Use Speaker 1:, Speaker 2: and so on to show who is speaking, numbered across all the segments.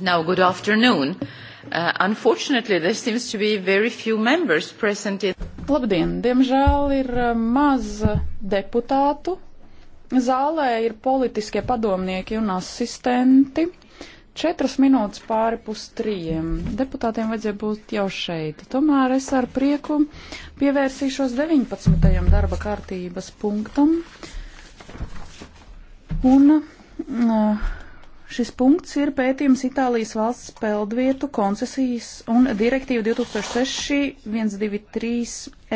Speaker 1: Now, good afternoon. Uh, unfortunately, there seems to be very few members present in. Labdien! Diemžēl ir uh, maz deputātu. Zālē ir politiskie padomnieki un asistenti. Četras minūtes pāri pus trījiem. Deputātiem vajadzēja būt jau šeit. Tomēr es ar prieku pievērsīšos 19. darba kārtības punktam. Un, uh, Šis punkts ir pētījums Itālijas valsts peldvietu koncesijas un direktīva 2006-123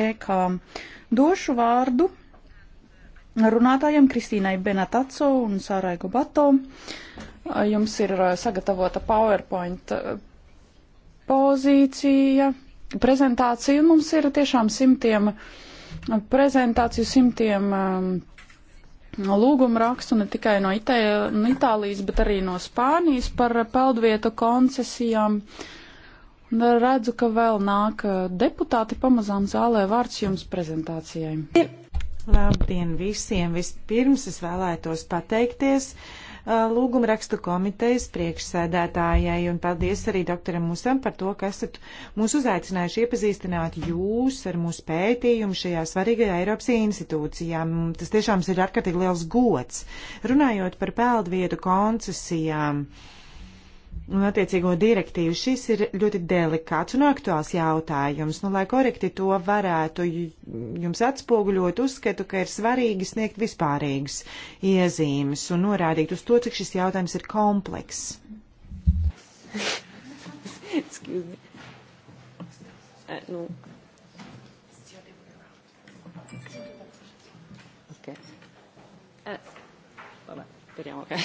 Speaker 1: EK. Došu vārdu runātājiem Kristīnai Benataco un Sārai Gobato. Jums ir uh, sagatavota PowerPoint uh, pozīcija, prezentācija, un mums ir tiešām simtiem uh, prezentāciju, simtiem um, lūgumu rakstu ne tikai no, Itē, no Itālijas, bet arī no Spānijas par peldvietu koncesijām. Redzu, ka vēl nāk eh, deputāti pamazām zālē vārds jums prezentācijai.
Speaker 2: Labdien visiem! Vispirms es vēlētos pateikties Uh, lūguma rakstu komitejas priekšsēdētājai un paldies arī doktoram Musam par to, ka esat mūs uzaicinājuši iepazīstināt jūs ar mūsu pētījumu šajā svarīgajā Eiropas institūcijā. Tas tiešām ir ārkārtīgi liels gods. Runājot par peldvietu koncesijām. Uh, un nu, attiecīgo direktīvu. Šis ir ļoti delikāts un aktuāls jautājums. Nu, lai korekti to varētu jums atspoguļot, uzskatu, ka ir svarīgi sniegt vispārīgas iezīmes un norādīt uz to, cik šis jautājums ir komplekss.
Speaker 3: Excuse me. Uh, no. Nu, speriamo che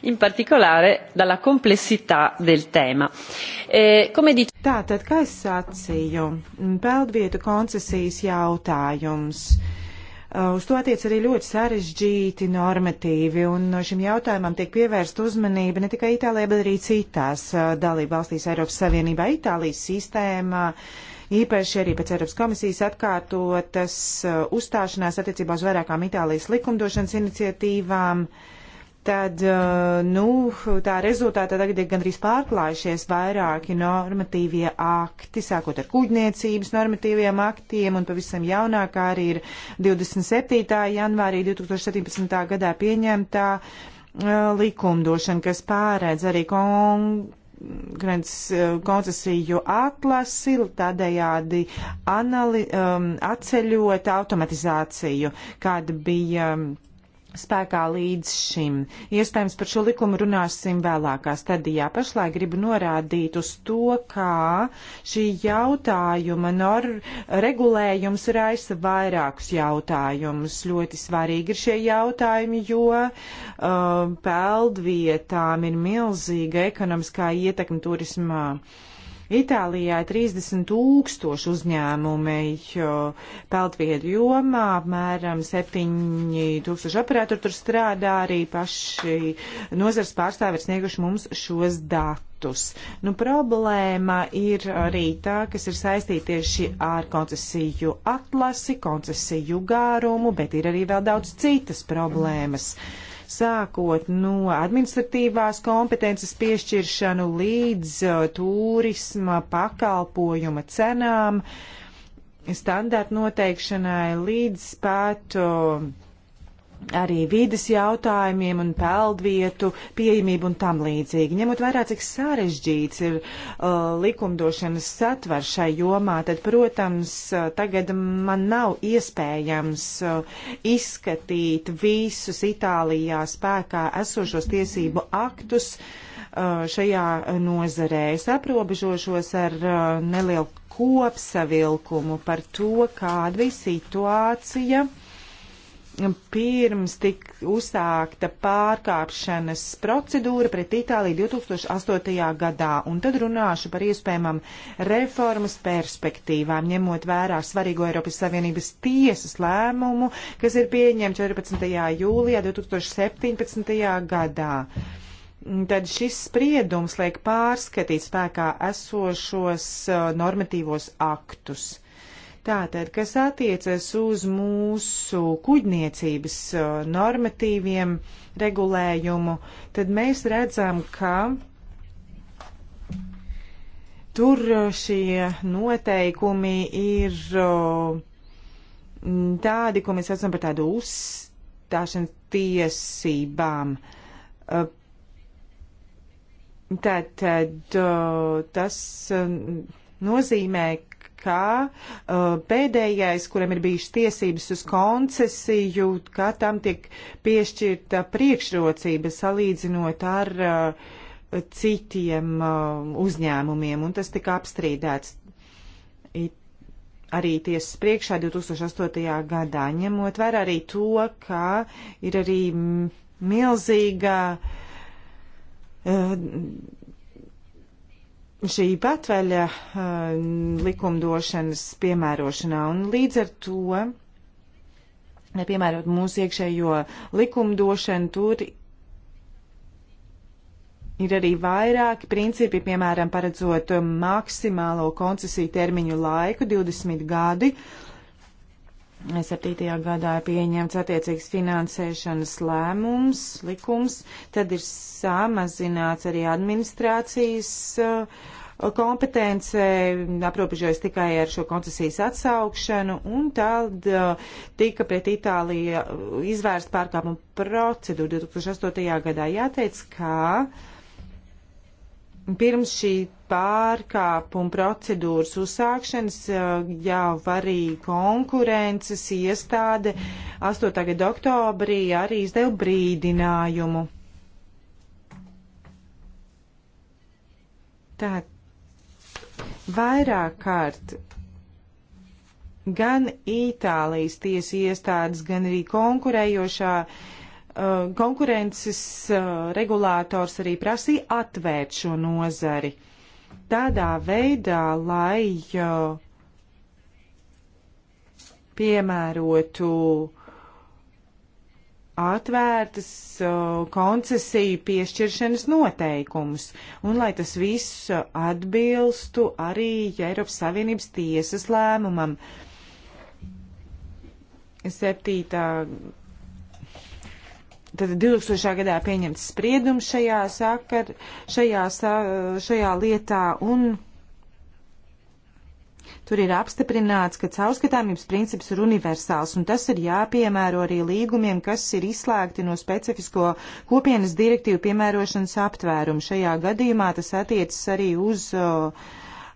Speaker 3: in particolare dalla complessità del tema. E,
Speaker 2: come dice... Tātad, kā es sacīju, peldvietu koncesijas jautājums. Eh, uz to attiec arī ļoti sarežģīti normatīvi, un šim jautājumam tiek pievērsta uzmanība ne tikai Itālijā, bet arī citās eh, dalība valstīs Eiropas Savienībā. Itālijas sistēma īpaši arī pēc Eiropas komisijas atkārtotas uzstāšanās attiecībā uz vairākām Itālijas likumdošanas iniciatīvām. Uh, tad eh, nu, tā rezultātā tagad ir gandrīz pārklājušies vairāki normatīvie akti, sākot ar kuģniecības normatīviem aktiem, un pavisam jaunākā arī ir 27. janvārī 2017. gadā pieņemtā eh, likumdošana, kas pārēdz arī konkurences eh, koncesiju atlasi, tādējādi anali, um, atceļot automatizāciju, kāda bija um, spēkā līdz šim. Iespējams, par šo likumu runāsim vēlākā stadijā. Pašlaik gribu norādīt uz to, kā šī jautājuma nor regulējums raisa vairākus jautājumus. Ļoti svarīgi ir šie jautājumi, jo uh, peldvietām ir milzīga ekonomiskā ietekme turismā. Uh, Itālijā 30 tūkstoši uzņēmumi peltviedu jomā, apmēram 7 tūkstoši operātori tur strādā, arī paši nozars pārstāvi ir snieguši mums šos datus datus. Nu, problēma ir arī tā, kas ir saistīta tieši ar koncesiju atlasi, koncesiju gārumu, bet ir arī vēl daudz citas problēmas. Mm sākot no administratīvās kompetences piešķiršanu līdz turisma pakalpojuma cenām, standārtu noteikšanai līdz pat uh, arī vidas jautājumiem un peldvietu pieejamību un tam līdzīgi. Ņemot vērā, cik sarežģīts ir uh, likumdošanas satvers šai jomā, tad, protams, uh, tagad man nav iespējams uh, izskatīt visus Itālijā spēkā esošos tiesību aktus uh, šajā nozarē. Es aprobežošos ar uh, nelielu kopsavilkumu par to, kāda bija situācija pirms tika uzsākta pārkāpšanas procedūra pret Itāliju 2008. gadā, un tad runāšu par iespējamam reformas perspektīvām, ņemot vērā svarīgo Eiropas Savienības tiesas lēmumu, kas ir pieņemts 14. jūlijā 2017. gadā. Tad šis spriedums liek pārskatīt spēkā esošos uh, normatīvos aktus. Tātad, kas attiecas uz mūsu kuģniecības uh, normatīviem regulējumu, tad mēs redzam, ka tur uh, šie noteikumi ir uh, tādi, ko mēs saucam par tādu uzstāšanas tiesībām. Tātad tas nozīmē, ka uh, pēdējais, kuram ir bijušas tiesības uz koncesiju, ka tam tiek piešķirta priekšrocība salīdzinot ar uh, citiem uh, uzņēmumiem, un tas tika apstrīdēts. It arī tiesas priekšā 2008. gadā, ņemot vērā arī to, ka ir arī milzīga uh, šī patvaļa uh, likumdošanas piemērošanā un līdz ar to, piemērot mūsu iekšējo likumdošanu, tur ir arī vairāki principi, piemēram, paredzot maksimālo koncesiju termiņu laiku 20 gadi. Uh, 7. gadā ir pieņemts attiecīgs finansēšanas lēmums, likums, tad ir samazināts arī administrācijas uh, kompetence, aprobežojas tikai ar šo koncesijas atsaukšanu, un tad uh, tika pret Itāliju uh, izvērst pārkāpumu procedūru 2008. gadā. Jāteic, ka pirms šī pārkāpumu procedūras uzsākšanas eh, jau arī konkurences iestāde 8. gada oktobrī arī izdeva brīdinājumu. Tā vairāk kārt gan Itālijas tiesa iestādes, gan arī konkurējošā eh, konkurences eh, regulātors arī prasīja atvērt šo nozari tādā veidā, lai piemērotu atvērtas koncesiju piešķiršanas noteikumus, un lai tas viss atbilstu arī Eiropas Savienības tiesas lēmumam. 7. Tad 2000. gadā pieņemts spriedums šajā, sakar, šajā, šajā lietā, un tur ir apstiprināts, ka caurskatāmības princips ir universāls, un tas ir jāpiemēro arī līgumiem, kas ir izslēgti no specifisko kopienas direktīvu piemērošanas aptvērumu. Šajā gadījumā tas attiecas arī uz uh,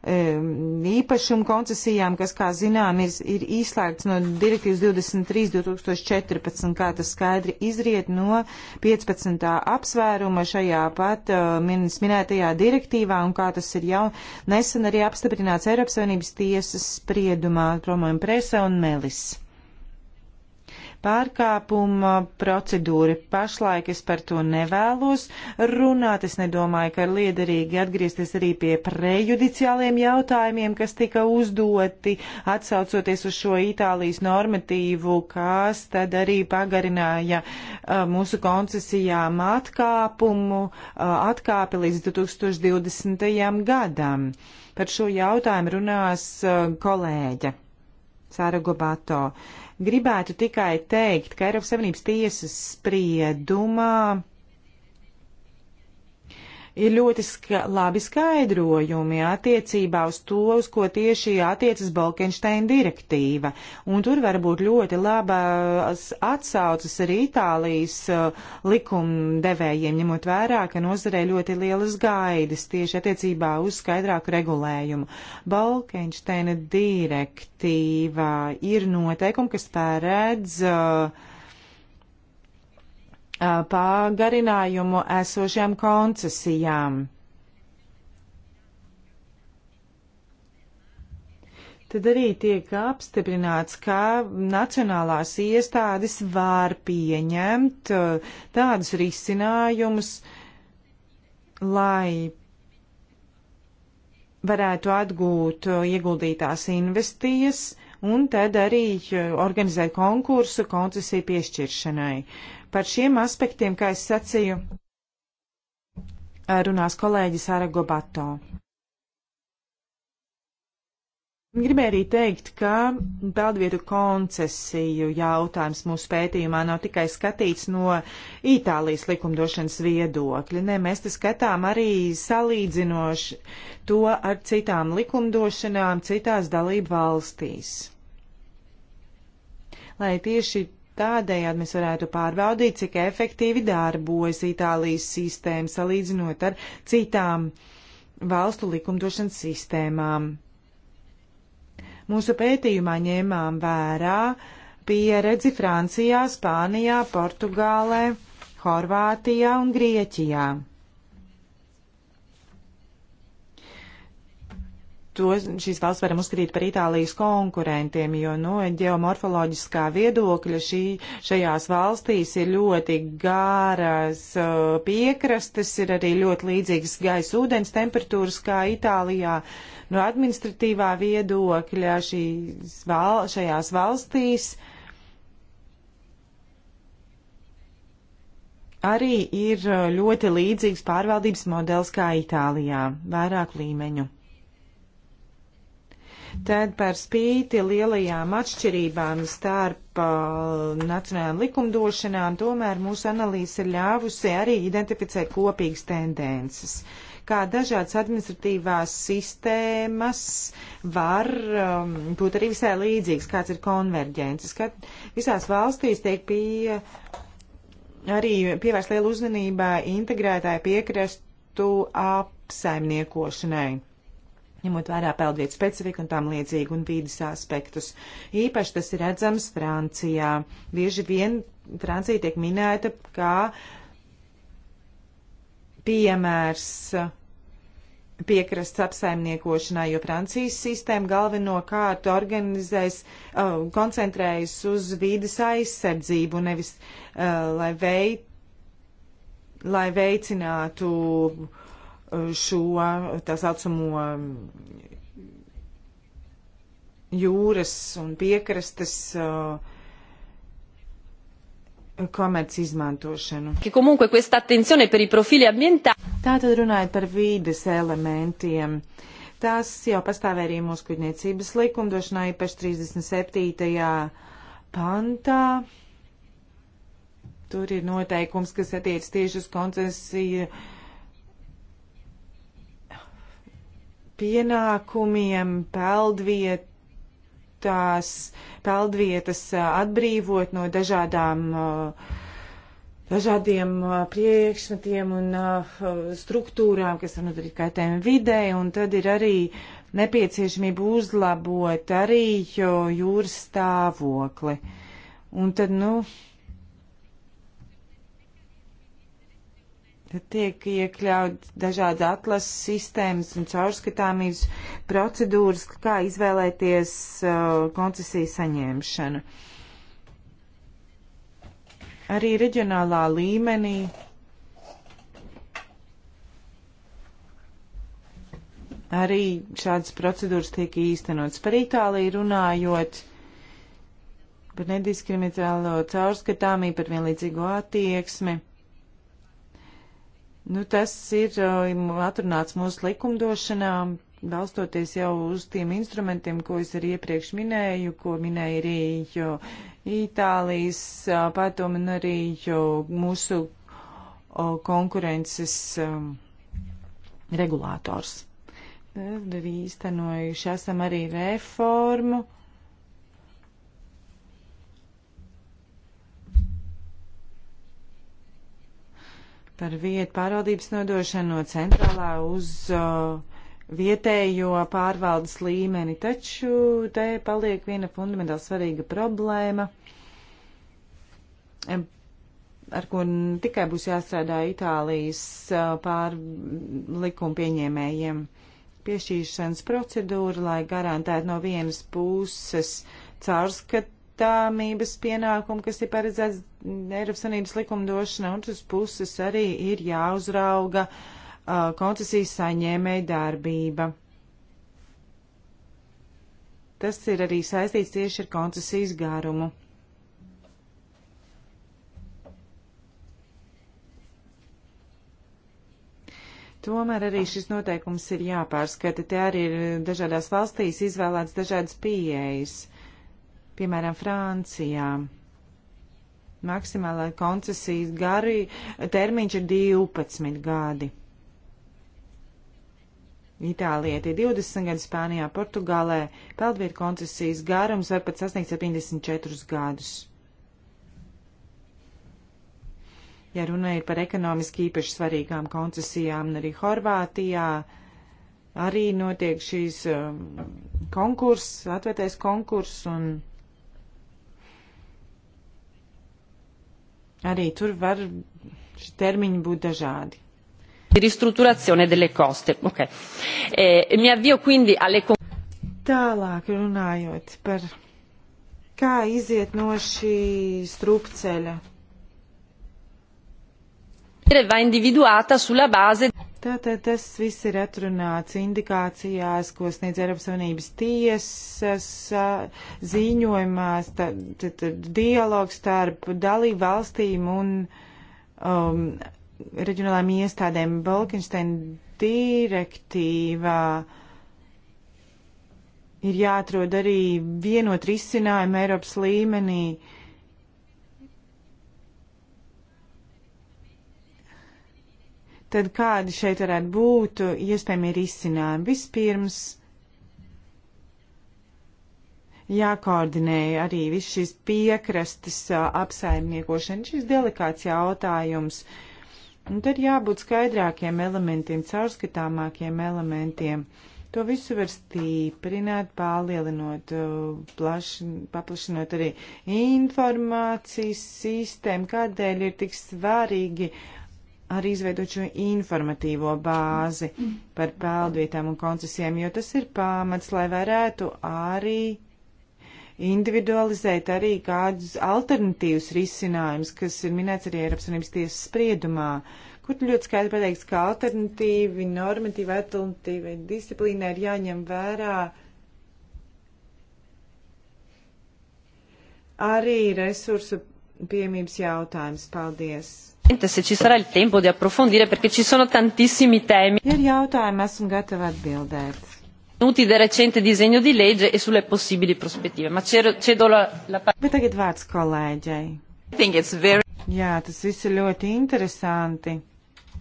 Speaker 2: Um, īpašumu koncesijām, kas, kā zinām, ir, ir izslēgts no direktīvas 23.2014, kā tas skaidri izriet no 15. apsvēruma šajā pat uh, min, minētajā direktīvā un kā tas ir jau nesen arī apstiprināts Eiropas Savienības tiesas spriedumā, promojam presa un melis pārkāpuma procedūra. Pašlaik es par to nevēlos runāt. Es nedomāju, ka ir liederīgi atgriezties arī pie prejudiciāliem jautājumiem, kas tika uzdoti, atsaucoties uz šo Itālijas normatīvu, kas tad arī pagarināja uh, mūsu koncesijām atkāpumu, uh, atkāpi līdz 2020. gadam. Par šo jautājumu runās uh, kolēģe. Sāra Gobato. Uh, Gribētu tikai teikt, ka Eiropas Savienības tiesas spriedumā ir ļoti ska labi skaidrojumi attiecībā uz to, uz ko tieši attiecas Balkensteina direktīva. Un tur var būt ļoti labas atsaucas arī Itālijas uh, likumdevējiem, ņemot vērā, ka nozarē ļoti lielas gaidas tieši attiecībā uz skaidrāku regulējumu. Balkensteina direktīva ir noteikumi, kas pārēdz uh, pagarinājumu esošajām koncesijām. Tad arī tiek apstiprināts, ka nacionālās iestādes var pieņemt tādus risinājumus, lai varētu atgūt ieguldītās investīcijas un tad arī organizēt konkursu koncesiju piešķiršanai. Uh, Par šiem aspektiem, kā es sacīju, runās kolēģis Arago Bato. Gribēju arī teikt, ka peldvietu koncesiju jautājums mūsu pētījumā nav tikai skatīts no Itālijas likumdošanas viedokļa. Nē, mēs te skatām arī salīdzinoši to ar citām likumdošanām citās dalību valstīs. Lai tieši Tādējādi mēs varētu pārbaudīt, cik efektīvi darbojas Itālijas sistēma salīdzinot ar citām valstu likumdošanas sistēmām. Mūsu pētījumā ņēmām vērā pieredzi Francijā, Spānijā, Portugālē, Horvātijā un Grieķijā. to šīs valsts varam uzskatīt par Itālijas konkurentiem, jo no nu, ģeomorfoloģiskā viedokļa šī, šajās valstīs ir ļoti gāras uh, piekrastes, ir arī ļoti līdzīgas gaisa ūdens temperatūras kā Itālijā. No administratīvā viedokļa šīs val, šajās valstīs arī ir uh, ļoti līdzīgs pārvaldības modelis kā Itālijā, vairāk līmeņu. Tad par spīti lielajām atšķirībām starp uh, nacionālām likumdošanām, tomēr mūsu analīze ir ļāvusi arī identificēt kopīgas tendences, kā dažādas administratīvās sistēmas var um, būt arī visai līdzīgas, kāds ir konverģences, kad visās valstīs tiek pie arī pievērst lielu uzmanību integrētāju piekrastu apsaimniekošanai ņemot vērā peldvietu specifiku un tam līdzīgi un vīdas aspektus. Īpaši tas ir redzams Francijā. Bieži vien Francija tiek minēta kā piemērs piekrasts apsaimniekošanai, jo Francijas sistēma galvenokārt organizēs, uh, koncentrējas uz vīdes aizsardzību, nevis uh, lai, vei, lai veicinātu uh, šo tā saucamo um, jūras un piekrastes uh, komerc izmantošanu. Tātad runājot par vīdes elementiem. Tās jau pastāvēja arī mūsu kuģniecības likumdošanā, īpaši 37. pantā. Tur ir noteikums, kas attiec tieši uz koncesiju uh, pienākumiem peldvietās, peldvietas atbrīvot no dažādām, dažādiem priekšmetiem un struktūrām, kas var nodarīt kaitējumu vidē, un tad ir arī nepieciešamība uzlabot arī jūras stāvokli. Un tad, nu, tiek iekļaut dažādi atlases sistēmas un caurskatāmības procedūras, kā izvēlēties uh, koncesiju saņemšanu. Arī reģionālā līmenī arī šādas procedūras tiek īstenotas. Par Itāliju runājot, par nediskriminēto caurskatāmību, par vienlīdzīgo attieksmi. Nu, tas ir um, atrunāts mūsu likumdošanā, balstoties jau uz tiem instrumentiem, ko es arī iepriekš minēju, ko minēja arī Itālijas uh, padomu un arī mūsu konkurences um, regulātors. Tad īstenojuši esam arī reformu par vietu pārvaldības nodošanu no centrālā uz uh, vietējo pārvaldes līmeni, taču te paliek viena fundamentāli svarīga problēma, ar ko tikai būs jāstrādā Itālijas uh, pār likuma pieņēmējiem. Piešķīšanas procedūra, lai garantētu no vienas puses caurskatu caurskatāmības pienākumu, kas ir paredzēts Eiropas Savienības likumdošanā, un tas puses arī ir jāuzrauga uh, koncesijas saņēmēja darbība. Tas ir arī saistīts tieši ar koncesijas garumu. Tomēr arī šis noteikums ir jāpārskata. Te arī ir dažādās valstīs izvēlēts dažādas pieejas. Piemēram, Francijā maksimālā koncesijas garī termiņš ir 12 gadi. Itālijā tie 20 gadi, Spānijā, Portugālē peldvietu koncesijas garums var pat sasniegt 74 gadus. Ja runa ir par ekonomiski īpaši svarīgām koncesijām, arī Horvātijā arī notiek šīs um, konkurss, atvērtais konkurss un arī tur var šie termiņi būt dažādi. Ristrutturazione delle coste. Okay. E, mi avvio quindi alle Tālāk runājot par kā iziet no šī strupceļa Tātad tas viss ir atrunāts indikācijās, ko sniedz Eiropas Savienības tiesas ziņojumās, tad, tad dialogs starp dalību valstīm un um, reģionālām iestādēm Balkensteina direktīvā. Ir jāatrod arī vienot risinājumu Eiropas līmenī. Uh, Tad kādi šeit varētu būt iespējami risinājumi? Vispirms jākoordinē arī viss šis piekrastes apsaimniekošana, šis delikāts jautājums. Un tad jābūt skaidrākiem elementiem, caurskatāmākiem elementiem. To visu var stiprināt, palielinot, plaši, paplašinot arī informācijas sistēmu, kādēļ ir tik svarīgi uh, arī izveidot šo informatīvo bāzi par peldvietām un koncesijām, jo tas ir pamats, lai varētu arī individualizēt arī kādus alternatīvus risinājumus, kas ir minēts arī Eiropas Unības tiesas spriedumā, kur ļoti skaidri pateikts, ka alternatīvi, normatīvi, alternatīvi disciplīnai ir jāņem vērā arī resursu pieejamības jautājums. Paldies! Se ci sarà il tempo di approfondire perché ci sono tantissimi temi. Ir jautājumi, esmu gatava atbildēt. Nuti
Speaker 3: del recente disegno di legge e sulle possibili prospettive. Ma cedo la, la Bet tagad vārds kolēģei. Very... Jā,
Speaker 2: tas viss ir ļoti interesanti.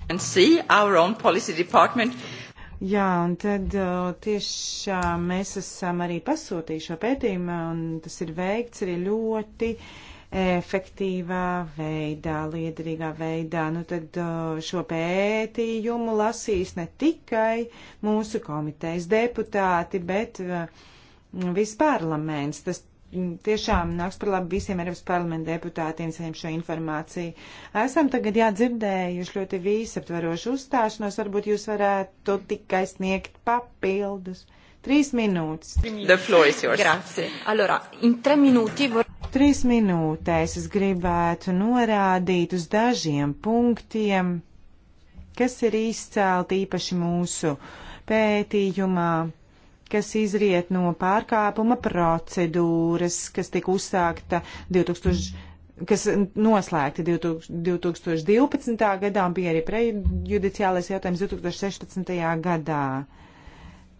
Speaker 1: And see our own policy department
Speaker 2: Jā, un tad tiešām mēs esam arī pasūtījuši šo pētījumu, un tas ir veikts arī ļoti uh, efektīvā veidā, liederīgā veidā. Nu, tad uh, šo pētījumu lasīs ne tikai mūsu komitejas deputāti, bet uh, viss parlaments. Tas mm, tiešām nāks par labu visiem Eiropas parlamenta deputātiem saņem šo informāciju. Esam tagad jādzirdējuši ļoti visaptvarošu uzstāšanos, varbūt jūs varētu tikai sniegt papildus. Trīs minūtes. The floor is yours. Grazie. Allora, in tre minūti. Vor... Trīs minūtēs es gribētu norādīt uz dažiem punktiem, kas ir izcēlti īpaši mūsu pētījumā kas izriet no pārkāpuma procedūras, kas tika uzsākta 2000 kas noslēgti 2012. gadā un bija arī prejudiciālais jautājums 2016. gadā.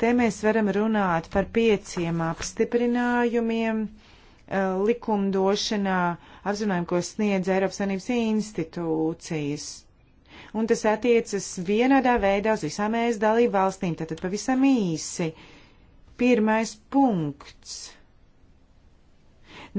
Speaker 2: Te mēs varam runāt par pieciem apstiprinājumiem eh, likumdošanā, apzinājumu, ko sniedz Eiropas Savienības institūcijas. Un tas attiecas vienādā veidā uz visām ēst dalību valstīm, tātad pavisam īsi. Pirmais punkts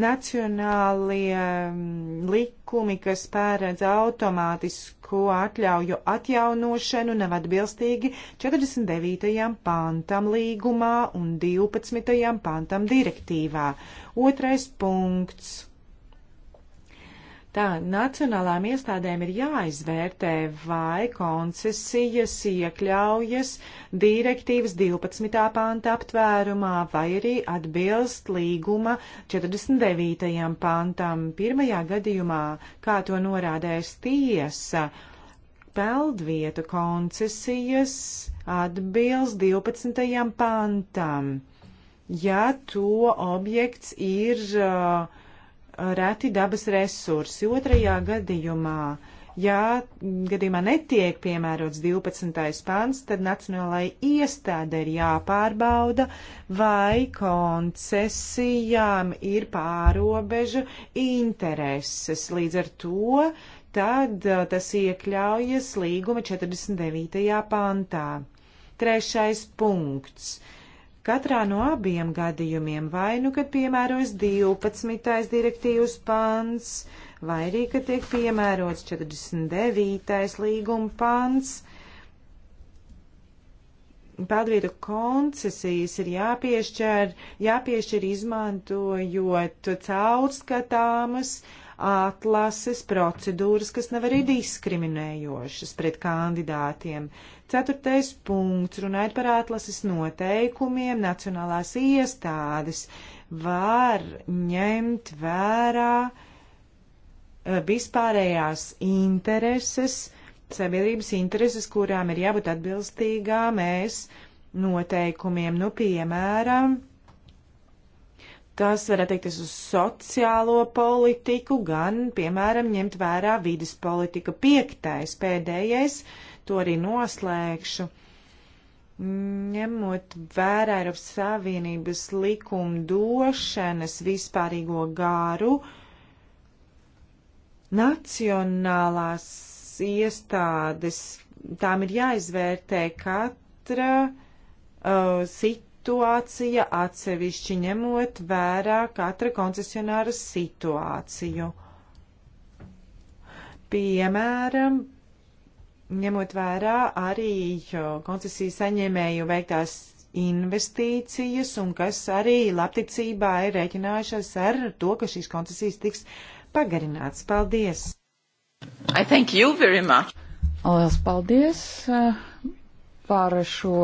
Speaker 2: Nacionālie mm, likumi, kas pārēdz automātisku atļauju atjaunošanu, nav atbilstīgi 49. pantam līgumā un 12. pantam direktīvā. Otrais punkts Tā nacionālām iestādēm ir jāizvērtē, vai koncesijas iekļaujas direktīvas 12. panta aptvērumā, vai arī atbilst līguma 49. pantam. Pirmajā gadījumā, kā to norādēs tiesa, peldvietu koncesijas atbilst 12. pantam, ja to objekts ir uh, reti dabas resursi. Otrajā gadījumā, ja gadījumā netiek piemērots 12. pants, tad nacionālai iestāde ir jāpārbauda, vai koncesijām ir pārobežu intereses. Līdz ar to tad uh, tas iekļaujas līguma 49. pantā. Trešais punkts. Uh, Katrā no abiem gadījumiem vai nu, kad piemērojas 12. direktīvas pants, vai arī, kad tiek piemērots 49. līguma pants, pādvietu koncesijas ir jāpiešķir, jāpiešķir izmantojot caurskatāmas, uh, atlases procedūras, kas nav arī diskriminējošas pret kandidātiem. Ceturtais punkts runājot par atlases noteikumiem, nacionālās iestādes var ņemt vērā eh, vispārējās intereses, sabiedrības intereses, kurām ir jābūt atbilstīgām mēs noteikumiem, nu piemēram, Tas var attiekties uz sociālo politiku, gan, piemēram, ņemt vērā vidas politika. Piektais, pēdējais, to arī noslēgšu. Ņemot vērā Eiropas Savienības likumdošanas vispārīgo gāru, nacionālās iestādes, tām ir jāizvērtē katra uh, situācija situācija atsevišķi ņemot vērā katra koncesionāra situāciju. Piemēram, ņemot vērā arī koncesijas saņēmēju veiktās investīcijas un kas arī labticībā ir rēķinājušas ar to, ka šīs koncesijas tiks pagarināts. Paldies! I thank you very much!
Speaker 1: Lielas paldies eh, par šo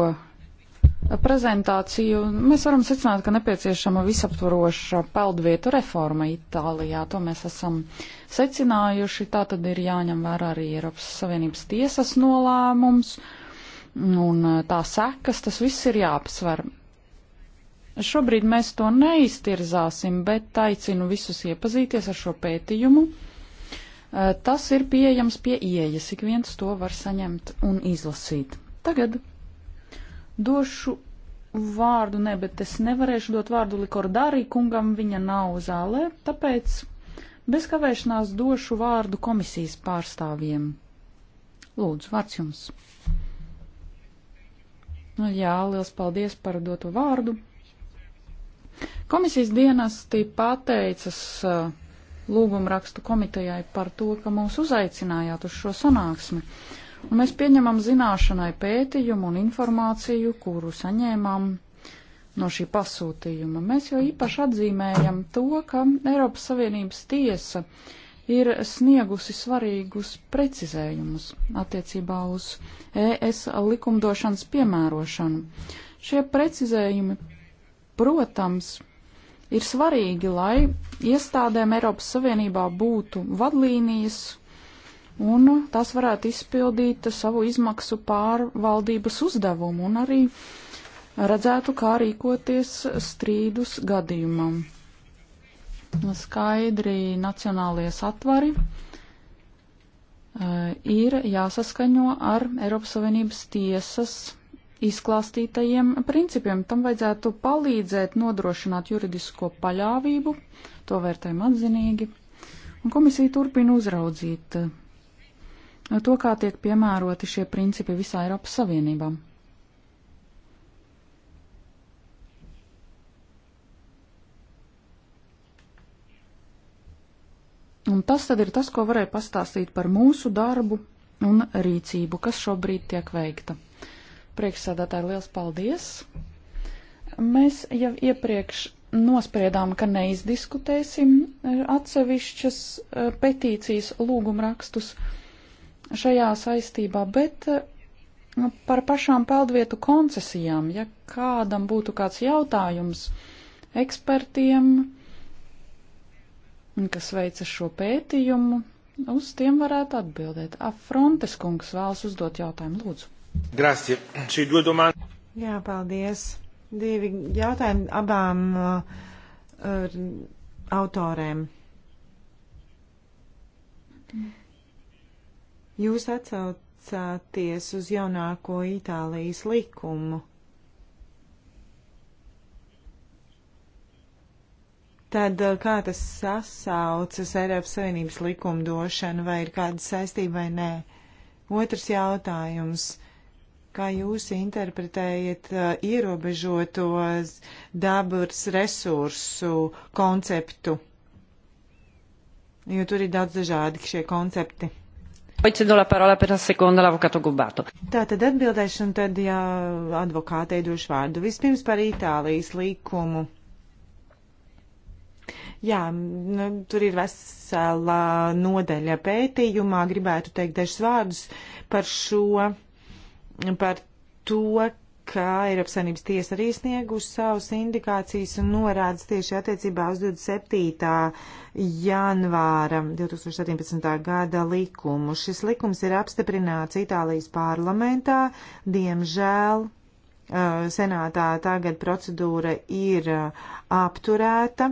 Speaker 1: prezentāciju, mēs varam secināt, ka nepieciešama visaptvaroša peldvietu reforma Itālijā. To mēs esam secinājuši. Tā tad ir jāņem vērā arī Eiropas Savienības tiesas nolēmums un eh, tā sekas. Tas viss ir jāapsver. Šobrīd mēs to neiztirzāsim, bet aicinu visus iepazīties ar šo pētījumu. Eh, tas ir pieejams pie ieejas, ik viens to var saņemt un izlasīt. Tagad Došu vārdu, ne, bet es nevarēšu dot vārdu Likordārī kungam, viņa nav zālē, tāpēc bez kavēšanās došu vārdu komisijas pārstāvjiem. Lūdzu, vārds jums. Nu, jā, liels paldies par doto vārdu. Komisijas dienesti pateicas uh, lūgumrakstu komitejai par to, ka mūs uzaicinājāt uz šo sanāksmi. Uh, un mēs pieņemam zināšanai pētījumu un informāciju, kuru saņēmām no šī pasūtījuma. Mēs jau īpaši atzīmējam to, ka Eiropas Savienības tiesa ir sniegusi svarīgus precizējumus attiecībā uz ES likumdošanas piemērošanu. Šie precizējumi, protams, ir svarīgi, lai iestādēm Eiropas Savienībā būtu vadlīnijas un tas varētu izpildīt savu izmaksu pārvaldības uzdevumu un arī redzētu, kā rīkoties strīdus gadījumam. Skaidri nacionālie satvari e, ir jāsaskaņo ar Eiropas Savienības tiesas izklāstītajiem principiem. Tam vajadzētu palīdzēt nodrošināt juridisko paļāvību, to vērtējumu atzinīgi, un komisija turpina uzraudzīt to, kā tiek piemēroti šie principi visā Eiropas Savienībā. Un tas tad ir tas, ko varēja pastāstīt par mūsu darbu un rīcību, kas šobrīd tiek veikta. Priekšsēdētāji, liels paldies! Mēs jau iepriekš nospriedām, ka neizdiskutēsim atsevišķas eh, petīcijas lūgumrakstus rakstus šajā saistībā, bet eh, par pašām peldvietu koncesijām, ja kādam būtu kāds jautājums ekspertiem, kas veica šo pētījumu, uz tiem varētu atbildēt. Afrontes kungs vēlas uzdot jautājumu, lūdzu.
Speaker 2: Grāsie, šī dodu man.
Speaker 1: Jā, paldies. Divi
Speaker 2: jautājumi abām uh, autorēm. Mm. Jūs atsaucāties uz jaunāko Itālijas likumu. Tad eh, kā tas sasaucas Eiropas Savienības likumdošanu, vai ir kāda saistība vai nē? Otrs jautājums. Kā jūs interpretējat eh, ierobežoto dabas resursu konceptu? Jo tur ir daudz dažādi šie koncepti. Tātad atbildēšu un tad, ja advokātei došu vārdu. Vispirms par Itālijas līkumu. Jā, nu, tur ir vesela nodeļa pētījumā. Gribētu teikt dažus vārdus par šo, par to, ka Eiropas Savienības tiesa arī sniegusi savus indikācijas un norādes tieši attiecībā uz 27 janvāra 2017. gada likumu. Šis likums ir apstiprināts Itālijas parlamentā. Diemžēl uh, senātā tagad procedūra ir uh, apturēta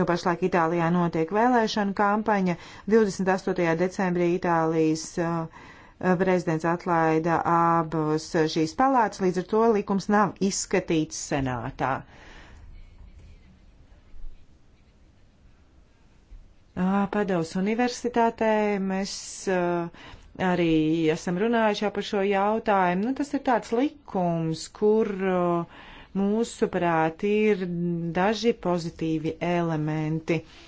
Speaker 2: jo pašlaik Itālijā notiek vēlēšana kampaņa. 28. decembrī Itālijas uh, prezidents atlaida abas šīs palātas, līdz ar to likums nav izskatīts senātā. Pēdējos universitātē mēs arī esam runājuši par šo jautājumu. Nu, tas ir tāds likums, kur mūsuprāt ir daži pozitīvi elementi. Uh,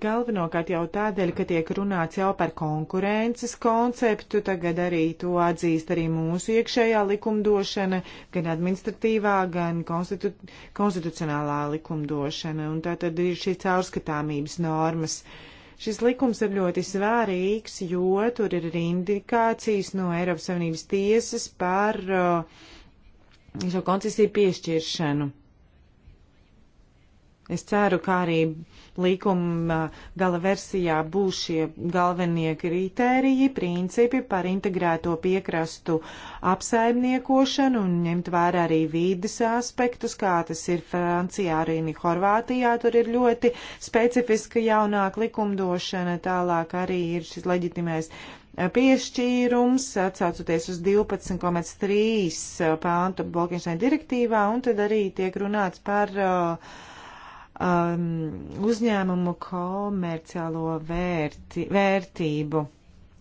Speaker 2: Galvenokārt jau tādēļ, ka tiek runāts jau par konkurences konceptu, tagad arī to atzīst arī mūsu iekšējā likumdošana, gan administratīvā, gan konstitu konstitucionālā likumdošana, un tā tad ir šī caurskatāmības normas. Šis likums ir ļoti svārīgs, jo tur ir arī indikācijas no Eiropas Savienības tiesas par uh, šo koncesiju piešķiršanu. Es ceru, ka arī līkuma uh, gala versijā būs šie galvenie kriteriji, principi par integrēto piekrastu apsaimniekošanu un ņemt vērā arī vīdes aspektus, kā tas ir Francijā, arī Horvātijā. Tur ir ļoti specifiska jaunāka likumdošana, tālāk arī ir šis leģitimais uh, piešķīrums, atsaucoties uz 12,3 uh, pāntu Bolkensteina direktīvā, un tad arī tiek runāts par uh, um, uzņēmumu komerciālo vērti, vērtību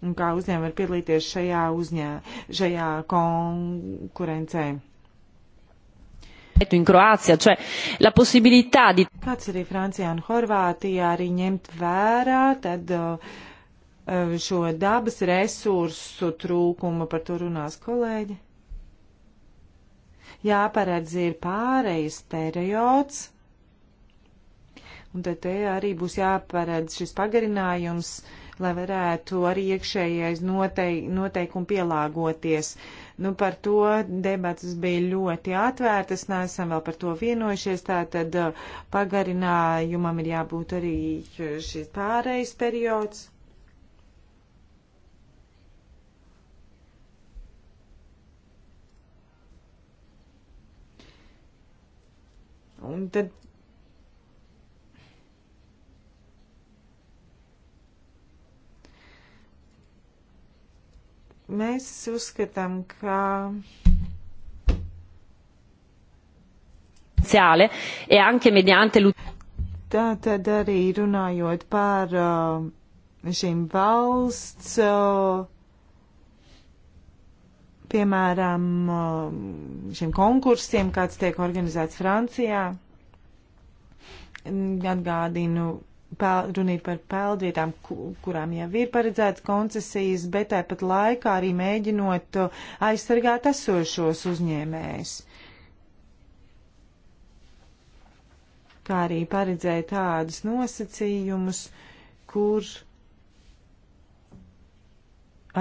Speaker 2: un kā uzņēmumi var piedalīties šajā, uzņē, šajā konkurencē. In Croazia, cioè la possibilità di. Kāds arī Francijā un Horvātijā arī ņemt vērā tad, uh, uh, šo dabas resursu trūkumu, par to runās kolēģi. Jāparedz ir pārejas periods Un tad te arī būs jāparedz šis pagarinājums, lai varētu arī iekšējais notei, noteikumi pielāgoties. Nu, par to debatas bija ļoti atvērtas, neesam vēl par to vienojušies, tātad uh, pagarinājumam ir jābūt arī šis pārējais periods. Un tad Mēs uzskatām, ka. E anche mediante Tā tad arī runājot par uh, šīm valsts, uh, piemēram, uh, šiem konkursiem, kāds tiek organizēts Francijā, atgādinu pēl, runīt par peldvietām, kurām jau ir paredzētas koncesijas, bet tāpat laikā arī mēģinot aizsargāt esošos uzņēmējus. Kā arī paredzēt tādus nosacījumus, kur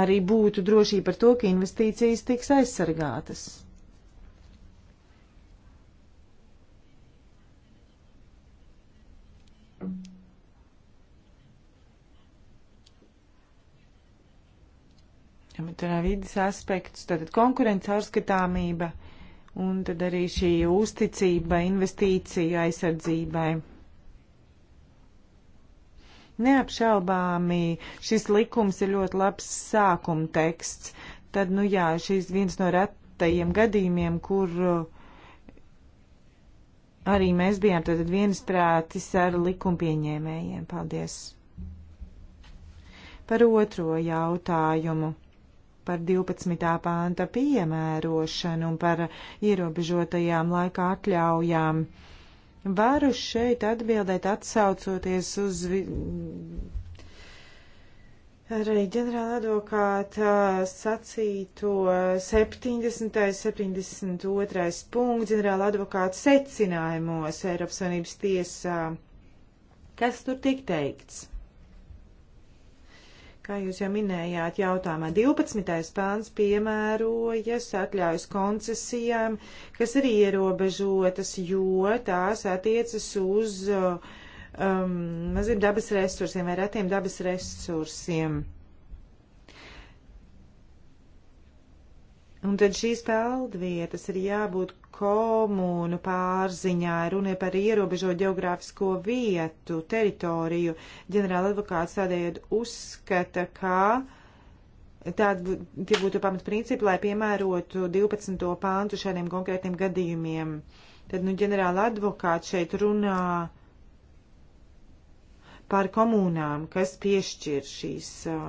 Speaker 2: arī būtu drošība par to, ka investīcijas tiks aizsargātas. ņemot vērā vidas aspektus, tātad konkurence caurskatāmība un tad arī šī uzticība investīciju aizsardzībai. Neapšaubāmi šis likums ir ļoti labs sākuma teksts. Tad, nu jā, šis viens no retajiem gadījumiem, kur uh, arī mēs bijām tad viensprātis ar likuma pieņēmējiem. Paldies! Par otro jautājumu par 12. pānta piemērošanu un par ierobežotajām laika atļaujām. Varu šeit atbildēt atsaucoties uz arī ģenerāla advokāta sacīto 70. 72. punktu ģenerāla advokāta secinājumos Eiropas Savienības tiesā. Kas tur tik teikts? Kā jūs jau minējāt, jautājumā 12. pāns piemērojas atļaujas koncesijām, kas ir ierobežotas, jo tās attiecas uz um, maziem dabas resursiem vai retiem dabas resursiem. Un tad šīs peldvietas ir jābūt komunu pārziņā, runa par ierobežo geogrāfisko vietu, teritoriju. Ģenerāla advokāts tādējādi uzskata, ka tādi tie būtu pamatprincipi, lai piemērotu 12. pāntu šādiem konkrētiem gadījumiem. Tad, nu, ģenerāla advokāts šeit runā par komunām, kas piešķir šīs uh,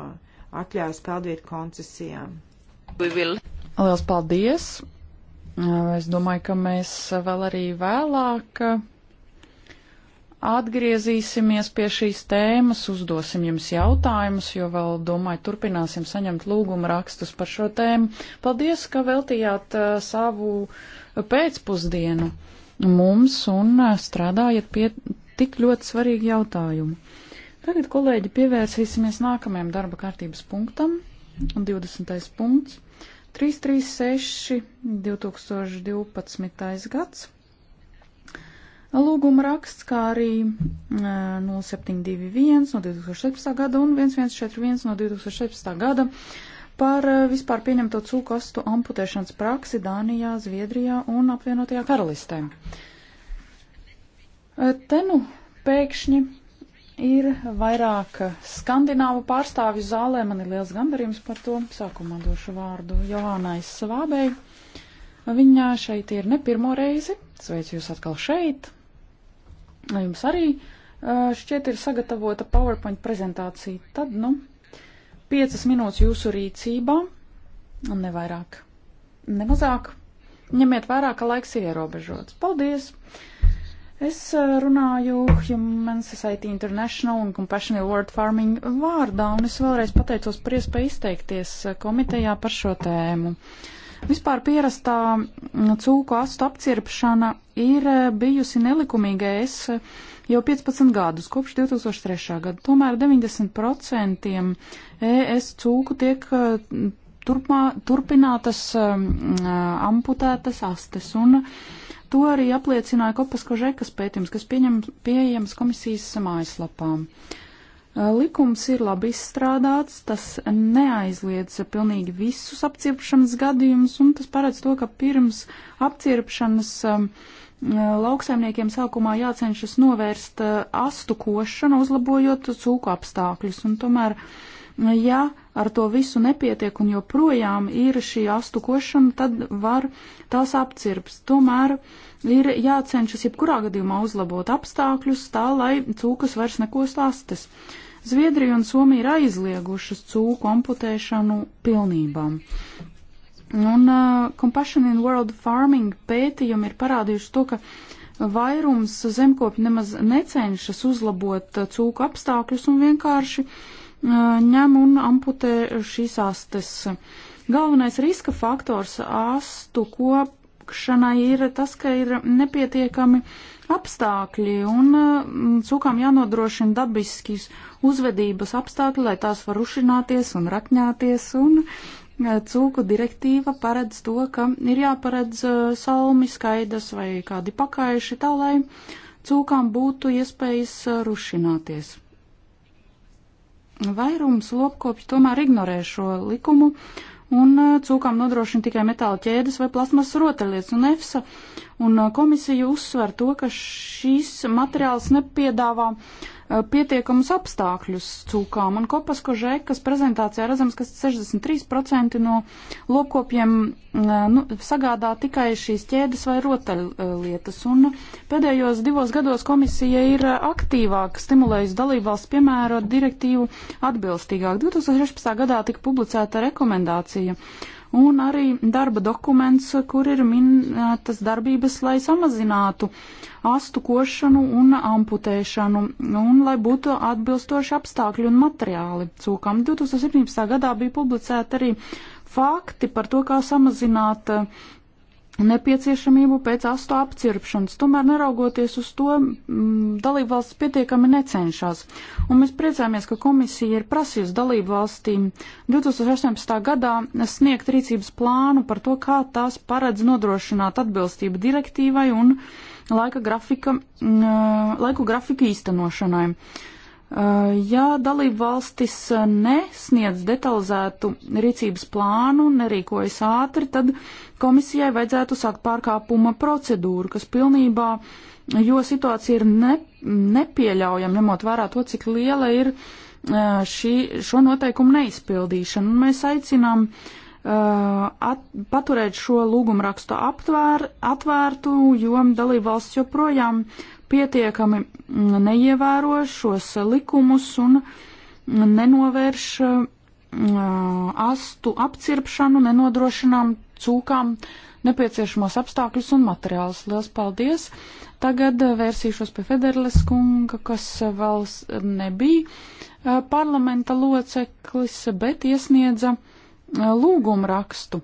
Speaker 1: atļaujas peldvietu koncesijām.
Speaker 2: Lielas
Speaker 1: paldies! Es domāju, ka mēs vēl arī vēlāk atgriezīsimies pie šīs tēmas, uzdosim jums jautājumus, jo vēl, domāju, turpināsim saņemt lūgumu rakstus par šo tēmu. Paldies, ka veltījāt uh, savu pēcpusdienu mums un uh, strādājat pie tik ļoti svarīgu jautājumu. Tagad, kolēģi, pievērsīsimies nākamajam darba kārtības punktam, 20. punkts. 336 2012. gads. Lūguma raksts, kā arī 0721 no 2017. gada un 1141 no 2017. gada par vispār pieņemto cūkastu amputēšanas praksi Dānijā, Zviedrijā un apvienotajā karalistē. Te nu pēkšņi Ir vairāk skandināvu pārstāvju zālē, man ir liels gandarījums par to. Sākumā došu vārdu Johānai Svābei. Viņa šeit ir ne pirmo reizi. Sveicu jūs atkal šeit. Jums arī šķiet ir sagatavota PowerPoint prezentācija. Tad, nu, piecas minūtes jūsu rīcībā, un ne vairāk, ne mazāk. Ņemiet vērā, ka laiks ir ierobežots. Paldies! Es eh, runāju Human Society International un Compassionate World Farming vārdā, un es vēlreiz pateicos par iespēju izteikties eh, komitejā par šo tēmu. Vispār pierastā mm, cūku astu apcirpšana ir eh, bijusi nelikumīgais e jau 15 gadus, kopš 2003. gada. Tomēr 90% ES cūku tiek turpmā, turpinātas amputētas astes. Un, uh, To arī apliecināja Kopasko žekas pētījums, kas pieņem, pieejams komisijas mājaslapām. Likums ir labi izstrādāts, tas neaizliedz pilnīgi visus apciepšanas gadījumus, un tas paredz to, ka pirms apciepšanas lauksaimniekiem sākumā jācenšas novērst astu košanu, uzlabojot cūku apstākļus, un tomēr, ja ar to visu nepietiek un joprojām ir šī astu košana, tad var tās apcirps. Tomēr ir jācenšas jebkurā gadījumā uzlabot apstākļus tā, lai cūkas vairs neko stāstas. Zviedrija un Somija ir aizliegušas cūku amputēšanu pilnībām. Un uh, Compassion in World Farming pētījumi ir parādījuši to, ka vairums zemkopju nemaz necenšas uzlabot uh, cūku apstākļus un vienkārši uh, ņem un amputē šīs astes. Galvenais riska faktors astu kopšanai ir tas, ka ir nepietiekami apstākļi un cūkām mm, jānodrošina dabiskīs uzvedības apstākļi, lai tās var ušināties un rakņāties. Un e, cūku direktīva paredz to, ka ir jāparedz e, salmi skaidas vai kādi pakaiši tā, lai cūkām būtu iespējas e, rušināties. Vairums lopkopju tomēr ignorē šo likumu un uh, cūkām nodrošina tikai metāla ķēdes vai plasmas rotaļlietas un EFSA. Un uh, komisija uzsver to, ka šīs materiāls nepiedāvā uh, Uh, pietiekamus apstākļus cūkām. Un Kopasko žēkas prezentācijā redzams, ka 63% no lokopiem uh, nu, sagādā tikai šīs ķēdes vai rotaļlietas. Un pēdējos divos gados komisija ir aktīvāk stimulējusi dalībvalsts piemērot direktīvu atbilstīgāk. 2016. gadā tika publicēta rekomendācija un arī darba dokuments, kur ir minētas darbības, lai samazinātu uh, astu košanu un amputēšanu, un lai būtu atbilstoši apstākļi un materiāli cūkam. 2017. gadā bija publicēta arī fakti par to, kā samazināt uh, nepieciešamību pēc astu apcirpšanas. Tomēr, neraugoties uz to, mm, dalībvalsts pietiekami necenšas. Un mēs priecājamies, ka komisija ir prasījusi dalībvalstīm 2018. gadā sniegt rīcības plānu par to, kā tās paredz nodrošināt atbilstību direktīvai un uh, laika grafika, mm, laiku grafika īstenošanai. Ja dalība valstis nesniedz detalizētu rīcības plānu un nerīkojas ātri, tad komisijai vajadzētu sākt pārkāpuma procedūru, kas pilnībā, jo situācija ir ne, nepieļaujama, ņemot vērā to, cik liela ir šī, šo noteikumu neizpildīšana. Un mēs aicinām uh, Uh, at, paturēt šo lūgumu rakstu aptvēr, atvērtu, jo dalība valsts joprojām pietiekami mm, neievēro šos likumus un nenovērš mm, uh, astu apcirpšanu, nenodrošinām cūkām nepieciešamos apstākļus un materiālus. Lielas paldies! Tagad uh, vērsīšos pie Federles kunga, kas uh, vēl nebija parlamenta loceklis, bet iesniedza uh, lūgumu rakstu.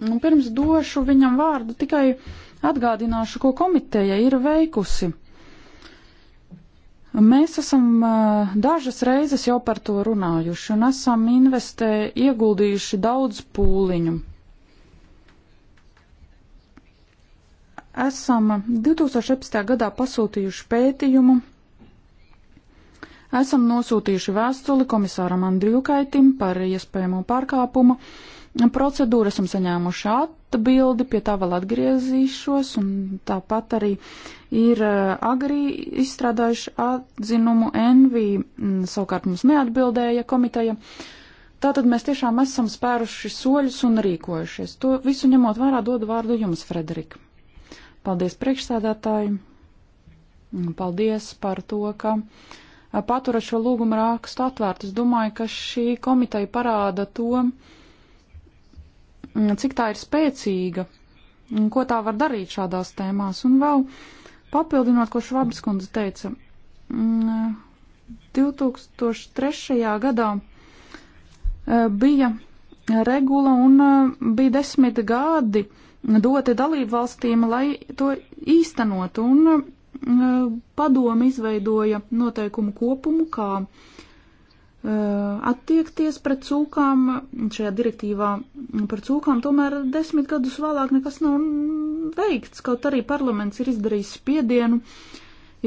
Speaker 1: Un pirms došu viņam vārdu, tikai atgādināšu, ko komiteja ir veikusi. Mēs esam dažas reizes jau par to runājuši un esam investē, ieguldījuši daudz pūliņu. Esam 2017. gadā pasūtījuši pētījumu Esam nosūtījuši vēstuli komisāram Andriukaitim par iespējamo pārkāpumu. Procedūru esam saņēmuši atbildi, pie tā vēl atgriezīšos, un tāpat arī ir eh, agrī izstrādājuši atzinumu NV, savukārt mums neatbildēja komiteja. Tātad mēs tiešām esam spēruši soļus un rīkojušies. To visu ņemot vērā dodu vārdu jums, Frederika. Paldies priekšsēdētāji. Paldies par to, ka patura šo lūgumu rakstu atvērtu. Es domāju, ka šī komiteja parāda to, mm, cik tā ir spēcīga un ko tā var darīt šādās tēmās. Un vēl papildinot, ko Švabas kundze teica, 2003. Mm, gadā e, bija regula un e, bija desmit gadi doti dalību valstīm, lai to īstenotu. Un Padomi izveidoja noteikumu kopumu, kā e, attiekties pret cūkām. Šajā direktīvā par cūkām tomēr desmit gadus vēlāk nekas nav veikts, kaut arī parlaments ir izdarījis spiedienu.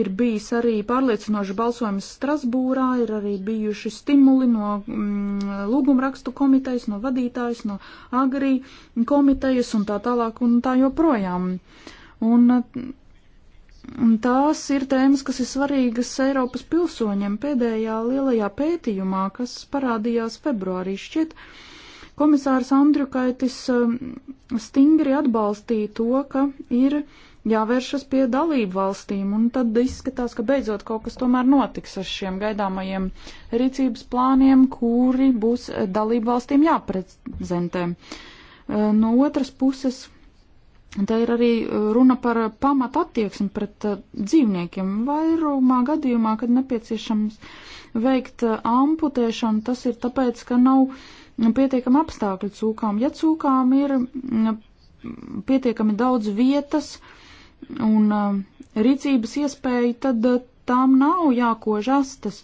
Speaker 1: Ir bijis arī pārliecinoši balsojums Strasbūrā, ir arī bijuši stimuli no mm, lūgumrakstu komitejas, no vadītājas, no agrī komitejas un tā tālāk un tā joprojām. Un Un tās ir tēmas, kas ir svarīgas Eiropas pilsoņiem pēdējā lielajā pētījumā, kas parādījās februārī šķiet. Komisārs Andriukaitis um, stingri atbalstīja to, ka ir jāvēršas pie dalību valstīm, un tad izskatās, ka beidzot kaut kas tomēr notiks ar šiem gaidāmajiem rīcības plāniem, kuri būs dalību valstīm jāprezentē. Uh, no otras puses, Tā ir arī uh, runa par uh, pamat attieksmi pret uh, dzīvniekiem. Vairumā gadījumā, kad nepieciešams veikt amputēšanu, tas ir tāpēc, ka nav mm, pietiekami apstākļi cūkām. Ja cūkām ir mm, pietiekami daudz vietas un rīcības iespēju, tad tām nav jākož astes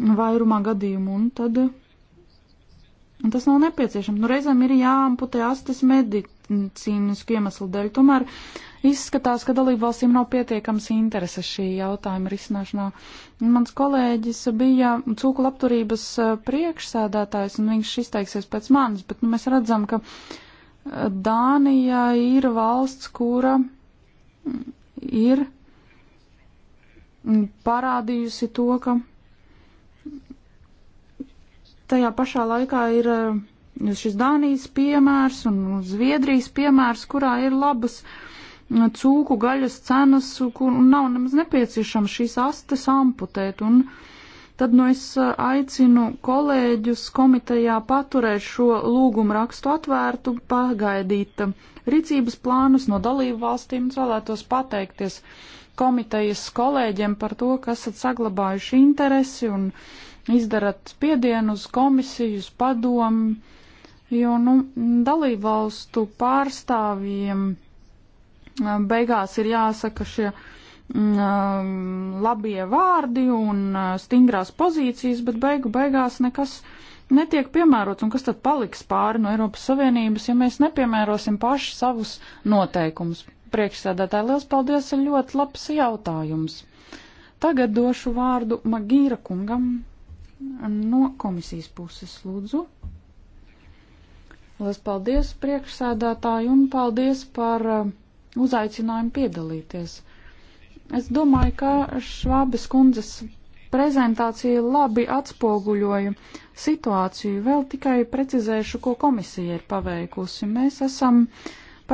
Speaker 1: vairumā gadījumu, un tad un tas nav nepieciešams. Nu, reizēm ir jāamputē astes medit medicīnisku iemeslu dēļ. Tomēr izskatās, ka dalību valstīm nav pietiekams interese šī jautājuma risināšanā. Mans kolēģis bija cūku labturības eh, priekšsēdētājs, un viņš izteiksies pēc manis, bet nu, mēs redzam, ka eh, Dānija ir valsts, kura mm, ir mm, parādījusi to, ka tajā pašā laikā ir uh, šis Dānijas piemērs un Zviedrijas piemērs, kurā ir labas mm, cūku gaļas cenas, kur nav nemaz nepieciešams šīs astes amputēt. Un tad nu es eh, aicinu kolēģus komitejā paturēt šo lūgumu rakstu atvērtu, pagaidīt eh, rīcības plānus no dalību valstīm un vēlētos pateikties komitejas kolēģiem par to, ka esat saglabājuši interesi un izdarat spiedienu uz komisiju, uz padomu jo nu, dalībvalstu pārstāvjiem beigās ir jāsaka šie mm, labie vārdi un stingrās pozīcijas, bet beigu beigās nekas netiek piemērots, un kas tad paliks pāri no Eiropas Savienības, ja mēs nepiemērosim paši savus noteikumus? Priekšsēdētāji, liels paldies, ir ļoti labs jautājums. Tagad došu vārdu Magīra kungam no komisijas puses, lūdzu. Lielas paldies priekšsēdētāji un paldies par uh, uzaicinājumu piedalīties. Es domāju, ka Švābes kundzes prezentācija labi atspoguļoja situāciju. Vēl tikai precizēšu, ko komisija ir paveikusi. Mēs esam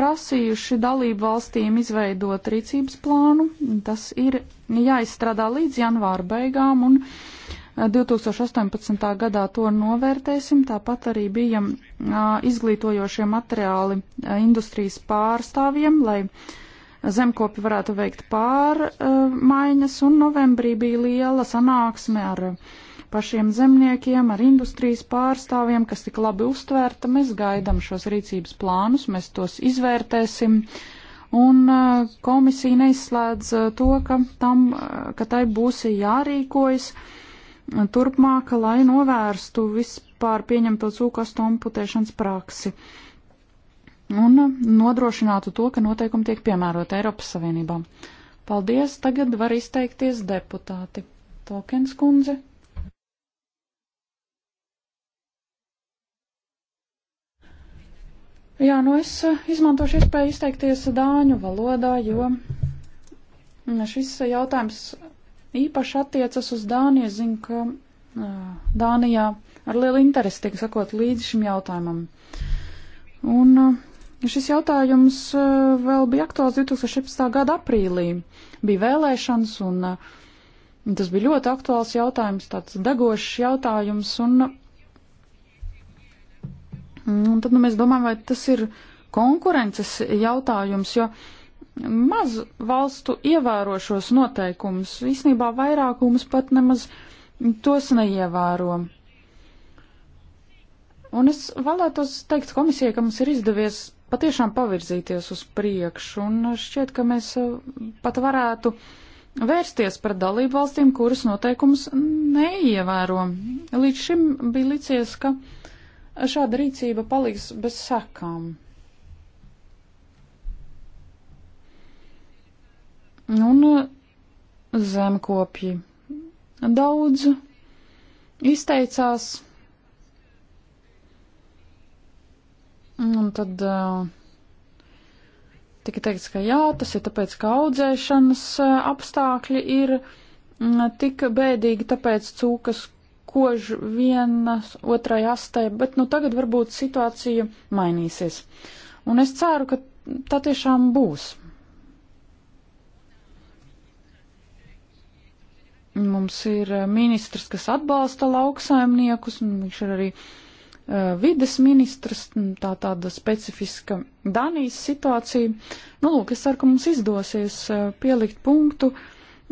Speaker 1: prasījuši dalību valstīm izveidot rīcības plānu. Tas ir jāizstrādā līdz janvāra beigām, un 2018. gadā to novērtēsim, tāpat arī bija izglītojošie materiāli industrijas pārstāvjiem, lai zemkopi varētu veikt pārmaiņas, un novembrī bija liela sanāksme ar pašiem zemniekiem, ar industrijas pārstāvjiem, kas tik labi uztvērta. Mēs gaidām šos rīcības plānus, mēs tos izvērtēsim. Un komisija neizslēdz to, ka, tam, ka tai būs jārīkojas. Uh, turpmāka, lai novērstu vispār pieņemto cūkastu amputēšanas praksi un nodrošinātu to, ka noteikumi tiek piemēroti Eiropas Savienībām. Paldies, tagad var izteikties deputāti. Tokens kundze. Jā, nu es izmantošu iespēju izteikties dāņu valodā, jo šis jautājums īpaši attiecas uz Dāniju. Es zinu, ka uh, Dānijā ar lielu interesi tiek sakot līdzi šim jautājumam. Un uh, šis jautājums uh, vēl bija aktuāls 2017. gada aprīlī. Bija vēlēšanas un uh, tas bija ļoti aktuāls jautājums, tāds degošs jautājums. Un, un tad nu, mēs domājam, vai tas ir konkurences jautājums, jo. Uh, maz valstu ievēro šos noteikumus. Īsnībā vairākums pat nemaz tos neievēro. Un es vēlētos teikt komisijai, ka mums ir izdevies patiešām pavirzīties uz priekšu, un šķiet, ka mēs uh, pat varētu vērsties par dalību valstīm, kuras noteikums neievēro. Līdz šim bija licies, ka šāda rīcība paliks bez sekām. un uh, zemkopji daudz izteicās. Un tad uh, tika teikts, ka jā, tas ir tāpēc, ka audzēšanas uh, apstākļi ir mm, tik bēdīgi, tāpēc cūkas kož vienas otrai astē, bet nu tagad varbūt situācija mainīsies. Un es ceru, ka tā tiešām būs. Mums ir eh, ministrs, kas atbalsta lauksaimniekus, un viņš ir arī eh, vides ministrs, tā tāda specifiska Danijas situācija. Nu, lūk, es ceru, ka mums izdosies eh, pielikt punktu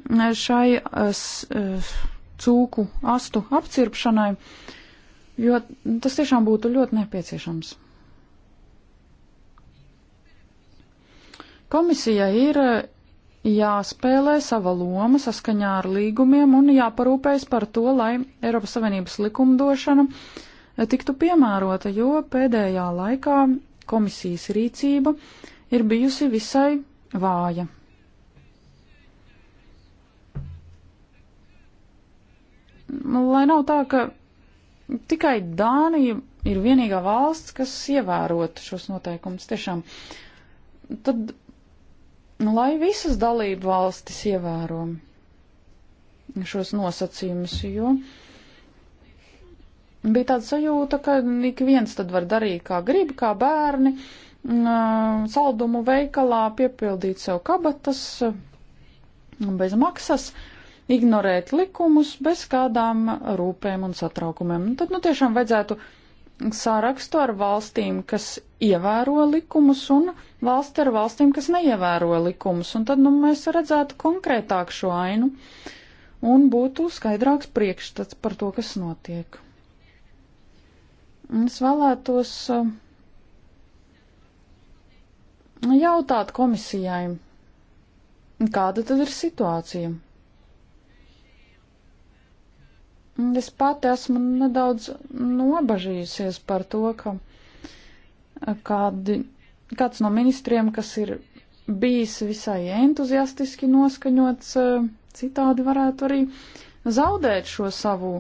Speaker 1: šai cūku astu apcirpšanai, jo tas tiešām būtu ļoti nepieciešams. Komisija ir jāspēlē sava loma saskaņā ar līgumiem un jāparūpējas par to, lai Eiropas Savienības likumdošana eh, tiktu piemērota, jo pēdējā laikā komisijas rīcība ir bijusi visai vāja. Nu, lai nav tā, ka tikai Dānija ir vienīgā valsts, kas ievērotu šos noteikumus tiešām, tad Nu, lai visas dalību valstis ievēro šos nosacījumus, jo bija tāda sajūta, ka ik viens tad var darīt, kā grib, kā bērni, saldumu veikalā piepildīt sev kabatas bez maksas, ignorēt likumus bez kādām rūpēm un satraukumiem. Un nu, tad, nu, tiešām vajadzētu uh, sārakstu ar valstīm, kas ievēro likumus, un valsti ar valstīm, kas neievēro likumus. Un tad nu, mēs redzētu konkrētāk šo ainu un būtu skaidrāks priekšstats par to, kas notiek. Es vēlētos uh, jautāt komisijai, kāda tad ir situācija? Es pati esmu nedaudz nobažījusies par to, ka kādi, kāds no ministriem, kas ir bijis visai entuziastiski noskaņots, citādi varētu arī zaudēt šo savu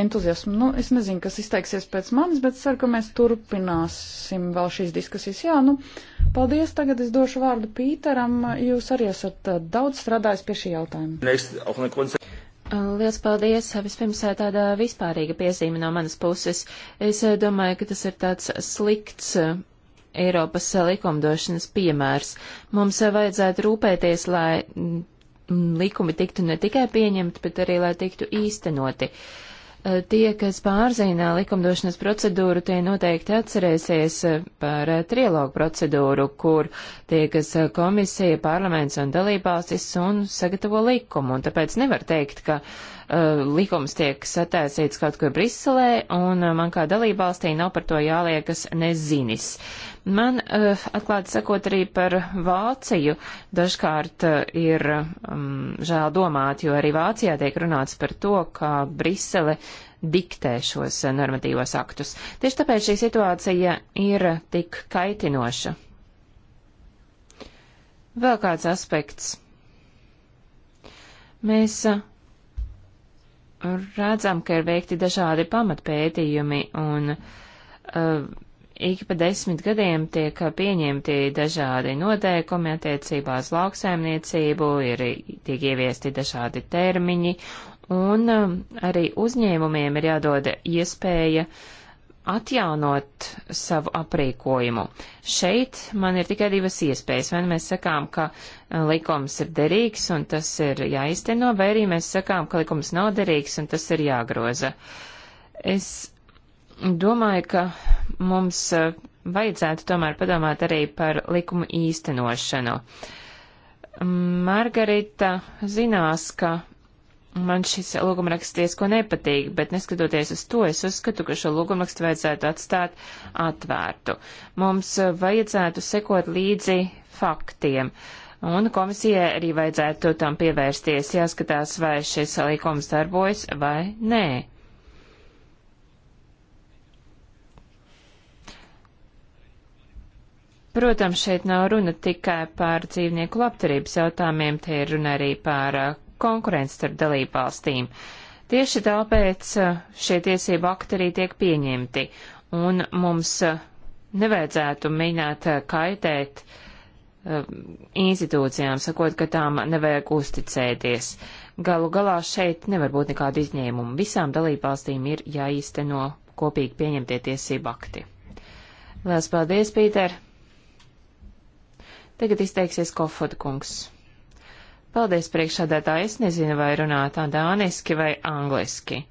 Speaker 1: entuziasmu. Nu, es nezinu, kas izteiksies pēc manis, bet ceru, ka mēs turpināsim vēl šīs diskusijas. Jā, nu, paldies. Tagad es došu vārdu Pīteram. Jūs arī esat eh, daudz strādājis pie
Speaker 3: šī jautājuma. Liels paldies! Vispirms tāda vispārīga piezīme no manas puses. Es domāju, ka tas ir tāds slikts Eiropas likumdošanas piemērs. Mums vajadzētu rūpēties, lai mm, likumi tiktu ne tikai pieņemti, bet arī lai tiktu īstenoti. Uh, Tie, kas pārzina likumdošanas procedūru, tie noteikti atcerēsies eh, par eh, trilogu procedūru, kur tiekas eh, komisija, parlaments un dalībvalstis un sagatavo likumu. Un tāpēc nevar teikt, ka uh, likums tiek satēsīts kaut kur Briselē un man kā dalībvalstī nav par to jāliekas nezinis. Man, eh, atklāti sakot, arī par Vāciju dažkārt eh, ir um, žēl domāt, jo arī Vācijā tiek runāts par to, ka Brisele diktē šos eh, normatīvos aktus. Tieši tāpēc šī situācija ir tik kaitinoša. Vēl kāds aspekts. Mēs redzam, ka ir veikti dažādi pamatpētījumi un uh, ik pa desmit gadiem tiek pieņemti dažādi noteikumi attiecībā uz lauksaimniecību, ir tiek ieviesti dažādi termiņi, un um, arī uzņēmumiem ir jādod iespēja atjaunot savu aprīkojumu. Šeit man ir tikai divas iespējas. Vai nu mēs sakām, ka uh, likums ir derīgs un tas ir jāizteno, vai arī mēs sakām, ka likums nav derīgs un tas ir jāgroza. Es Domāju, ka mums eh, vajadzētu tomēr padomāt arī par likumu īstenošanu. Margarita zinās, ka man šis lūgumraksts tiesko nepatīk, bet neskatoties uz to, es uzskatu, ka šo lūgumrakstu vajadzētu atstāt atvērtu. Mums eh, vajadzētu sekot līdzi faktiem. Un komisijai arī vajadzētu tam pievērsties, jāskatās, vai šis likums darbojas vai nē. Protams, šeit nav runa tikai par dzīvnieku labturības jautājumiem, te ir runa arī par uh, konkurenci starp dalību valstīm. Tieši tāpēc uh, šie tiesību akti arī tiek pieņemti, un mums uh, nevajadzētu mēģināt kaitēt um, institūcijām, sakot, ka tām nevajag uzticēties. Galu galā šeit nevar būt nekāda izņēmuma. Visām dalību valstīm ir jāīsteno kopīgi pieņemtie tiesību akti. Lielas paldies, Pīter! Tagad izteiksies Kofoda kungs. Paldies priekšādātāji, es nezinu, vai runāt dāniski vai angliski.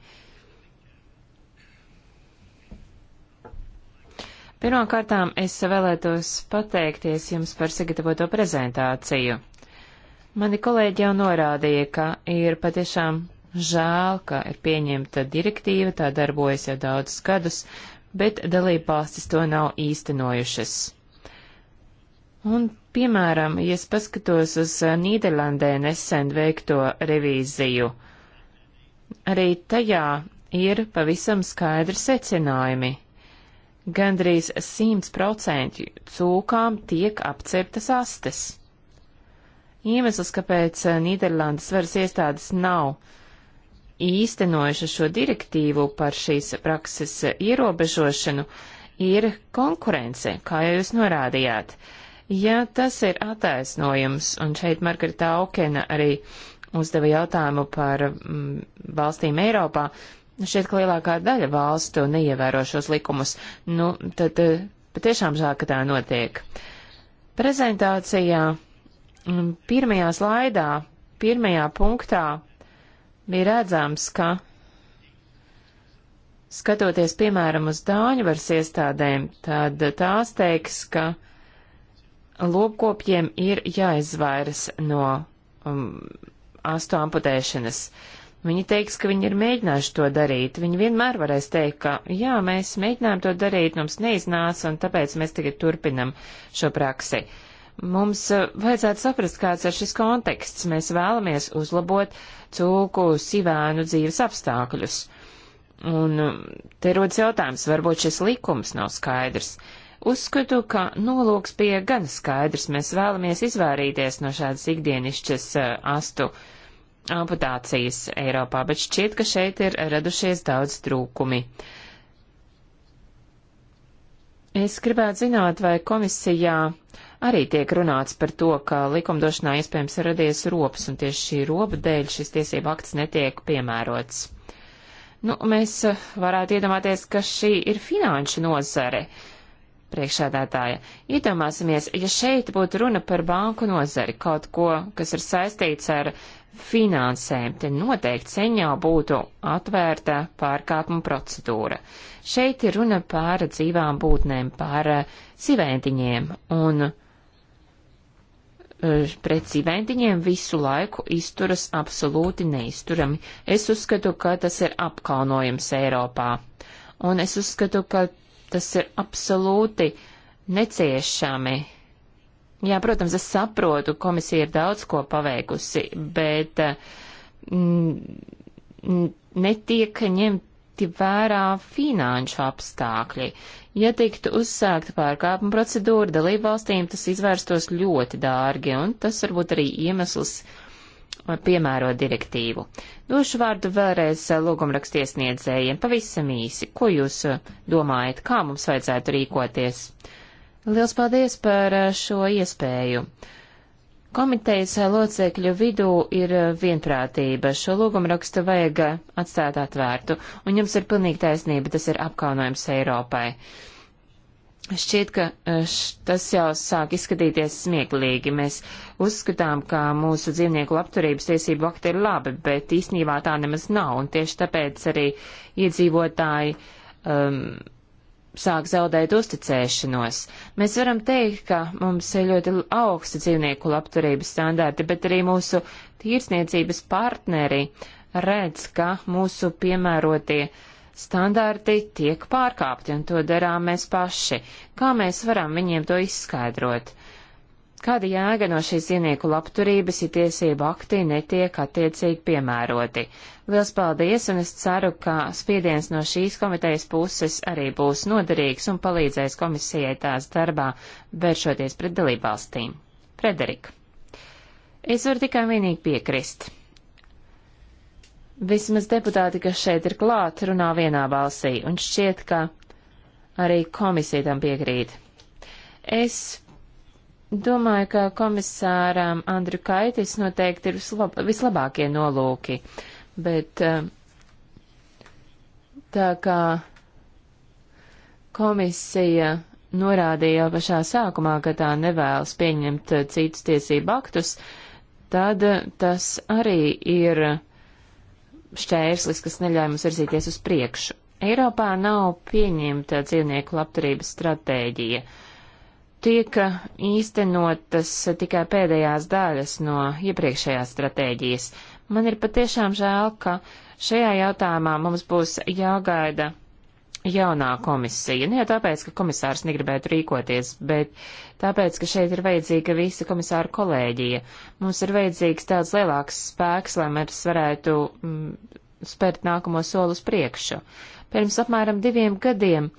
Speaker 3: Pirmkārtām es vēlētos pateikties jums par sagatavoto prezentāciju. Mani kolēģi jau norādīja, ka ir patiešām žēl, ka ir pieņemta direktīva, tā darbojas jau daudzus gadus, bet dalībvalstis to nav īstenojušas. Un, piemēram, ja es paskatos uz eh, Nīderlandē nesen veikto revīziju, arī tajā ir pavisam skaidri secinājumi. Gandrīz 100% cūkām tiek apceptas astes. Iemesls, kāpēc eh, Nīderlandes varas iestādes nav īstenojušas šo direktīvu par šīs prakses eh, ierobežošanu, ir konkurence, kā jau jūs norādījāt. Uh, Ja tas ir attaisnojums, un šeit Margarita Aukena arī uzdeva jautājumu par mm, valstīm Eiropā, šķiet, ka lielākā daļa valstu neievēro šos likumus, nu, tad eh, patiešām žēl, ka tā notiek. Prezentācijā mm, pirmajā slaidā, pirmajā punktā bija redzams, ka skatoties, piemēram, uz Dāņu varas iestādēm, tad tās teiks, ka lopkopjiem ir jāizvairas no um, astu amputēšanas. Viņi teiks, ka viņi ir mēģinājuši to darīt. Viņi vienmēr varēs teikt, ka jā, mēs mēģinājām to darīt, mums neiznāca, un tāpēc mēs tagad turpinam šo praksi. Mums uh, vajadzētu saprast, kāds ir šis konteksts. Mēs vēlamies uzlabot cūku sivēnu dzīves apstākļus. Un um, te rodas jautājums, varbūt šis likums nav skaidrs. Uh, Uzskatu, ka nolūks bija gan skaidrs, mēs vēlamies izvairīties no šādas ikdienišķas eh, astu amputācijas Eiropā, bet šķiet, ka šeit ir radušies daudz trūkumi. Es gribētu zināt, vai komisijā arī tiek runāts par to, ka likumdošanā iespējams ir radies robs, un tieši šī roba dēļ šis tiesība akts netiek piemērots. Nu, mēs eh, varētu iedomāties, ka šī ir finanšu nozare. Uh, priekšādātāja. Iedomāsimies, ja šeit būtu runa par banku nozari, kaut ko, kas ir saistīts ar finansēm, te noteikti ceņā būtu atvērta pārkāpuma procedūra. Šeit ir runa par dzīvām būtnēm, par eh, siventiņiem, un eh, pret siventiņiem visu laiku izturas absolūti neizturami. Es uzskatu, ka tas ir apkaunojums Eiropā. Un es uzskatu, ka Tas ir absolūti neciešami. Jā, protams, es saprotu, komisija ir daudz ko paveikusi, bet mm, netiek ņemti vērā finanšu apstākļi. Ja tiktu uzsākta pārkāpuma procedūra dalībvalstīm, tas izvērstos ļoti dārgi, un tas varbūt arī iemesls, uh, piemērot direktīvu. Došu vārdu vēlreiz eh, lūgumrakstiesniedzējiem pavisam īsi. Ko jūs eh, domājat, kā mums vajadzētu rīkoties? Liels paldies par eh, šo iespēju. Komitejas locekļu vidū ir vienprātība. Šo lūgumrakstu vajag atstāt atvērtu, un jums ir pilnīgi taisnība, tas ir apkaunojums Eiropai. Uh, Šķiet, ka e, š, tas jau sāk izskatīties smieklīgi. Mēs uzskatām, ka mūsu dzīvnieku labturības tiesību akti ir labi, bet īsnībā tā nemaz nav, un tieši tāpēc arī iedzīvotāji um, sāk zaudēt uzticēšanos. Mēs varam teikt, ka mums ir ļoti augsti dzīvnieku labturības standarti, bet arī mūsu tīrsniecības partneri redz, ka mūsu piemērotie uh, standarti tiek pārkāpti, un to darām mēs paši. Kā mēs varam viņiem to izskaidrot? Kāda jēga no šīs ienieku labturības, ja tiesību akti netiek attiecīgi piemēroti? Liels paldies, un es ceru, ka spiediens no šīs komitejas puses arī būs noderīgs un palīdzēs komisijai tās darbā, vēršoties pret dalībvalstīm. Frederika. Es varu tikai vienīgi piekrist. Vismaz deputāti, kas šeit ir klāt, runā vienā balsī, un šķiet, ka arī komisija tam piekrīt. Es domāju, ka komisāram Andru Kaitis noteikti ir vislab vislabākie nolūki, bet eh, tā kā komisija norādīja jau pašā sākumā, ka tā nevēlas pieņemt eh, citus tiesību aktus, tad eh, tas arī ir šķērslis, kas neļauj mums virzīties uz priekšu. Eiropā nav pieņemta dzīvnieku labturības stratēģija. Tiek īstenotas tikai pēdējās daļas no iepriekšējās stratēģijas. Man ir patiešām žēl, ka šajā jautājumā mums būs jāgaida jaunā komisija. Ne nu, jau tāpēc, ka komisārs negribētu rīkoties, bet tāpēc, ka šeit ir vajadzīga visa komisāra kolēģija. Mums ir vajadzīgs tāds lielāks spēks, lai mēs varētu mm, spērt nākamo soli uz priekšu. Pirms apmēram diviem gadiem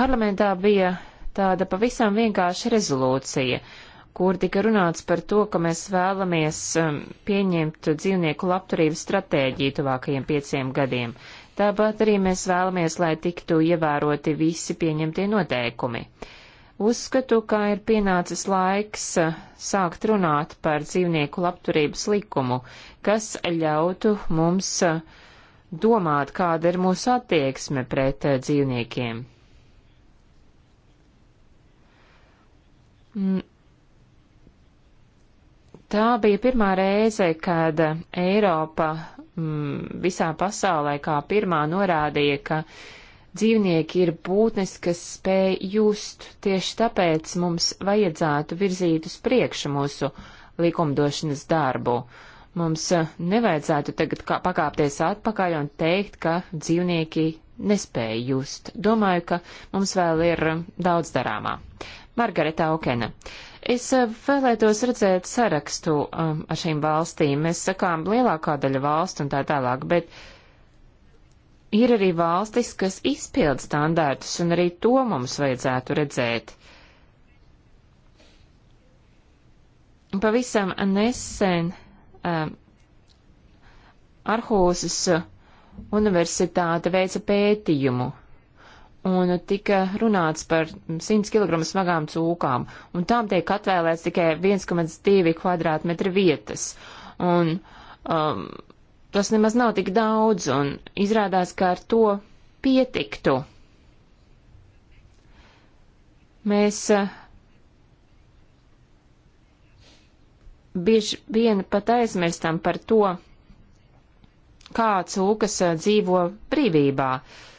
Speaker 3: parlamentā bija tāda pavisam vienkārša rezolūcija, kur tika runāts par to, ka mēs vēlamies um, pieņemt dzīvnieku labturības stratēģiju tuvākajiem pieciem gadiem. Tāpat arī mēs vēlamies, lai tiktu ievēroti visi pieņemtie noteikumi. Uzskatu, ka ir pienācis laiks uh, sākt runāt par dzīvnieku labturības likumu, kas ļautu mums uh, domāt, kāda ir mūsu attieksme pret uh, dzīvniekiem. Mm. Tā bija pirmā reize, kad Eiropa mm, visā pasaulē kā pirmā norādīja, ka dzīvnieki ir būtnes, kas spēj just, tieši tāpēc mums vajadzētu virzīt uz priekšu mūsu likumdošanas darbu. Mums eh, nevajadzētu tagad kā, pakāpties atpakaļ un teikt, ka dzīvnieki nespēja just. Domāju, ka mums vēl ir eh, daudz darāmā. Margareta Aukena. Okay, Es eh, vēlētos redzēt sarakstu um, ar šīm valstīm. Mēs sakām lielākā daļa valstu un tā tālāk, bet ir arī valstis, kas izpild standārtus, un arī to mums vajadzētu redzēt. Pavisam nesen um, Arhūzes eh, universitāte veica pētījumu un tika runāts par 100 kg smagām cūkām, un tām tiek atvēlēts tikai 1,2 kvadrātmetri vietas. Un um, tas nemaz nav tik daudz, un izrādās, ka ar to pietiktu. Mēs uh, bieži vien pat aizmirstam par to, kā cūkas uh, dzīvo brīvībā. Uh,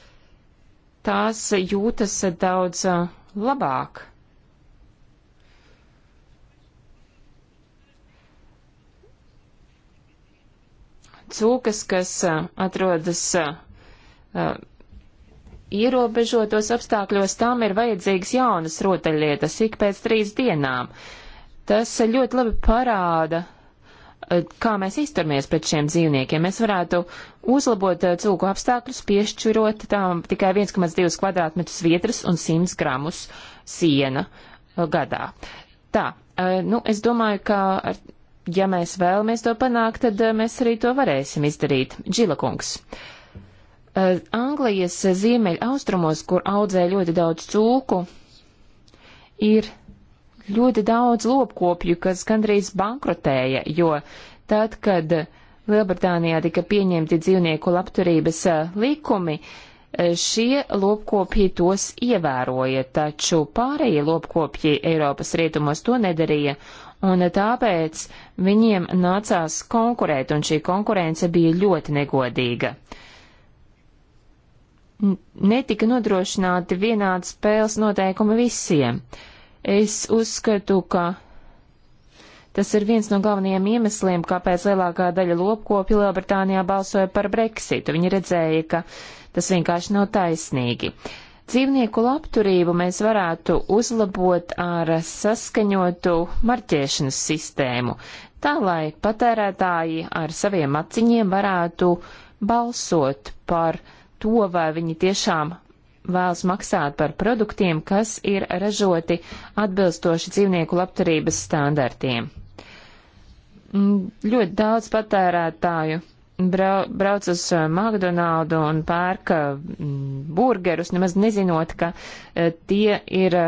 Speaker 3: tās jūtas daudz labāk. Cūkas, kas atrodas ierobežotos apstākļos, tām ir vajadzīgas jaunas rotaļlietas ik pēc trīs dienām. Tas ļoti labi parāda kā mēs izturmies pret šiem dzīvniekiem. Mēs varētu uzlabot eh, cūku apstākļus, piešķirot tām tikai 1,2 kvadrātmetrus vietras un 100 gramus siena eh, gadā. Tā, eh, nu, es domāju, ka, ar, ja mēs vēlamies to panākt, tad mēs arī to varēsim izdarīt. Džilakungs. Anglijas ziemeļa austrumos, kur audzē ļoti daudz cūku, ir ļoti daudz lopkopju, kas gandrīz bankrotēja, jo tad, kad Lielbritānijā tika pieņemti dzīvnieku labturības eh, likumi, eh, šie lopkopji tos ievēroja, taču pārējie lopkopji Eiropas rietumos to nedarīja, un tāpēc viņiem nācās konkurēt, un šī konkurence bija ļoti negodīga. Netika nodrošināti vienādi spēles noteikumi visiem. Uh, Es uzskatu, ka tas ir viens no galvenajiem iemesliem, kāpēc lielākā daļa lopkopju Lielbritānijā balsoja par Brexitu. Viņi redzēja, ka tas vienkārši nav taisnīgi. Dzīvnieku labturību mēs varētu uzlabot ar saskaņotu marķēšanas sistēmu, tā lai patērētāji ar saviem aciņiem varētu balsot par to, vai viņi tiešām vēlas maksāt par produktiem, kas ir ražoti atbilstoši dzīvnieku labturības standartiem. Mm, ļoti daudz patērētāju brau, brauc uz eh, McDonaldu un pērka eh, mm, burgerus, nemaz nezinot, ka eh, tie ir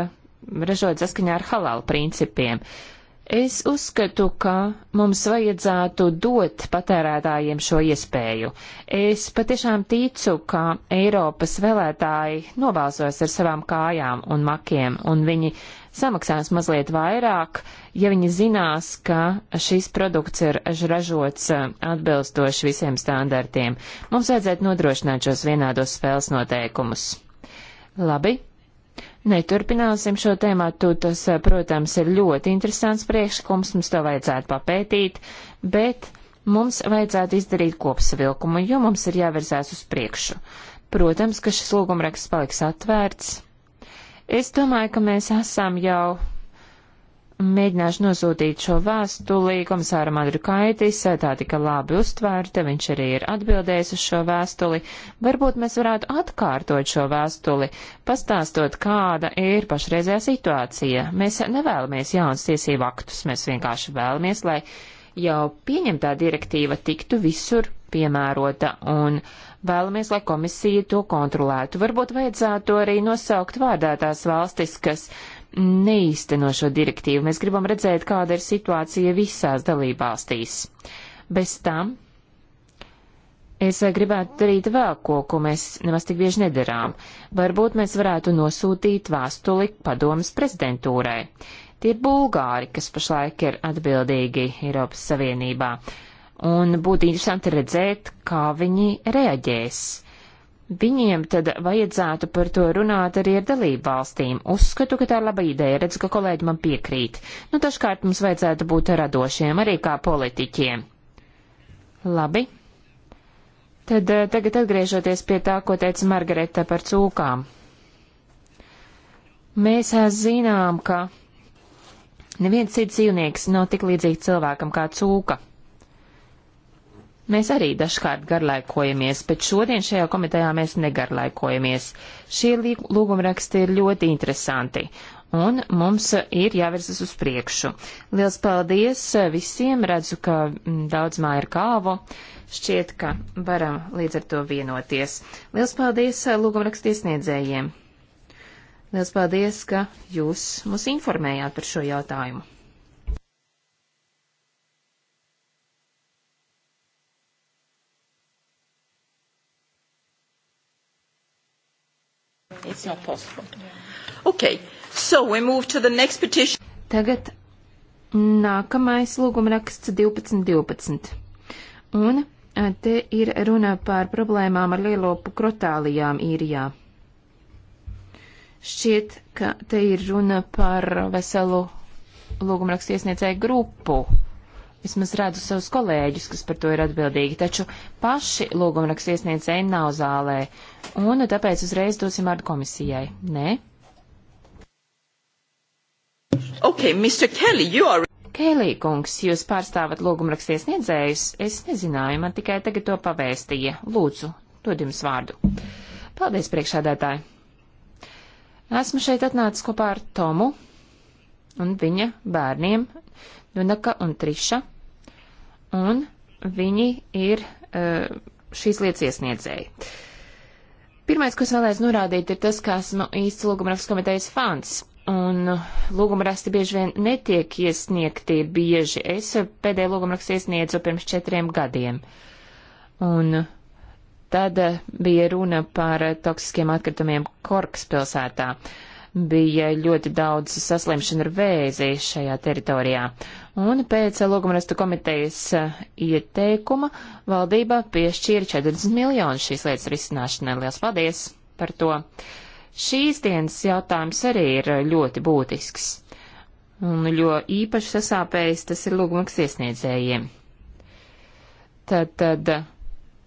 Speaker 3: ražot saskaņā ar halālu principiem. Uh, Es uzskatu, ka mums vajadzētu dot patērētājiem šo iespēju. Es patiešām ticu, ka Eiropas vēlētāji nobalsos ar savām kājām un makiem, un viņi samaksās mazliet vairāk, ja viņi zinās, ka šis produkts ir ražots eh, atbilstoši visiem standartiem. Mums vajadzētu nodrošināt šos vienādos spēles noteikumus. Labi, Neturpināsim šo tēmātu, tas, eh, protams, ir ļoti interesants priekšlikums, mums to vajadzētu papētīt, bet mums vajadzētu izdarīt kopsavilkumu, jo mums ir jāvirzās uz priekšu. Protams, ka šis lūgumraksts paliks atvērts. Es domāju, ka mēs esam jau Mēģināšu nosūtīt šo vēstuli komisāram Andriu Kaitis, tā tika labi uztvērta, viņš arī ir atbildējis uz šo vēstuli. Varbūt mēs varētu atkārtot šo vēstuli, pastāstot, kāda ir pašreizējā situācija. Mēs nevēlamies jaunas tiesību aktus, mēs vienkārši vēlamies, lai jau pieņemtā direktīva tiktu visur piemērota un vēlamies, lai komisija to kontrolētu. Varbūt vajadzētu arī nosaukt vārdā tās valstis, kas neīsteno šo direktīvu. Mēs gribam redzēt, kāda ir situācija visās dalībvalstīs. Bez tam es gribētu darīt vēl ko, ko mēs nemaz tik bieži nedarām. Varbūt mēs varētu nosūtīt vēstuli padomas prezidentūrai. Tie ir bulgāri, kas pašlaik ir atbildīgi Eiropas Savienībā. Un būtu interesanti redzēt, kā viņi reaģēs Viņiem tad vajadzētu par to runāt arī ar dalību valstīm. Uzskatu, ka tā ir laba ideja, redz, ka kolēģi man piekrīt. Nu, taškārt mums vajadzētu būt radošiem, arī kā politiķiem. Labi. Tad eh, tagad atgriežoties pie tā, ko teica Margareta par cūkām. Mēs eh, zinām, ka neviens cits dzīvnieks nav tik līdzīgs cilvēkam kā cūka. Mēs arī dažkārt garlaikojamies, bet šodien šajā komitejā mēs negarlaikojamies. Šie lūgumraksti ir ļoti interesanti, un mums ir jāvirzas uz priekšu. Liels paldies visiem, redzu, ka mm, daudz mā ir kāvu. Šķiet, ka varam līdz ar to vienoties. Liels paldies eh, lūgumrakstiesniedzējiem. Liels paldies, ka jūs mūs informējāt par šo jautājumu. It's not possible. Okay, so we move to the next petition. Tagad nākamais lūguma raksts 1212. Un te ir runa par problēmām ar lielopu krotālijām īrijā. Šķiet, ka te ir runa par veselu lūgumrakstu iesniedzēju grupu vismaz redzu savus kolēģus, kas par to ir atbildīgi, taču paši lūgumraksta iesniedzēji nav zālē, un tāpēc uzreiz dosim vārdu komisijai. Nē? Okay, Mr. Kelly, you are. Keilī, kungs, jūs pārstāvat lūgumraksta iesniedzējus? Es nezināju, man tikai tagad to pavēstīja. Lūdzu, dod jums vārdu. Paldies, priekšādētāji. Esmu šeit atnācis kopā ar Tomu un viņa bērniem Junaka un Triša, un viņi ir e, šīs lietas iesniedzēji. Pirmais, ko es vēlēs norādīt, ir tas, ka esmu īsts lūgumrakstu komitejas fans. Un lūgumraksti bieži vien netiek iesniegti bieži. Es pēdējo lūgumrakstu iesniedzu pirms četriem gadiem. Un tad bija runa par toksiskiem atkritumiem Korkas pilsētā. Uh, bija ļoti daudz saslimšanu ar vēzi šajā teritorijā. Un pēc lūgumrastu komitejas eh, ieteikuma valdība piešķīra 40 miljonus šīs lietas risināšanai. Lielas paldies par to! Šīs dienas jautājums arī ir ļoti būtisks. Un jo īpaši sasāpējis tas ir lūgumaks iesniedzējiem. Tad, tad eh,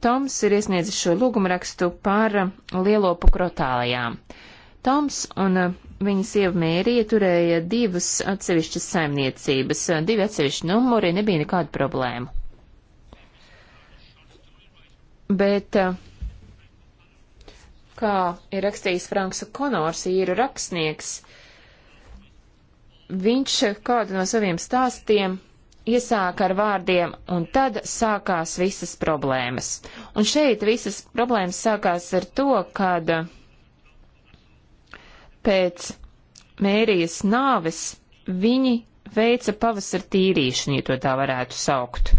Speaker 3: Toms ir iesniedzis šo lūgumrakstu par eh, lielo pukrotālajām. Toms un uh, viņa sieva Mērija turēja divas atsevišķas saimniecības, uh, divi atsevišķi numuri, nebija nekāda problēma. Bet uh, kā ir rakstījis Franks Konors, īra rakstnieks, viņš kādu no saviem stāstiem iesāka ar vārdiem, un tad sākās visas problēmas. Un šeit visas problēmas sākās ar to, kad pēc Mērijas nāves viņi veica pavasar tīrīšanu, ja to tā varētu saukt.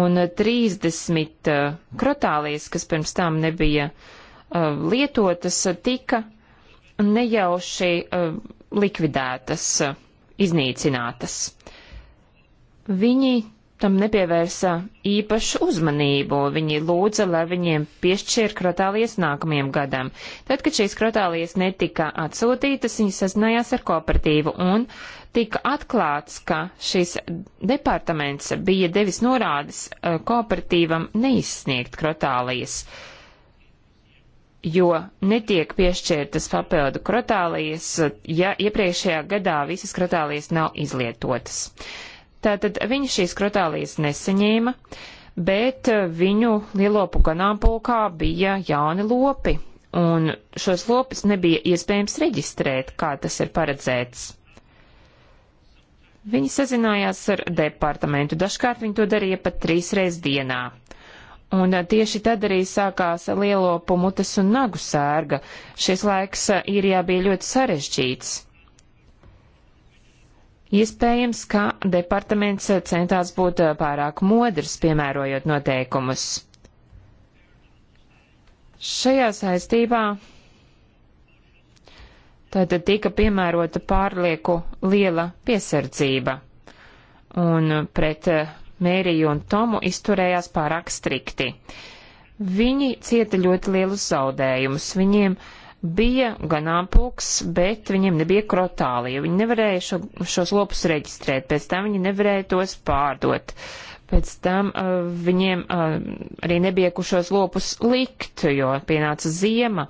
Speaker 3: Un 30 uh, eh, eh, krotālijas, kas pirms tam nebija uh, lietotas, tika nejauši uh, likvidētas, iznīcinātas. Viņi tam nepievērsa īpašu uzmanību. Viņi lūdza, lai viņiem piešķir krotālijas nākamajam gadam. Tad, kad šīs krotālijas netika atsūtītas, viņi sazinājās ar kooperatīvu un tika atklāts, ka šis departaments bija devis norādes eh, kooperatīvam neizsniegt krotālijas, jo netiek piešķirtas papildu krotālijas, ja iepriekšējā gadā visas krotālijas nav izlietotas. Tātad viņi šīs krotālijas nesaņēma, bet eh, viņu lielopu ganāmpulkā bija jauni lopi, un šos lopus nebija iespējams reģistrēt, kā tas ir paredzēts. Viņi sazinājās ar departamentu, dažkārt viņi to darīja pat trīs reizes dienā. Un eh, tieši tad arī sākās lielopu mutes un nagu sērga. Šis laiks eh, īrijā bija ļoti sarežģīts. Iespējams, ka departaments centās būt pārāk modrs, piemērojot noteikumus. Šajā saistībā tātad tika piemērota pārlieku liela piesardzība, un pret Mēriju un Tomu izturējās pārāk strikti. Viņi cieta ļoti lielus zaudējumus, viņiem uh, bija ganāmpulks, bet viņiem nebija krotālija. Viņi nevarēja šo, šos lopus reģistrēt, pēc tam viņi nevarēja tos pārdot. Pēc tam uh, viņiem uh, arī nebija, kur šos lopus likt, jo pienāca ziema,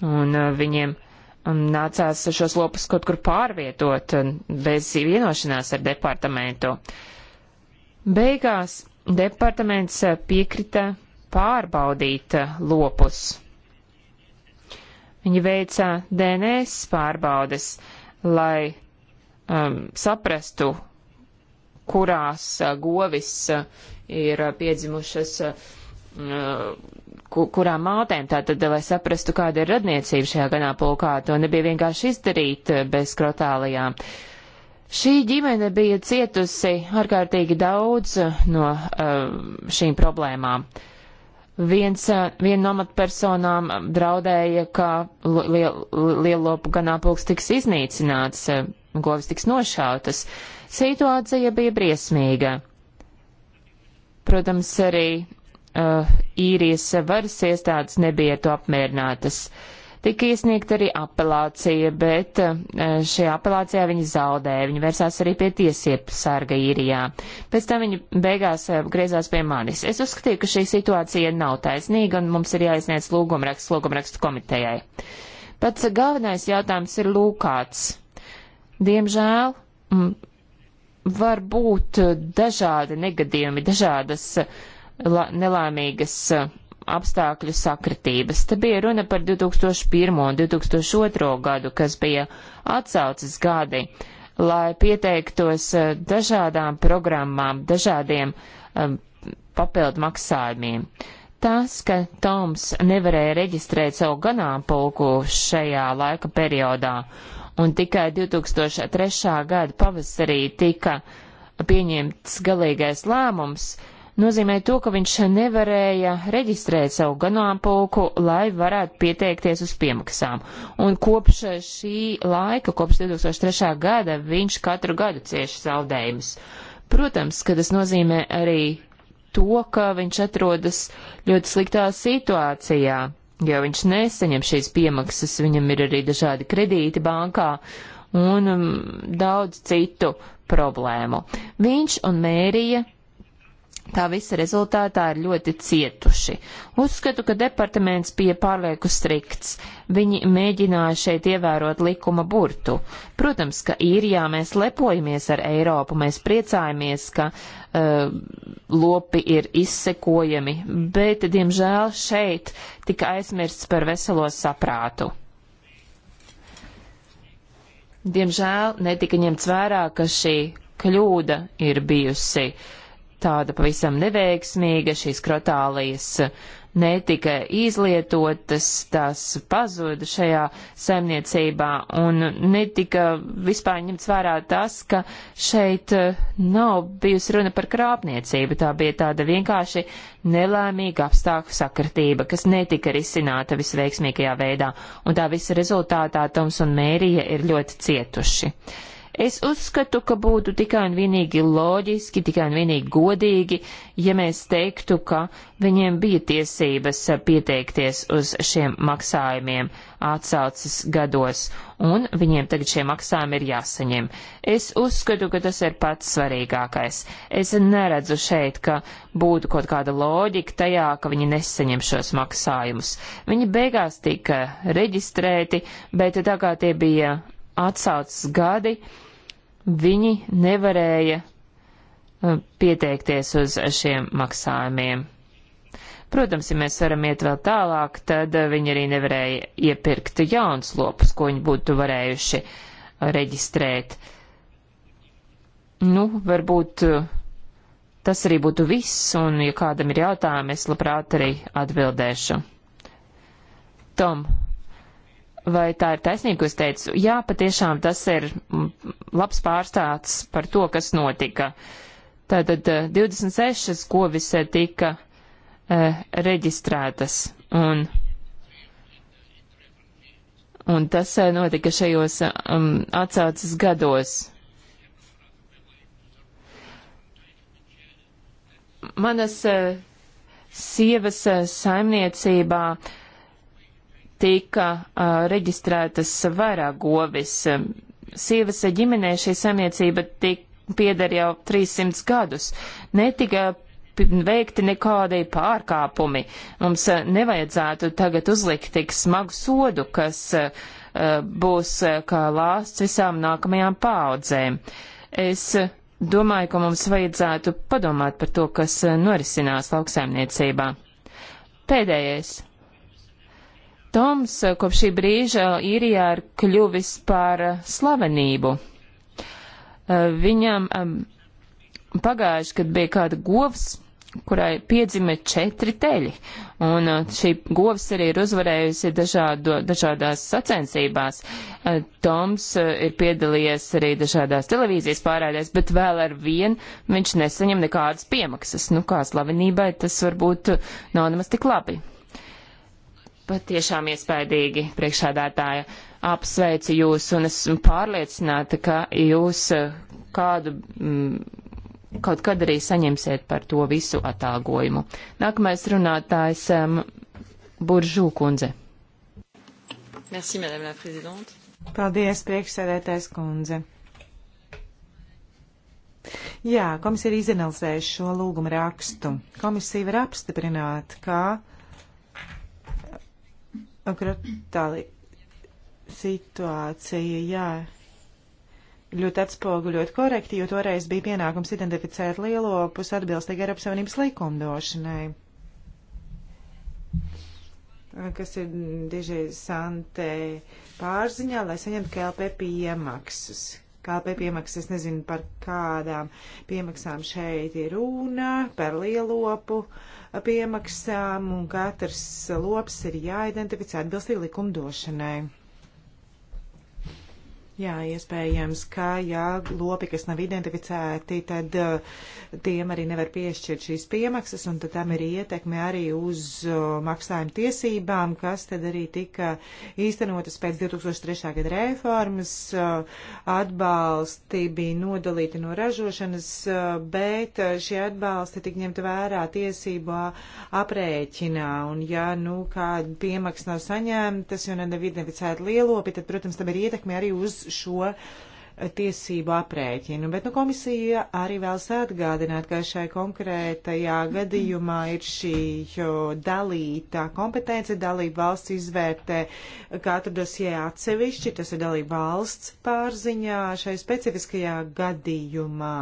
Speaker 3: un uh, viņiem um, nācās šos lopus kaut kur pārvietot uh, bez vienošanās ar departamentu. Beigās departaments uh, piekrita pārbaudīt uh, lopus Viņi veica DNS pārbaudes, lai um, saprastu, kurās uh, govis uh, ir uh, piedzimušas, uh, mm, ku, kurām mātēm, tātad, lai saprastu, kāda ir radniecība šajā ganāpulkā. To nebija vienkārši izdarīt uh, bez krotālajām. Šī ģimene bija cietusi ārkārtīgi daudz uh, no uh, šīm problēmām. Uh, Viens, eh, viena no amatpersonām draudēja, ka liel, lielopu ganāpulks tiks iznīcināts, eh, govis tiks nošautas. Situācija bija briesmīga. Protams, arī uh, īrijas varas iestādes nebija to apmierinātas. Uh, Tika iesniegta arī apelācija, bet eh, šajā apelācijā viņi zaudēja. Viņi vērsās arī pie tiesiepa sarga īrijā. Pēc tam viņi beigās eh, griezās pie manis. Es uzskatīju, ka šī situācija nav taisnīga un mums ir jāizniec lūgumraksts lūgumrakstu komitejai. Pats galvenais jautājums ir lūkāts. Diemžēl mm, var būt dažādi negadījumi, dažādas eh, la, nelāmīgas apstākļu sakritības. Te bija runa par 2001. un 2002. gadu, kas bija atsaucas gadi, lai pieteiktos eh, dažādām programmām, dažādiem um, papildu maksājumiem. Tas, ka Toms nevarēja reģistrēt savu ganāmpulku šajā laika periodā, un tikai 2003. gada pavasarī tika pieņemts galīgais lēmums, uh, nozīmēja to, ka viņš nevarēja reģistrēt savu ganāmpulku, lai varētu pieteikties uz piemaksām. Un kopš šī laika, kopš 2003. gada, viņš katru gadu cieši zaudējumus. Protams, ka tas nozīmē arī to, ka viņš atrodas ļoti sliktā situācijā, jo viņš nesaņem šīs piemaksas, viņam ir arī dažādi kredīti bankā un um, daudz citu problēmu. Viņš un Mērija Tā visa rezultātā ir ļoti cietuši. Uzskatu, ka departaments bija pārlieku strikts. Viņi mēģināja šeit ievērot likuma burtu. Protams, ka īrijā mēs lepojamies ar Eiropu, mēs priecājamies, ka uh, lopi ir izsekojami, bet, diemžēl, šeit tika aizmirsts par veselo saprātu. Diemžēl netika ņemts vērā, ka šī kļūda ir bijusi uh, tāda pavisam neveiksmīga, šīs krotālijas netika izlietotas, tās pazuda šajā saimniecībā un netika vispār ņemts vērā tas, ka šeit eh, nav bijusi runa par krāpniecību, tā bija tāda vienkārši nelēmīga apstākļu sakritība, kas netika risināta visveiksmīgajā veidā, un tā visa rezultātā Toms un Mērija ir ļoti cietuši. Uh, Es uzskatu, ka būtu tikai un vienīgi loģiski, tikai un vienīgi godīgi, ja mēs teiktu, ka viņiem bija tiesības pieteikties uz šiem maksājumiem atsaucas gados, un viņiem tagad šie maksājumi ir jāsaņem. Es uzskatu, ka tas ir pats svarīgākais. Es neredzu šeit, ka būtu kaut kāda loģika tajā, ka viņi nesaņem šos maksājumus. Viņi beigās tika reģistrēti, bet tā kā tie bija atsaucas gadi, uh, viņi nevarēja uh, pieteikties uz šiem maksājumiem. Protams, ja mēs varam iet vēl tālāk, tad uh, viņi arī nevarēja iepirkt jauns lopus, ko viņi būtu varējuši uh, reģistrēt. Nu, varbūt tas arī būtu viss, un ja kādam ir jautājumi, es labprāt arī atbildēšu. Tom, vai tā ir taisnība, ko es teicu? Jā, patiešām tas ir mm, labs pārstāsts par to, kas notika. Tātad 26 eh, govis tika uh, reģistrētas, un, un tas eh, notika šajos um, atsaucas gados. Manas uh, sievas uh, saimniecībā uh, tika uh, reģistrētas vairāk govis. Sievas ģimenē šī samiecība pieder jau 300 gadus. Netika veikti nekādi pārkāpumi. Mums nevajadzētu tagad uzlikt tik smagu sodu, kas uh, būs kā lāsts visām nākamajām paaudzēm. Es domāju, ka mums vajadzētu padomāt par to, kas norisinās lauksaimniecībā. Pēdējais. Toms eh, kopš šī brīža īrijā ir kļuvis par eh, slavenību. Eh, viņam pagājuši, kad bija kāda govs, kurai piedzima četri teļi, un šī govs arī ir uzvarējusi dažādo, dažādās sacensībās. Toms ir piedalījies arī dažādās televīzijas pārādēs, bet vēl ar vien viņš nesaņem nekādas piemaksas. Nu, kā slavenībai tas varbūt nav nemaz tik labi patiešām iespaidīgi priekšādātāja. Apsveicu jūs un esmu pārliecināta, ka jūs eh, kādu mm, kaut kad arī saņemsiet par to visu atalgojumu. Nākamais runātājs um, Buržū kundze. Merci, madame la présidente. Paldies, priekšsēdētājs kundze.
Speaker 2: Jā, komisija ir izanalizējusi šo lūgumu rakstu. Komisija var apstiprināt, ka. Kā Krotāli situācija, jā, ļoti atspoguļot korekti, jo toreiz bija pienākums identificēt lielopus atbilstīgi Eiropas Savienības likumdošanai, kas ir dižai santē pārziņā, lai saņemtu KLP piemaksas. KLP piemaksas, es nezinu, par kādām piemaksām šeit ir runa, par lielopu. Uh, piemaksām, un katrs lops ir jāidentificē atbilstīgi likumdošanai. Jā, iespējams, ka ja lopi, kas nav identificēti, tad uh, tiem arī nevar piešķirt šīs piemaksas, un tad tam ir ietekme arī uz uh, maksājumu tiesībām, kas tad arī tika īstenotas pēc 2003. gada reformas. Uh, atbalsti bija nodalīti no ražošanas, bet šie atbalsti tika ņemta vērā tiesībā aprēķinā, un ja, nu, kāda piemaksa nav saņemtas, jo nav identificēta lielopi, tad, protams, tam ir ietekme arī uz šo tiesību aprēķinu, bet nu, komisija arī vēlas atgādināt, ka šai konkrētajā gadījumā ir šī dalīta kompetence, dalība valsts izvērtē katru dosie atsevišķi, tas ir dalība valsts pārziņā šai specifiskajā gadījumā.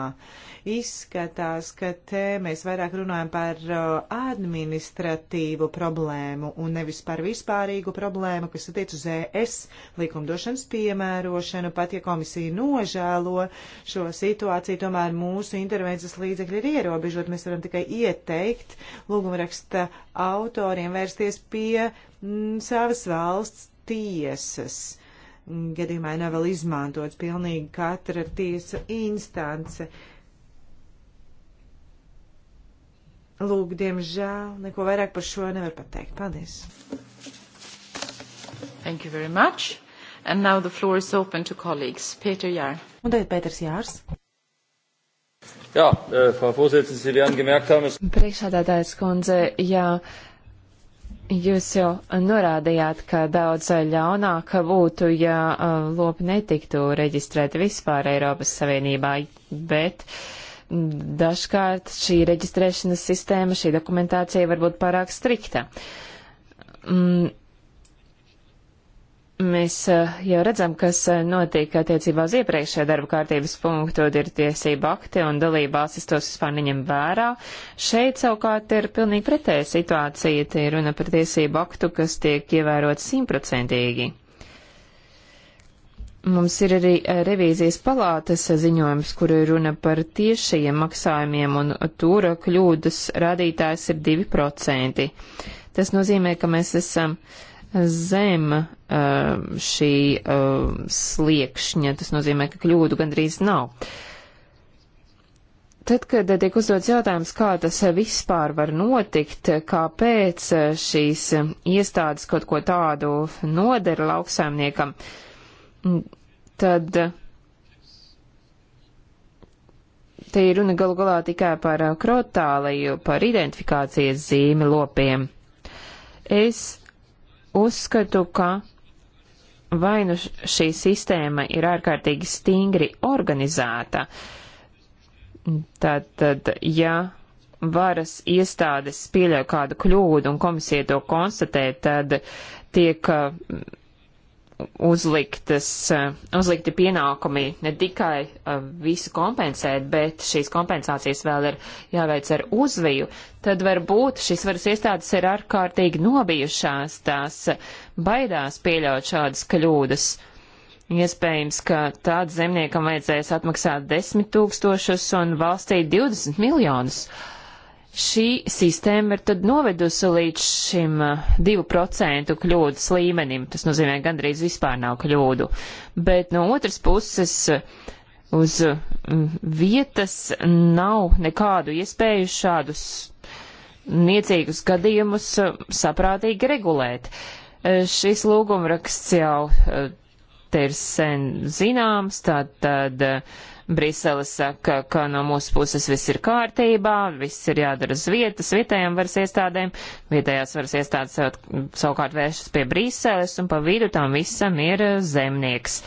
Speaker 2: Izskatās, ka te mēs vairāk runājam par administratīvu problēmu un nevis par vispārīgu problēmu, kas attiec uz ES likumdošanas piemērošanu, pat ja komisija nu nožēlo šo situāciju. Tomēr mūsu intervences līdzekļi ir ierobežot. Mēs varam tikai ieteikt lūgumraksta autoriem vērsties pie m, mm, savas valsts tiesas. Gadījumā nav vēl izmantots pilnīgi katra tiesa instance. Lūk, diemžēl neko vairāk par šo nevar pateikt. Paldies! Thank you very much.
Speaker 3: And now the floor is open to colleagues. Peter Jaar. Un tagad Pēters Jārs.
Speaker 1: Jā, eh, Frau Vorsitzende, Sie werden gemerkt haben, es...
Speaker 3: Priekšādātājs kundze, jā, jūs jau norādījāt, ka daudz ļaunāk būtu, ja eh, lopi netiktu reģistrēti vispār Eiropas Savienībā, bet mm, dažkārt šī reģistrēšanas sistēma, šī dokumentācija var būt pārāk strikta. Mm Mēs eh, jau redzam, kas eh, notiek attiecībā uz iepriekšējā darba kārtības punktu, ir tiesība akti un dalībās es tos vispār neņem vērā. Šeit savukārt ir pilnīgi pretēja situācija, te ir runa par tiesību aktu, kas tiek ievērot simtprocentīgi. Mums ir arī eh, revīzijas palātas ziņojums, kur ir runa par tiešajiem maksājumiem, un tūra kļūdas rādītājs ir 2%. Tas nozīmē, ka mēs esam uh, zem eh, šī eh, sliekšņa. Tas nozīmē, ka kļūdu gandrīz nav. Tad, kad tiek uzdots jautājums, kā tas vispār var notikt, kāpēc šīs iestādes kaut ko tādu nodara lauksaimniekam, tad te ir runa galu galā tikai par krotāliju, par identifikācijas zīmi lopiem. Es Uzskatu, ka vai nu šī sistēma ir ārkārtīgi stingri organizēta, tad, tad ja varas iestādes pieļauj kādu kļūdu un komisija to konstatē, tad tiek uzliktas, eh, uzlikti pienākumi ne tikai eh, visu kompensēt, bet šīs kompensācijas vēl ir jāveic ar uzviju, tad varbūt šīs varas iestādes ir ārkārtīgi nobijušās, tās baidās pieļaut šādas kļūdas. Iespējams, ka tāds zemniekam vajadzēs atmaksāt 10 tūkstošus un valstī 20 miljonus. Uh, Šī sistēma ir tad novedusi līdz šim 2% eh, kļūdas līmenim. Tas nozīmē, gandrīz vispār nav kļūdu. Bet no otras puses, uz mm, vietas nav nekādu iespēju šādus niecīgus gadījumus eh, saprātīgi regulēt. Eh, šis lūgumraksts jau te ir sen zināms, tātad. Tā, Brisele saka, ka no mūsu puses viss ir kārtībā, viss ir jādara uz vietas vietējām varas iestādēm, vietējās varas iestādes sav, savukārt vēršas pie Briseles un pa vidu tam visam ir eh, zemnieks.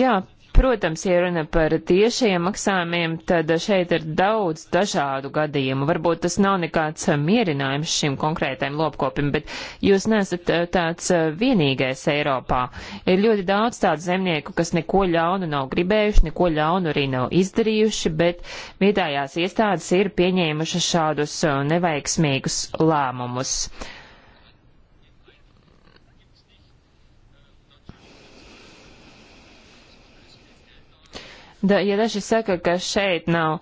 Speaker 3: Jā, Protams, ja runa par tiešajiem maksājumiem, tad šeit ir daudz dažādu gadījumu. Varbūt tas nav nekāds mierinājums šim konkrētajam lopkopim, bet jūs nesat eh, tāds eh, vienīgais Eiropā. Ir ļoti daudz tādu zemnieku, kas neko ļaunu nav gribējuši, neko ļaunu arī nav izdarījuši, bet vietējās iestādes ir pieņēmušas šādus eh, neveiksmīgus lēmumus. Da, ja daži saka, ka šeit nav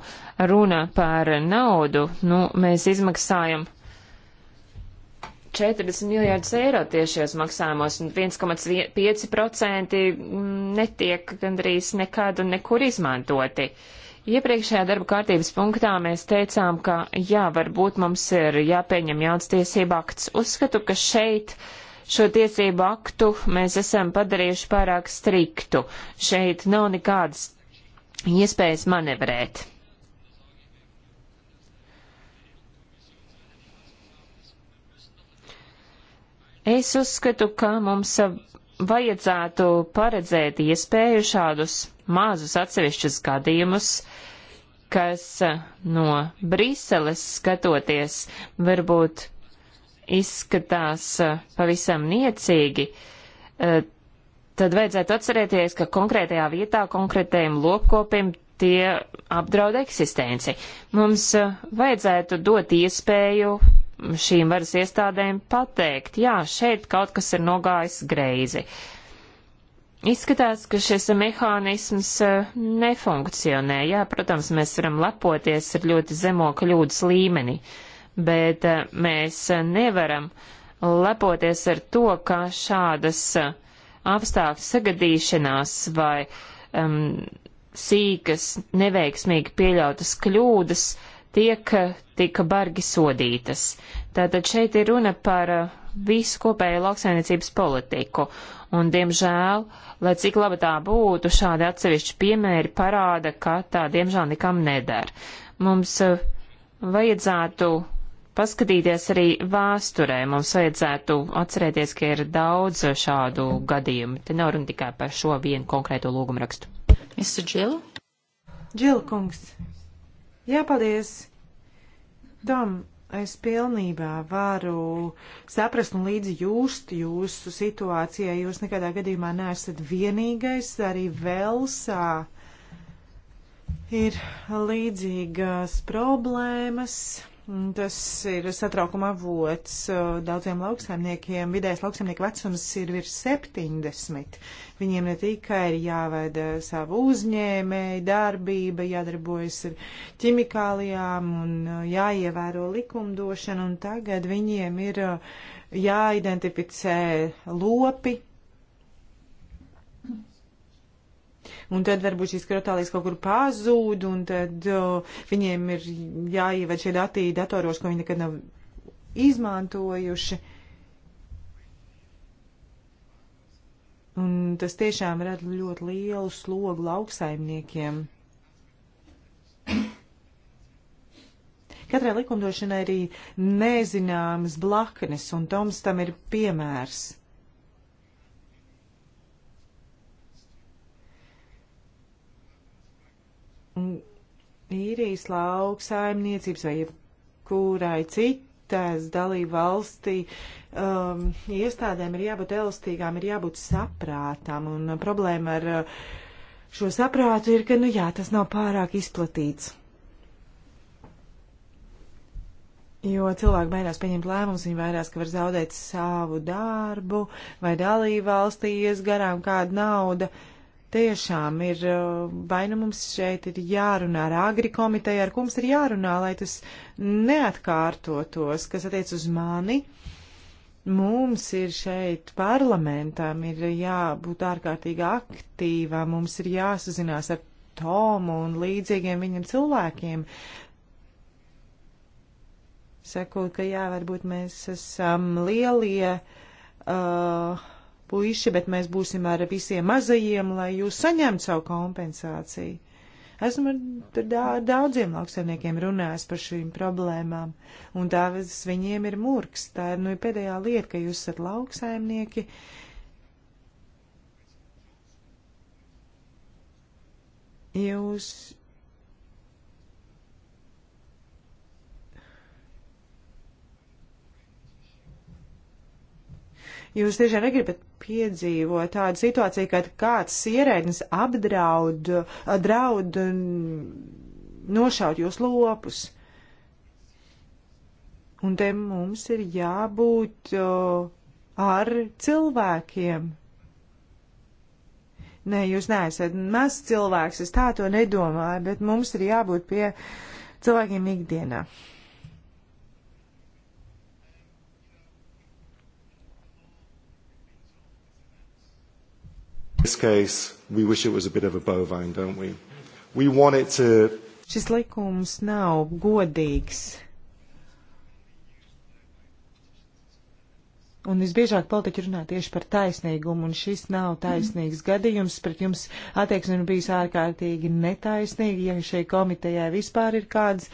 Speaker 3: runa par naudu, nu, mēs izmaksājam 40 miljārdus eiro tiešos maksājumos, un 1,5% mm, netiek gandrīz nekad un nekur izmantoti. Iepriekšējā darba kārtības punktā mēs teicām, ka jā, varbūt mums ir jāpieņem jauns tiesība akts. Uzskatu, ka šeit šo tiesību aktu mēs esam padarījuši pārāk striktu. Šeit nav nekādas iespējas manevrēt. Es uzskatu, ka mums vajadzētu paredzēt iespēju šādus mazus atsevišķus gadījumus, kas no Briseles skatoties varbūt izskatās pavisam niecīgi, eh, tad vajadzētu atcerēties, ka konkrētajā vietā konkrētajiem lopkopiem tie apdraud eksistenci. Mums eh, vajadzētu dot iespēju šīm varas iestādēm pateikt, jā, šeit kaut kas ir nogājis greizi. Izskatās, ka šis mehānisms eh, nefunkcionē. Jā, protams, mēs varam lepoties ar ļoti zemo kļūdas līmeni, bet eh, mēs nevaram lepoties ar to, ka šādas uh, apstākļu sagadīšanās vai um, sīkas, neveiksmīgi pieļautas kļūdas tiek tika bargi sodītas. Tātad šeit ir runa par uh, visu kopēju lauksainiecības politiku. Un, diemžēl, lai cik laba tā būtu, šādi atsevišķi piemēri parāda, ka tā, diemžēl, nekam nedara. Mums uh, vajadzētu paskatīties arī vēsturē. Mums vajadzētu atcerēties, ka ir daudz šādu gadījumu. Te nav runa tikai par šo vienu konkrēto lūgumrakstu. Mr. Džil?
Speaker 2: Džil kungs. Jā, paldies. Dom, es pilnībā varu saprast un līdzi jūst jūsu situācijai. Jūs nekādā gadījumā neesat vienīgais, arī Velsā ir līdzīgas problēmas. Mm, tas ir satraukuma avots uh, daudziem lauksaimniekiem. Vidējais lauksaimnieku vecums ir virs 70. Viņiem ne tikai ir jāvada savu uzņēmēju darbība, jādarbojas ar ķimikālijām un uh, jāievēro likumdošana, un tagad viņiem ir uh, jāidentificē lopi, un tad varbūt šīs krotālijas kaut kur pazūd, un tad uh, viņiem ir jāieved šie dati datoros, ko viņi nekad nav izmantojuši. Un tas tiešām rada ļoti lielu slogu lauksaimniekiem. Katrai likumdošanai arī nezināmas blaknes, un Toms tam ir piemērs. īrijas lauksaimniecības vai jebkurai citas dalību valstī um, iestādēm ir jābūt elastīgām, ir jābūt saprātām. Un uh, problēma ar uh, šo saprātu ir, ka, nu jā, tas nav pārāk izplatīts. Jo cilvēki baidās pieņemt lēmumus, viņi vairāk ka var zaudēt savu darbu, vai dalību valstī ies garām kāda nauda. Uh, tiešām ir, eh, vai nu mums šeit ir jārunā ar agri komiteju, ar kums ir jārunā, lai tas neatkārtotos, kas attiec uz mani. Mums ir šeit parlamentām ir jābūt ārkārtīgi aktīvā, mums ir jāsazinās ar Tomu un līdzīgiem viņam cilvēkiem. Sakot, ka jā, varbūt mēs esam lielie. Uh, puiši, bet mēs būsim ar visiem mazajiem, lai jūs saņemtu savu kompensāciju. Esmu ar daudziem lauksaimniekiem runājis par šīm problēmām, un tā viņiem ir murgs. Tā ir nu, pēdējā lieta, ka jūs esat lauksaimnieki, jūs Jūs tiešām negribat piedzīvo tādu situāciju, kad kāds ierēdnis apdraud, draud nošaut jūs lopus. Un te mums ir jābūt ar cilvēkiem. Nē, jūs neesat maz cilvēks, es tā to nedomāju, bet mums ir jābūt pie cilvēkiem ikdienā. This case, we wish it was a bit of a bovine, don't we? We want it to... Šis likums nav godīgs. Un visbiežāk politiķi runā tieši par taisnīgumu, un šis nav taisnīgs gadījums. Pret jums attieksme ir bijusi ārkārtīgi netaisnīga. Ja šai komitejai vispār ir kādas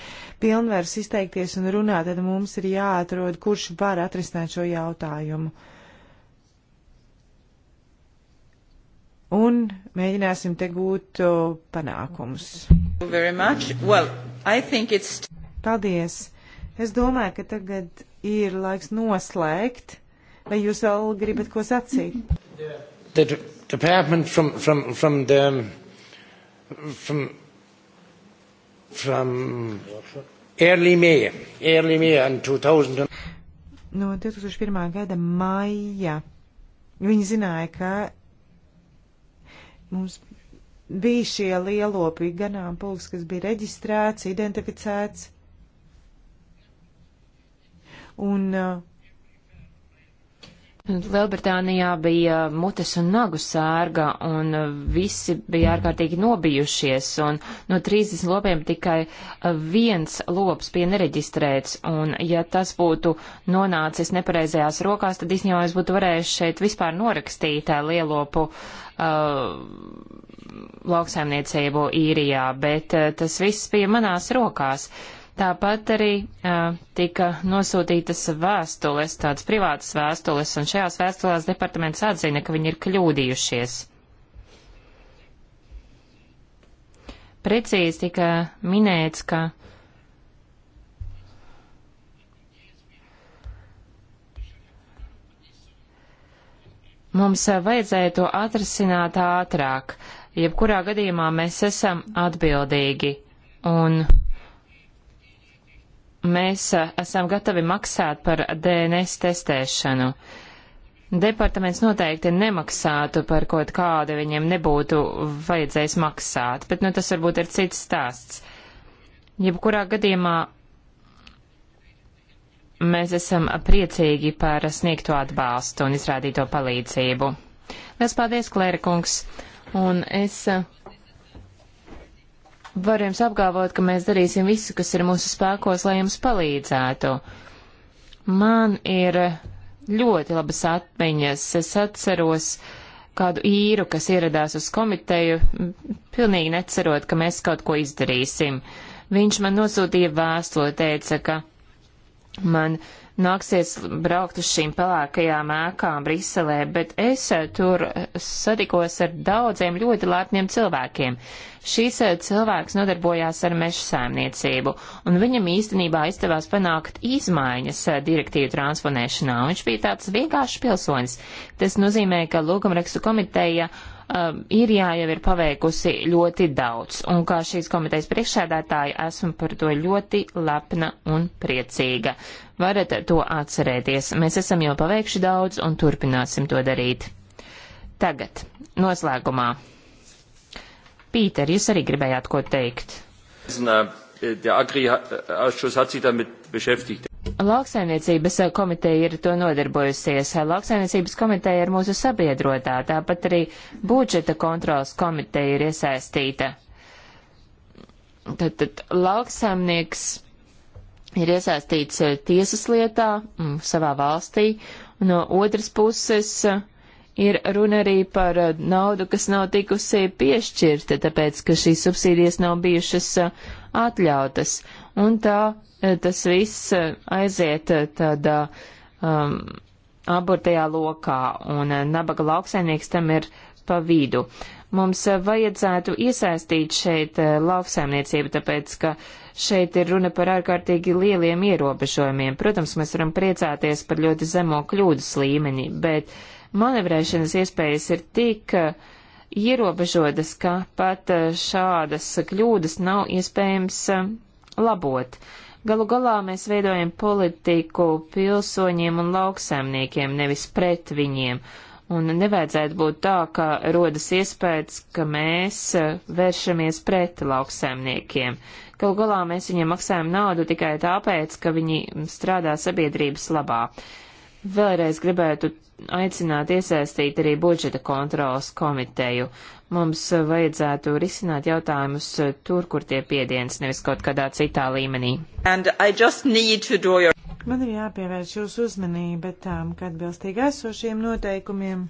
Speaker 2: pilnvaras izteikties un runāt, tad mums ir jāatrod, kurš var atrisināt šo jautājumu. un mēģināsim te gūt panākumus. Well, Paldies! Es domāju, ka tagad ir laiks noslēgt. Vai jūs vēl gribat ko sacīt?
Speaker 3: The department from, from, from the from, from early May, early May and 2000.
Speaker 2: No 2001. gada maija viņi zināja, ka Mums bija šie lielopīgi ganāmpulks, kas bija reģistrēts, identificēts. Un uh,
Speaker 3: Lielbritānijā bija mutes un nagu sērga, un visi bija ārkārtīgi nobijušies, un no 30 lopiem tikai viens lops bija nereģistrēts, un ja tas būtu nonācis nepareizajās rokās, tad īstenībā es būtu varējis šeit vispār norakstīt eh, lielopu uh, lauksaimniecību īrijā, bet uh, tas viss bija manās rokās. Uh, Tāpat arī uh, tika nosūtītas vēstules, tādas privātas vēstules, un šajās vēstulēs departaments atzina, ka viņi ir kļūdījušies. Precīzi tika minēts, ka mums vajadzēja to atrasināt ātrāk. Jebkurā gadījumā mēs esam atbildīgi, un mēs eh, esam gatavi maksāt par DNS testēšanu. Departaments noteikti nemaksātu par kaut kādu, viņiem nebūtu vajadzējis maksāt, bet nu, tas varbūt ir cits stāsts. Jebkurā gadījumā mēs esam priecīgi par sniegto atbalstu un izrādīto palīdzību. Lielas paldies, Klēra kungs, un es eh, Varu jums apgalvot, ka mēs darīsim visu, kas ir mūsu spēkos, lai jums palīdzētu. Man ir ļoti labas atmiņas. Es atceros kādu īru, kas ieradās uz komiteju, pilnīgi necerot, ka mēs kaut ko izdarīsim. Viņš man nosūtīja vēstuli, teica, ka man uh, nāksies braukt uz šīm pelēkajām ēkām Briselē, bet es eh, tur eh, satikos ar daudziem ļoti lēpniem cilvēkiem. Šīs eh, cilvēks nodarbojās ar meža saimniecību, un viņam īstenībā izdevās panākt izmaiņas direktīvu transponēšanā. Viņš bija tāds vienkāršs pilsonis. Tas nozīmē, ka lūgumrakstu komiteja uh, um, Īrijā jau ir paveikusi ļoti daudz, un kā šīs komitejas priekšsēdētāja esmu par to ļoti lepna un priecīga. Varat to atcerēties. Mēs esam jau paveikuši daudz un turpināsim to darīt. Tagad, noslēgumā. Pīter, jūs arī gribējāt ko teikt?
Speaker 1: Zināju. Der Agri-Ausschuss äh, hat sich damit beschäftigt.
Speaker 3: Lauksainiecības komiteja ir to nodarbojusies. Lauksainiecības komiteja ir mūsu sabiedrotā, tāpat arī budžeta kontrolas komiteja ir iesaistīta. Tad, tad lauksaimnieks ir iesaistīts tiesas lietā mm, savā valstī, un no otras puses ir runa arī par naudu, kas nav tikusi piešķirta, tāpēc, ka šīs subsīdijas nav bijušas atļautas, un tā Eh, tas viss eh, aiziet eh, tādā um, aburtajā lokā, un nabaga lauksaimnieks tam ir pa vidu. Mums vajadzētu iesaistīt šeit lauksaimniecību, tāpēc, ka šeit ir runa par ārkārtīgi lieliem ierobežojumiem. Protams, mēs varam priecāties par ļoti zemo kļūdas līmeni, bet manevrēšanas iespējas ir tik ierobežotas, ka pat šādas kļūdas nav iespējams labot. Uh, Galu galā mēs veidojam politiku pilsoņiem un lauksaimniekiem, nevis pret viņiem. Un nevajadzētu būt tā, ka rodas iespējas, ka mēs e, vēršamies pret lauksaimniekiem. Galu galā mēs viņiem maksājam naudu tikai tāpēc, ka viņi strādā sabiedrības labā. Vēlreiz gribētu aicināt iesaistīt arī budžeta kontrolas komiteju. Mums vajadzētu risināt jautājumus eh, tur, kur tie piediens, nevis kaut kādā citā līmenī. Your... Man ir
Speaker 2: jāpievērš jūsu uzmanība tām, ka atbilstīgi esošiem noteikumiem,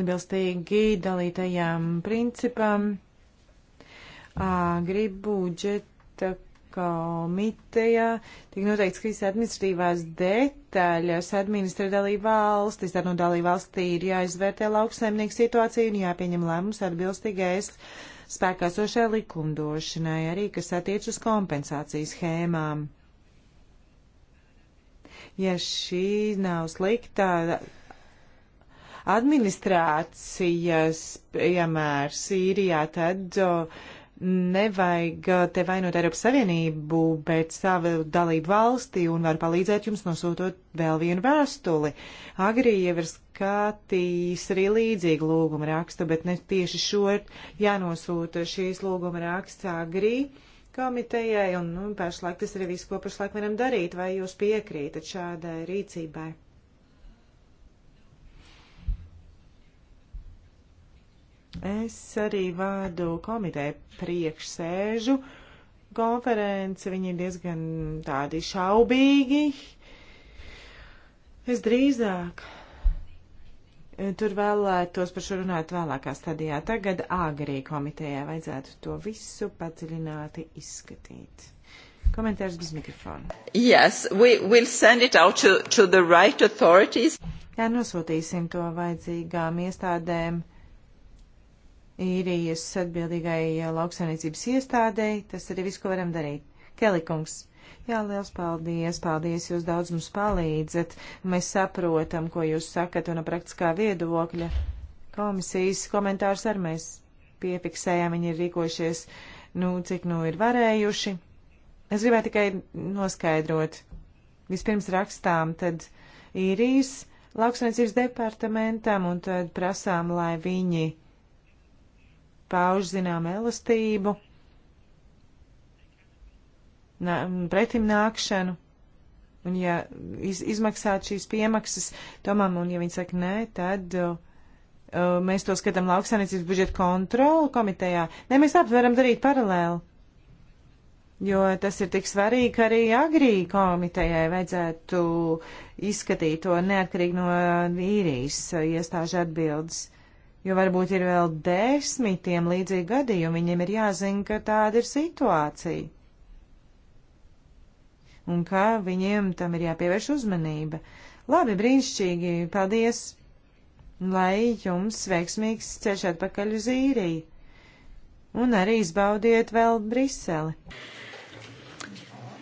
Speaker 2: atbilstīgi dalītajām principam, gribu budžeta komiteja tika noteikts, ka visas administratīvās detaļas administra dalība valstis, tad no dalība valstī ir jāizvērtē lauksaimnieku situāciju un jāpieņem lēmums atbilstīgais spēkā sošai likumdošanai, arī kas attiec uz kompensācijas schēmām. Ja šī nav slikta administrācijas piemērs Sīrijā, tad uh, nevajag uh, te vainot Eiropas Savienību, bet savu dalību valsti un var palīdzēt jums nosūtot vēl vienu vēstuli. Agrīja jau ir skatījis arī līdzīgu lūgumu rakstu, bet ne tieši šo ir jānosūta šīs lūguma raksts agrī komitejai, un nu, pašlaik tas ir viss, ko pašlaik varam darīt, vai jūs piekrītat šādai rīcībai. Es arī vādu komiteju priekšsēžu konferenci. Viņi ir diezgan tādi šaubīgi. Es drīzāk eh, tur vēlētos par šo runāt vēlākā stadijā. Tagad āgrī komitejā vajadzētu to visu padziļināti izskatīt. Komentārs bez mikrofona. Yes,
Speaker 3: we will send it out to, to the right authorities.
Speaker 2: Jā, nosūtīsim to vajadzīgām iestādēm īrijas atbildīgai eh, lauksainīcības iestādei. Tas arī viss, ko varam darīt. Kelikungs. Jā, liels paldies, paldies, jūs daudz mums palīdzat. Mēs saprotam, ko jūs sakat, un no praktiskā viedokļa komisijas komentārs ar mēs piefiksējām, viņi ir rīkojušies, nu, cik nu ir varējuši. Es gribēju tikai noskaidrot. Vispirms rakstām, tad īrijas lauksaimniecības departamentam un tad prasām, lai viņi pauž zinām elastību, nā, pretim nākšanu. Un ja iz, izmaksāt šīs piemaksas Tomam, un ja viņi saka nē, tad uh, uh mēs to skatām lauksainicības budžeta kontrolu komitejā. Nē, mēs tāpat varam darīt paralēli. Jo tas ir tik svarīgi, ka arī agrī komitejai vajadzētu izskatīt to neatkarīgi no īrijas iestāžu atbildes jo varbūt ir vēl desmitiem līdzīgi gadījumi, viņiem ir jāzina, ka tāda ir situācija. Un ka viņiem tam ir jāpievērš uzmanība. Labi, brīnišķīgi, paldies! Lai jums veiksmīgs ceļš atpakaļ uz īriju! Un arī
Speaker 1: izbaudiet vēl Briseli!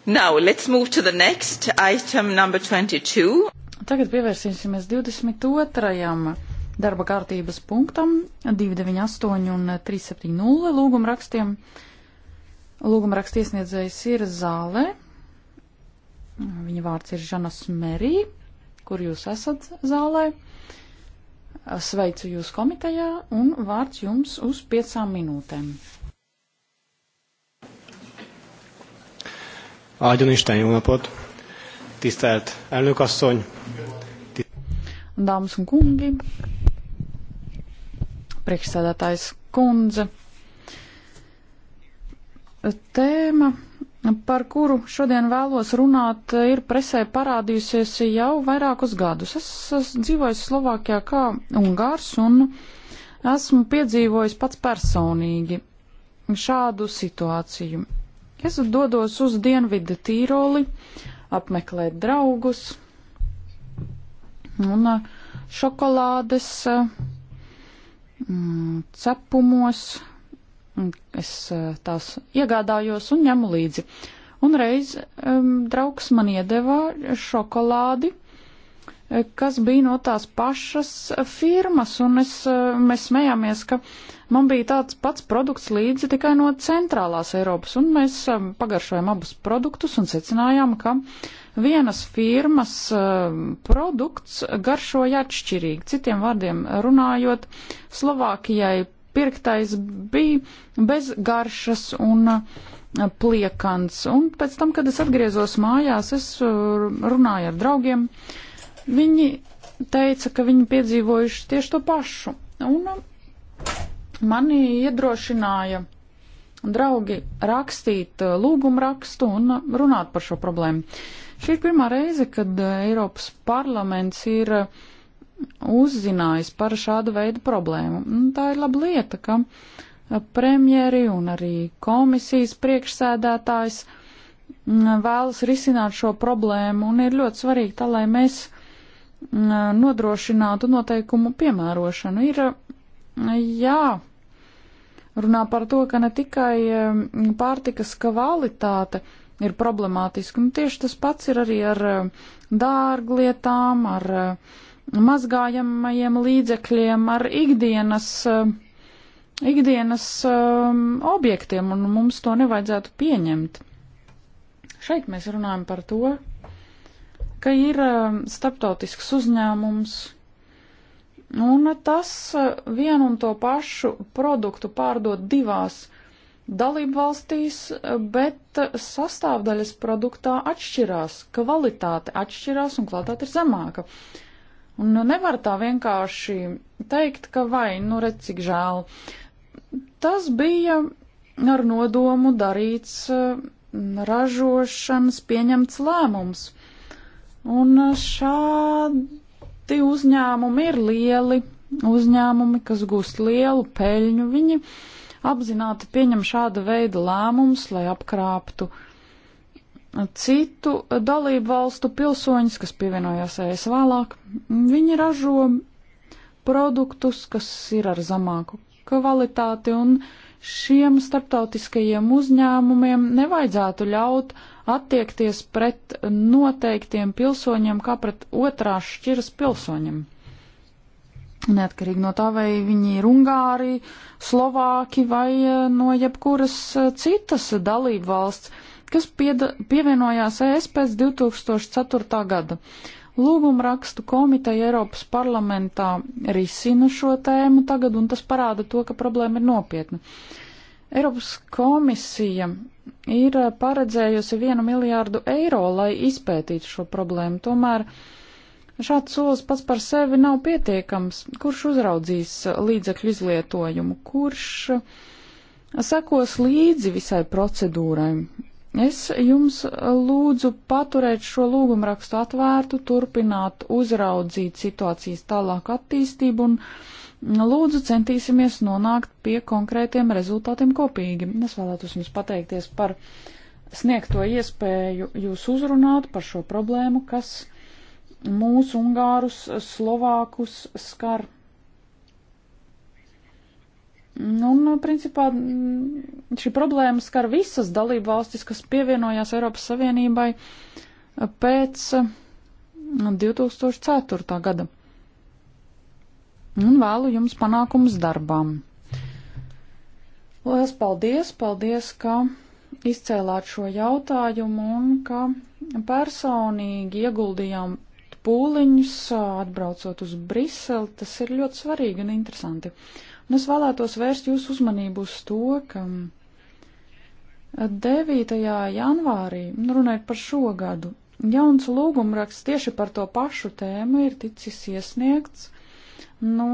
Speaker 3: Now, let's move to the next item number 22.
Speaker 1: Tagad pievērsīsimies 22 darba kārtības punktam 298 un 370 lūguma rakstiem. Lūguma raksta iesniedzējs ir zālē. Viņa vārds ir Žana Smerī, kur jūs esat zālē. Sveicu jūs komitejā un vārds jums uz piecām minūtēm.
Speaker 3: Áldjon Isten, jó napot!
Speaker 1: Tisztelt elnökasszony! Dámas un kungi! priekšsēdētājs kundze. Tēma, par kuru šodien vēlos runāt, ir presē parādījusies jau vairākus gadus. Es, es dzīvoju Slovākijā kā Ungārs un esmu piedzīvojis pats personīgi šādu situāciju. Es dodos uz Dienvidu Tīroli apmeklēt draugus un uh, šokolādes uh, Mm, cepumos, es eh, tās iegādājos un ņemu līdzi. Un reiz um, draugs man iedeva šokolādi, eh, kas bija no tās pašas eh, firmas, un es, mēs smējāmies, ka man bija tāds pats produkts līdzi tikai no centrālās Eiropas, un mēs pagaršojam abus produktus un secinājām, ka uh, vienas firmas eh, produkts garšoja atšķirīgi. Citiem vārdiem runājot, Slovākijai pirktais bija bez garšas un eh, pliekans. Un pēc tam, kad es atgriezos mājās, es eh, runāju ar draugiem. Viņi teica, ka viņi piedzīvojuši tieši to pašu. Un mani iedrošināja draugi rakstīt lūgumu rakstu un runāt par šo problēmu. Šī ir pirmā reize, kad eh, Eiropas parlaments ir eh, uzzinājis par šādu veidu problēmu. Nu, tā ir laba lieta, ka eh, premjeri un arī komisijas priekšsēdētājs mm, vēlas risināt šo problēmu un ir ļoti svarīgi tā, lai mēs mm, nodrošinātu noteikumu piemērošanu. Ir mm, jā, runā par to, ka ne tikai pārtikas kvalitāte, ka ir problemātiski. Un tieši tas pats ir arī ar eh, dārglietām, ar eh, mazgājamajiem līdzekļiem, ar ikdienas, eh, ikdienas objektiem, un mums to nevajadzētu pieņemt. Šeit mēs runājam par to, ka ir starptautisks uzņēmums, un tas vienu un to pašu produktu pārdot divās dalību valstīs, bet sastāvdaļas produktā atšķirās, kvalitāte atšķirās un kvalitāte ir zemāka. Un nevar tā vienkārši teikt, ka vai, nu redz, cik žēl. Tas bija ar nodomu darīts eh, ražošanas pieņemts lēmums. Un šādi uzņēmumi ir lieli uzņēmumi, kas gūst lielu peļņu. Viņi uh, apzināti pieņem šāda veida lēmums, lai apkrāptu citu dalību valstu pilsoņus, kas pievienojās ES vēlāk. Viņi ražo produktus, kas ir ar zemāku kvalitāti, un šiem starptautiskajiem uzņēmumiem nevajadzētu ļaut attiekties pret noteiktiem pilsoņiem kā pret otrās šķiras pilsoņiem. Neatkarīgi no tā, vai viņi ir Ungāri, Slovāki vai eh, no jebkuras eh, citas dalību valsts, kas pieda, pievienojās ES pēc 2004. gada. Lūguma rakstu komiteja Eiropas parlamentā risina šo tēmu tagad, un tas parāda to, ka problēma ir nopietna. Eiropas komisija ir eh, paredzējusi vienu miljārdu eiro, lai izpētītu šo problēmu. Tomēr uh, Šāds solis pats par sevi nav pietiekams. Kurš uzraudzīs līdzekļu izlietojumu? Kurš sekos līdzi visai procedūrai? Es jums lūdzu paturēt šo lūgumu rakstu atvērtu, turpināt uzraudzīt situācijas tālāku attīstību un lūdzu centīsimies nonākt pie konkrētiem rezultātiem kopīgi. Es vēlētos jums pateikties par sniegto iespēju jūs uzrunāt par šo problēmu, kas mūs, Ungārus, Slovākus skar. Nu, un, nu, principā, mm, šī problēma skar visas dalību valstis, kas pievienojās Eiropas Savienībai pēc 2004. Mm, gada. Un vēlu jums panākums darbām. Lielas paldies, paldies, ka izcēlāt šo jautājumu un ka personīgi ieguldījām pūliņus, atbraucot uz Briseli, tas ir ļoti svarīgi un interesanti. Un es vēlētos vērst jūsu uzmanību uz to, ka 9. janvārī, nu, runājot par šo gadu, jauns lūgumraksts tieši par to pašu tēmu ir ticis iesniegts no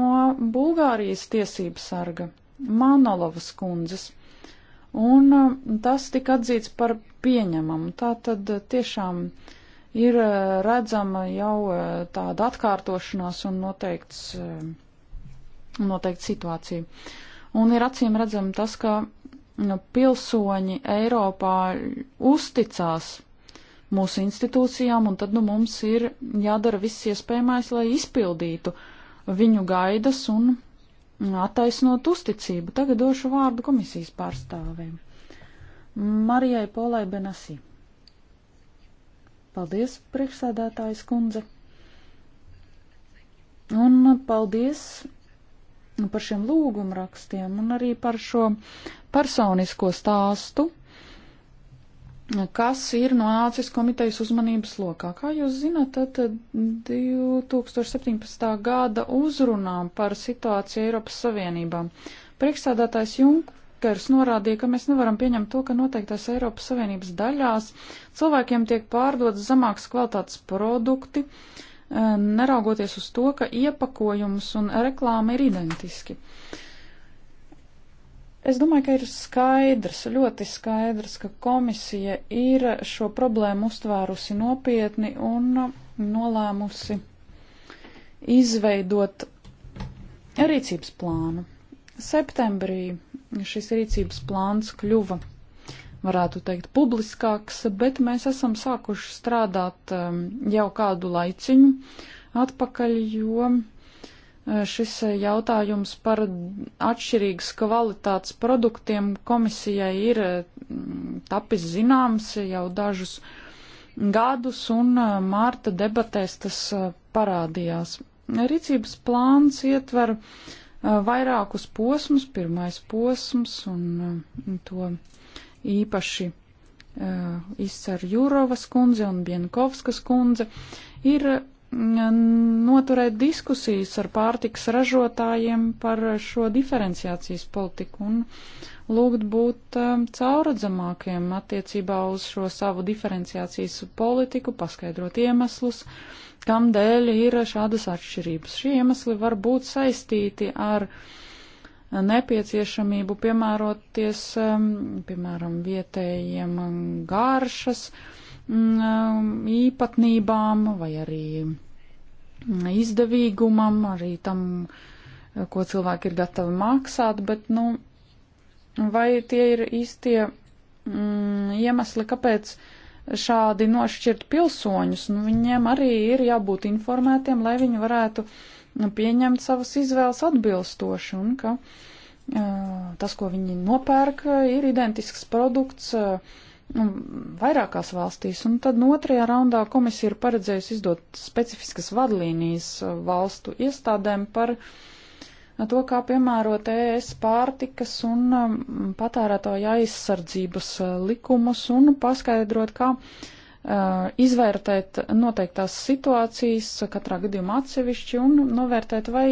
Speaker 1: Bulgārijas tiesības sarga Manolovas kundzes. Un tas tika atzīts par pieņemamu. Tā tad tiešām uh, ir eh, redzama jau eh, tāda atkārtošanās un noteikts, eh, noteikts situācija. Un ir acīm redzama tas, ka nu, pilsoņi Eiropā uzticās mūsu institūcijām, un tad nu, mums ir jādara viss iespējamais, lai izpildītu viņu gaidas un attaisnot uzticību. Tagad došu vārdu komisijas pārstāvēm. Marijai Polai Benasī. Paldies, priekšsēdētājs kundze. Un paldies par šiem lūgumrakstiem un arī par šo personisko stāstu, kas ir nonācis komitejas uzmanības lokā. Kā jūs zināt, tad 2017. gada uzrunām par situāciju Eiropas Savienībā. Priekšsādātājs Junk Junkers norādīja, ka mēs nevaram pieņemt to, ka noteiktās Eiropas Savienības daļās cilvēkiem tiek pārdodas zemākas kvalitātes produkti, eh, neraugoties uz to, ka iepakojums un reklāma ir identiski. Es domāju, ka ir skaidrs, ļoti skaidrs, ka komisija ir šo problēmu uztvērusi nopietni un nolēmusi izveidot rīcības plānu. Septembrī šis rīcības plāns kļuva, varētu teikt, publiskāks, bet mēs esam sākuši strādāt um, jau kādu laiciņu atpakaļ, jo uh, šis jautājums par atšķirīgas kvalitātes produktiem komisijai ir mm, tapis zināms jau dažus gadus, un uh, mārta debatēs tas uh, parādījās. Rīcības plāns ietver Eh, vairākus posmus. Pirmais posms, un eh, to īpaši eh, izcer Jurovas kundze un Bienkovskas kundze, ir mm, noturēt diskusijas ar pārtiks ražotājiem par šo diferenciācijas politiku un lūgt būt um, cauradzamākiem attiecībā uz šo savu diferenciācijas politiku, paskaidrot iemeslus, kam dēļ ir šādas atšķirības. Šie iemesli var būt saistīti ar nepieciešamību piemēroties, um, piemēram, vietējiem garšas um, īpatnībām vai arī mm, izdevīgumam, arī tam, ko cilvēki ir gatavi maksāt, bet, nu, Vai tie ir īstie mm, iemesli, kāpēc šādi nošķirt pilsoņus? Nu, viņiem arī ir jābūt informētiem, lai viņi varētu nu, pieņemt savas izvēles atbilstoši un ka uh, tas, ko viņi nopērk, ir identisks produkts uh, vairākās valstīs. Un tad no otrajā raundā komisija ir paredzējusi izdot specifiskas vadlīnijas valstu iestādēm par uh, to, kā piemērot ES pārtikas un um, patērētāju aizsardzības uh, likumus un paskaidrot, kā uh, izvērtēt noteiktās situācijas, katrā gadījumā atsevišķi, un novērtēt, vai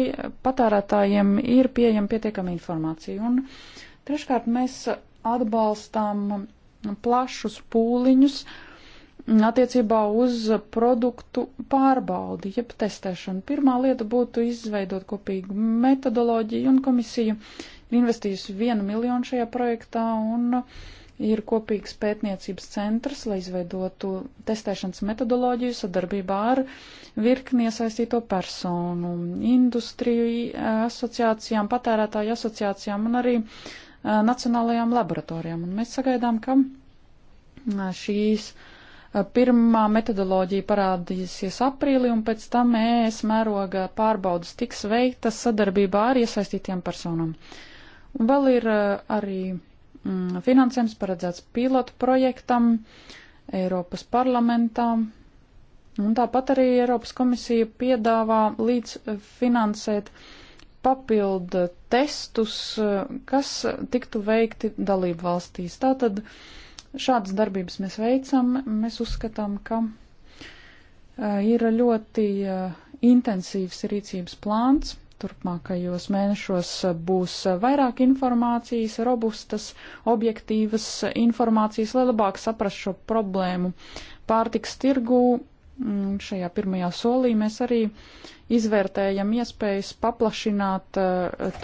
Speaker 1: patērētājiem ir pieejama pietiekama informācija. Un treškārt, mēs atbalstām um, plašus pūliņus uh, attiecībā uz produktu pārbaudi, jeb testēšanu. Pirmā lieta būtu izveidot kopīgu metodoloģiju, un komisija ir investījusi vienu miljonu šajā projektā, un ir kopīgs pētniecības centrs, lai izveidotu testēšanas metodoloģiju sadarbībā ar virkni iesaistīto personu, industriju asociācijām, patērētāju asociācijām un arī eh, nacionālajām laboratorijām. Un mēs sagaidām, ka eh, šīs uh, Pirmā metodoloģija parādīsies aprīlī, un pēc tam ES mēroga pārbaudas tiks veiktas sadarbībā ar iesaistītiem personām. Un vēl ir arī mm, finansējums paredzēts pilotu projektam, Eiropas parlamentam, un tāpat arī Eiropas komisija piedāvā līdz finansēt papildu testus, kas tiktu veikti dalību valstīs. Tātad, uh, Šādas darbības mēs veicam. Mēs uzskatām, ka ir ļoti intensīvs rīcības plāns. Turpmākajos mēnešos būs vairāk informācijas, robustas, objektīvas informācijas, lai labāk saprastu šo problēmu pārtiks tirgū. Mm, šajā pirmajā solī mēs arī izvērtējam iespējas paplašināt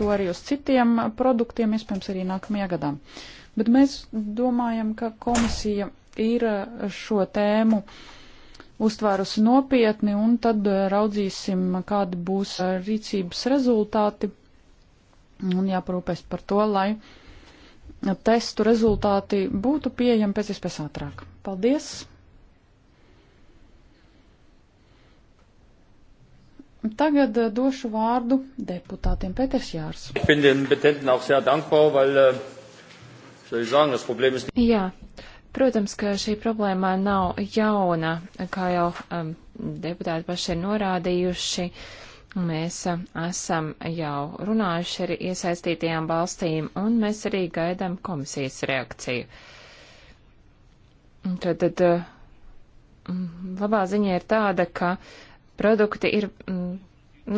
Speaker 1: to arī uz citiem produktiem, iespējams arī nākamajā gadā. Uh, Bet mēs domājam, ka komisija ir šo tēmu uztvērusi nopietni, un tad raudzīsim, kādi būs rīcības rezultāti, un jāparūpēs par to, lai testu rezultāti būtu pieejami pēc iespējas ātrāk. Paldies! Tagad došu vārdu
Speaker 3: deputātiem Pēters Jārs. Ich
Speaker 1: bin den Petenten auch sehr dankbar, weil uh, Jā,
Speaker 3: protams, ka šī problēma nav jauna, kā jau um, deputāti paši ir norādījuši. Mēs a, uh, esam jau runājuši ar iesaistītajām valstīm, un mēs arī gaidām komisijas reakciju. Tad, tad uh, mm, labā ziņa ir tāda, ka produkti ir m, mm,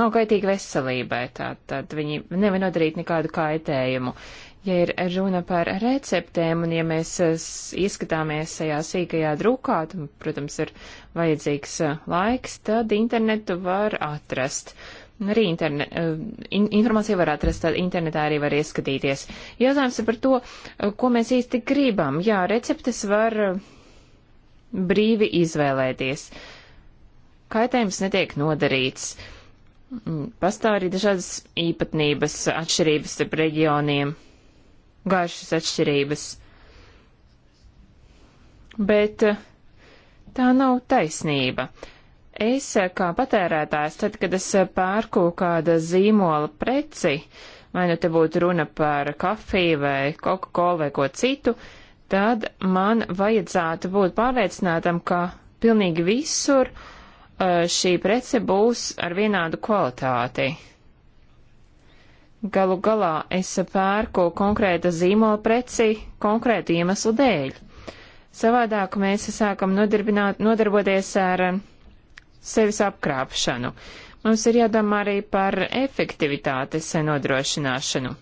Speaker 3: nav kaitīgi veselībai, tātad viņi nevar nodarīt nekādu kaitējumu. Uh, Ja ir runa par receptēm, un ja mēs eh, ieskatāmies tajā sīkajā drukā, tad, protams, ir vajadzīgs eh, laiks, tad internetu var atrast. Arī interne, eh, in, informāciju var atrast, tad internetā arī var ieskatīties. Jautājums ir par to, ko mēs īsti gribam. Jā, receptes var brīvi izvēlēties. Kaitējums netiek nodarīts. Mm, pastāv arī dažādas īpatnības, atšķirības starp reģioniem gaišas atšķirības. Bet eh, tā nav taisnība. Es eh, kā patērētājs, tad, kad es eh, pērku kāda zīmola preci, vai nu te būtu runa par kafiju vai Coca-Cola vai ko citu, tad man vajadzētu būt pārliecinātam, ka pilnīgi visur šī prece būs ar vienādu kvalitāti. Galu galā es pērku konkrēta zīmola preci konkrētu iemeslu dēļ. Savādāk mēs sākam nodarboties ar sevis apkrāpšanu. Mums ir jādomā arī par efektivitātes nodrošināšanu.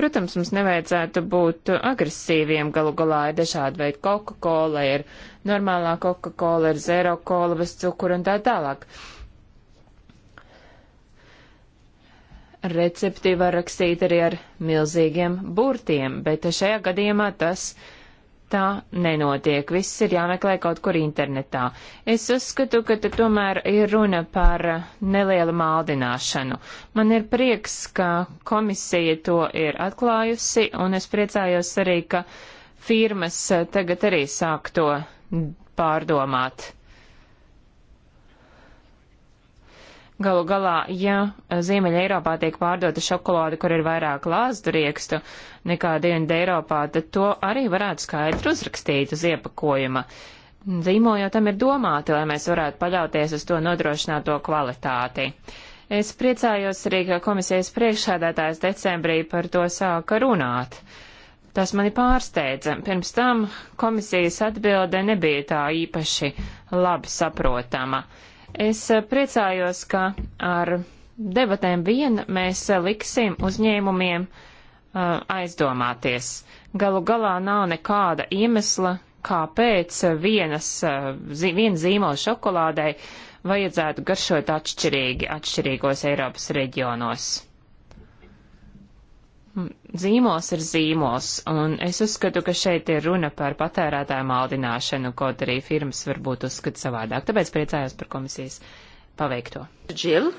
Speaker 3: Protams, mums nevajadzētu būt agresīviem, galu galā ir dažādi veidi Coca-Cola, ir normālā Coca-Cola, ir zero kola bez cukura un tā tālāk. recepti var rakstīt arī ar milzīgiem burtiem, bet šajā gadījumā tas tā nenotiek. Viss ir jāmeklē kaut kur internetā. Es uzskatu, ka te tomēr ir runa par nelielu maldināšanu. Man ir prieks, ka komisija to ir atklājusi, un es priecājos arī, ka firmas tagad arī sāk to pārdomāt. Galu galā, ja eh, Ziemeļa Eiropā tiek pārdota šokolāde, kur ir vairāk lāzdu riekstu nekā Dienvidu Eiropā, tad to arī varētu skaidri uzrakstīt uz iepakojuma. Zīmoļi jau tam ir domāti, lai mēs varētu paļauties uz to nodrošināto kvalitāti. Es priecājos arī, ka komisijas priekšsēdētājs decembrī par to sāka runāt. Tas mani pārsteidza. Pirms tam komisijas atbilde nebija tā īpaši labi saprotama. Uh, Es eh, priecājos, ka ar debatēm vien mēs eh, liksim uzņēmumiem eh, aizdomāties. Galu galā nav nekāda iemesla, kāpēc vienas, viena zīmola šokolādei vajadzētu garšot atšķirīgi atšķirīgos Eiropas reģionos. Zīmos ir zīmos, un es uzskatu, ka šeit ir runa par patērētāju maldināšanu, kaut arī firmas varbūt uzskata savādāk. Tāpēc priecājos par komisijas paveikto. Džil.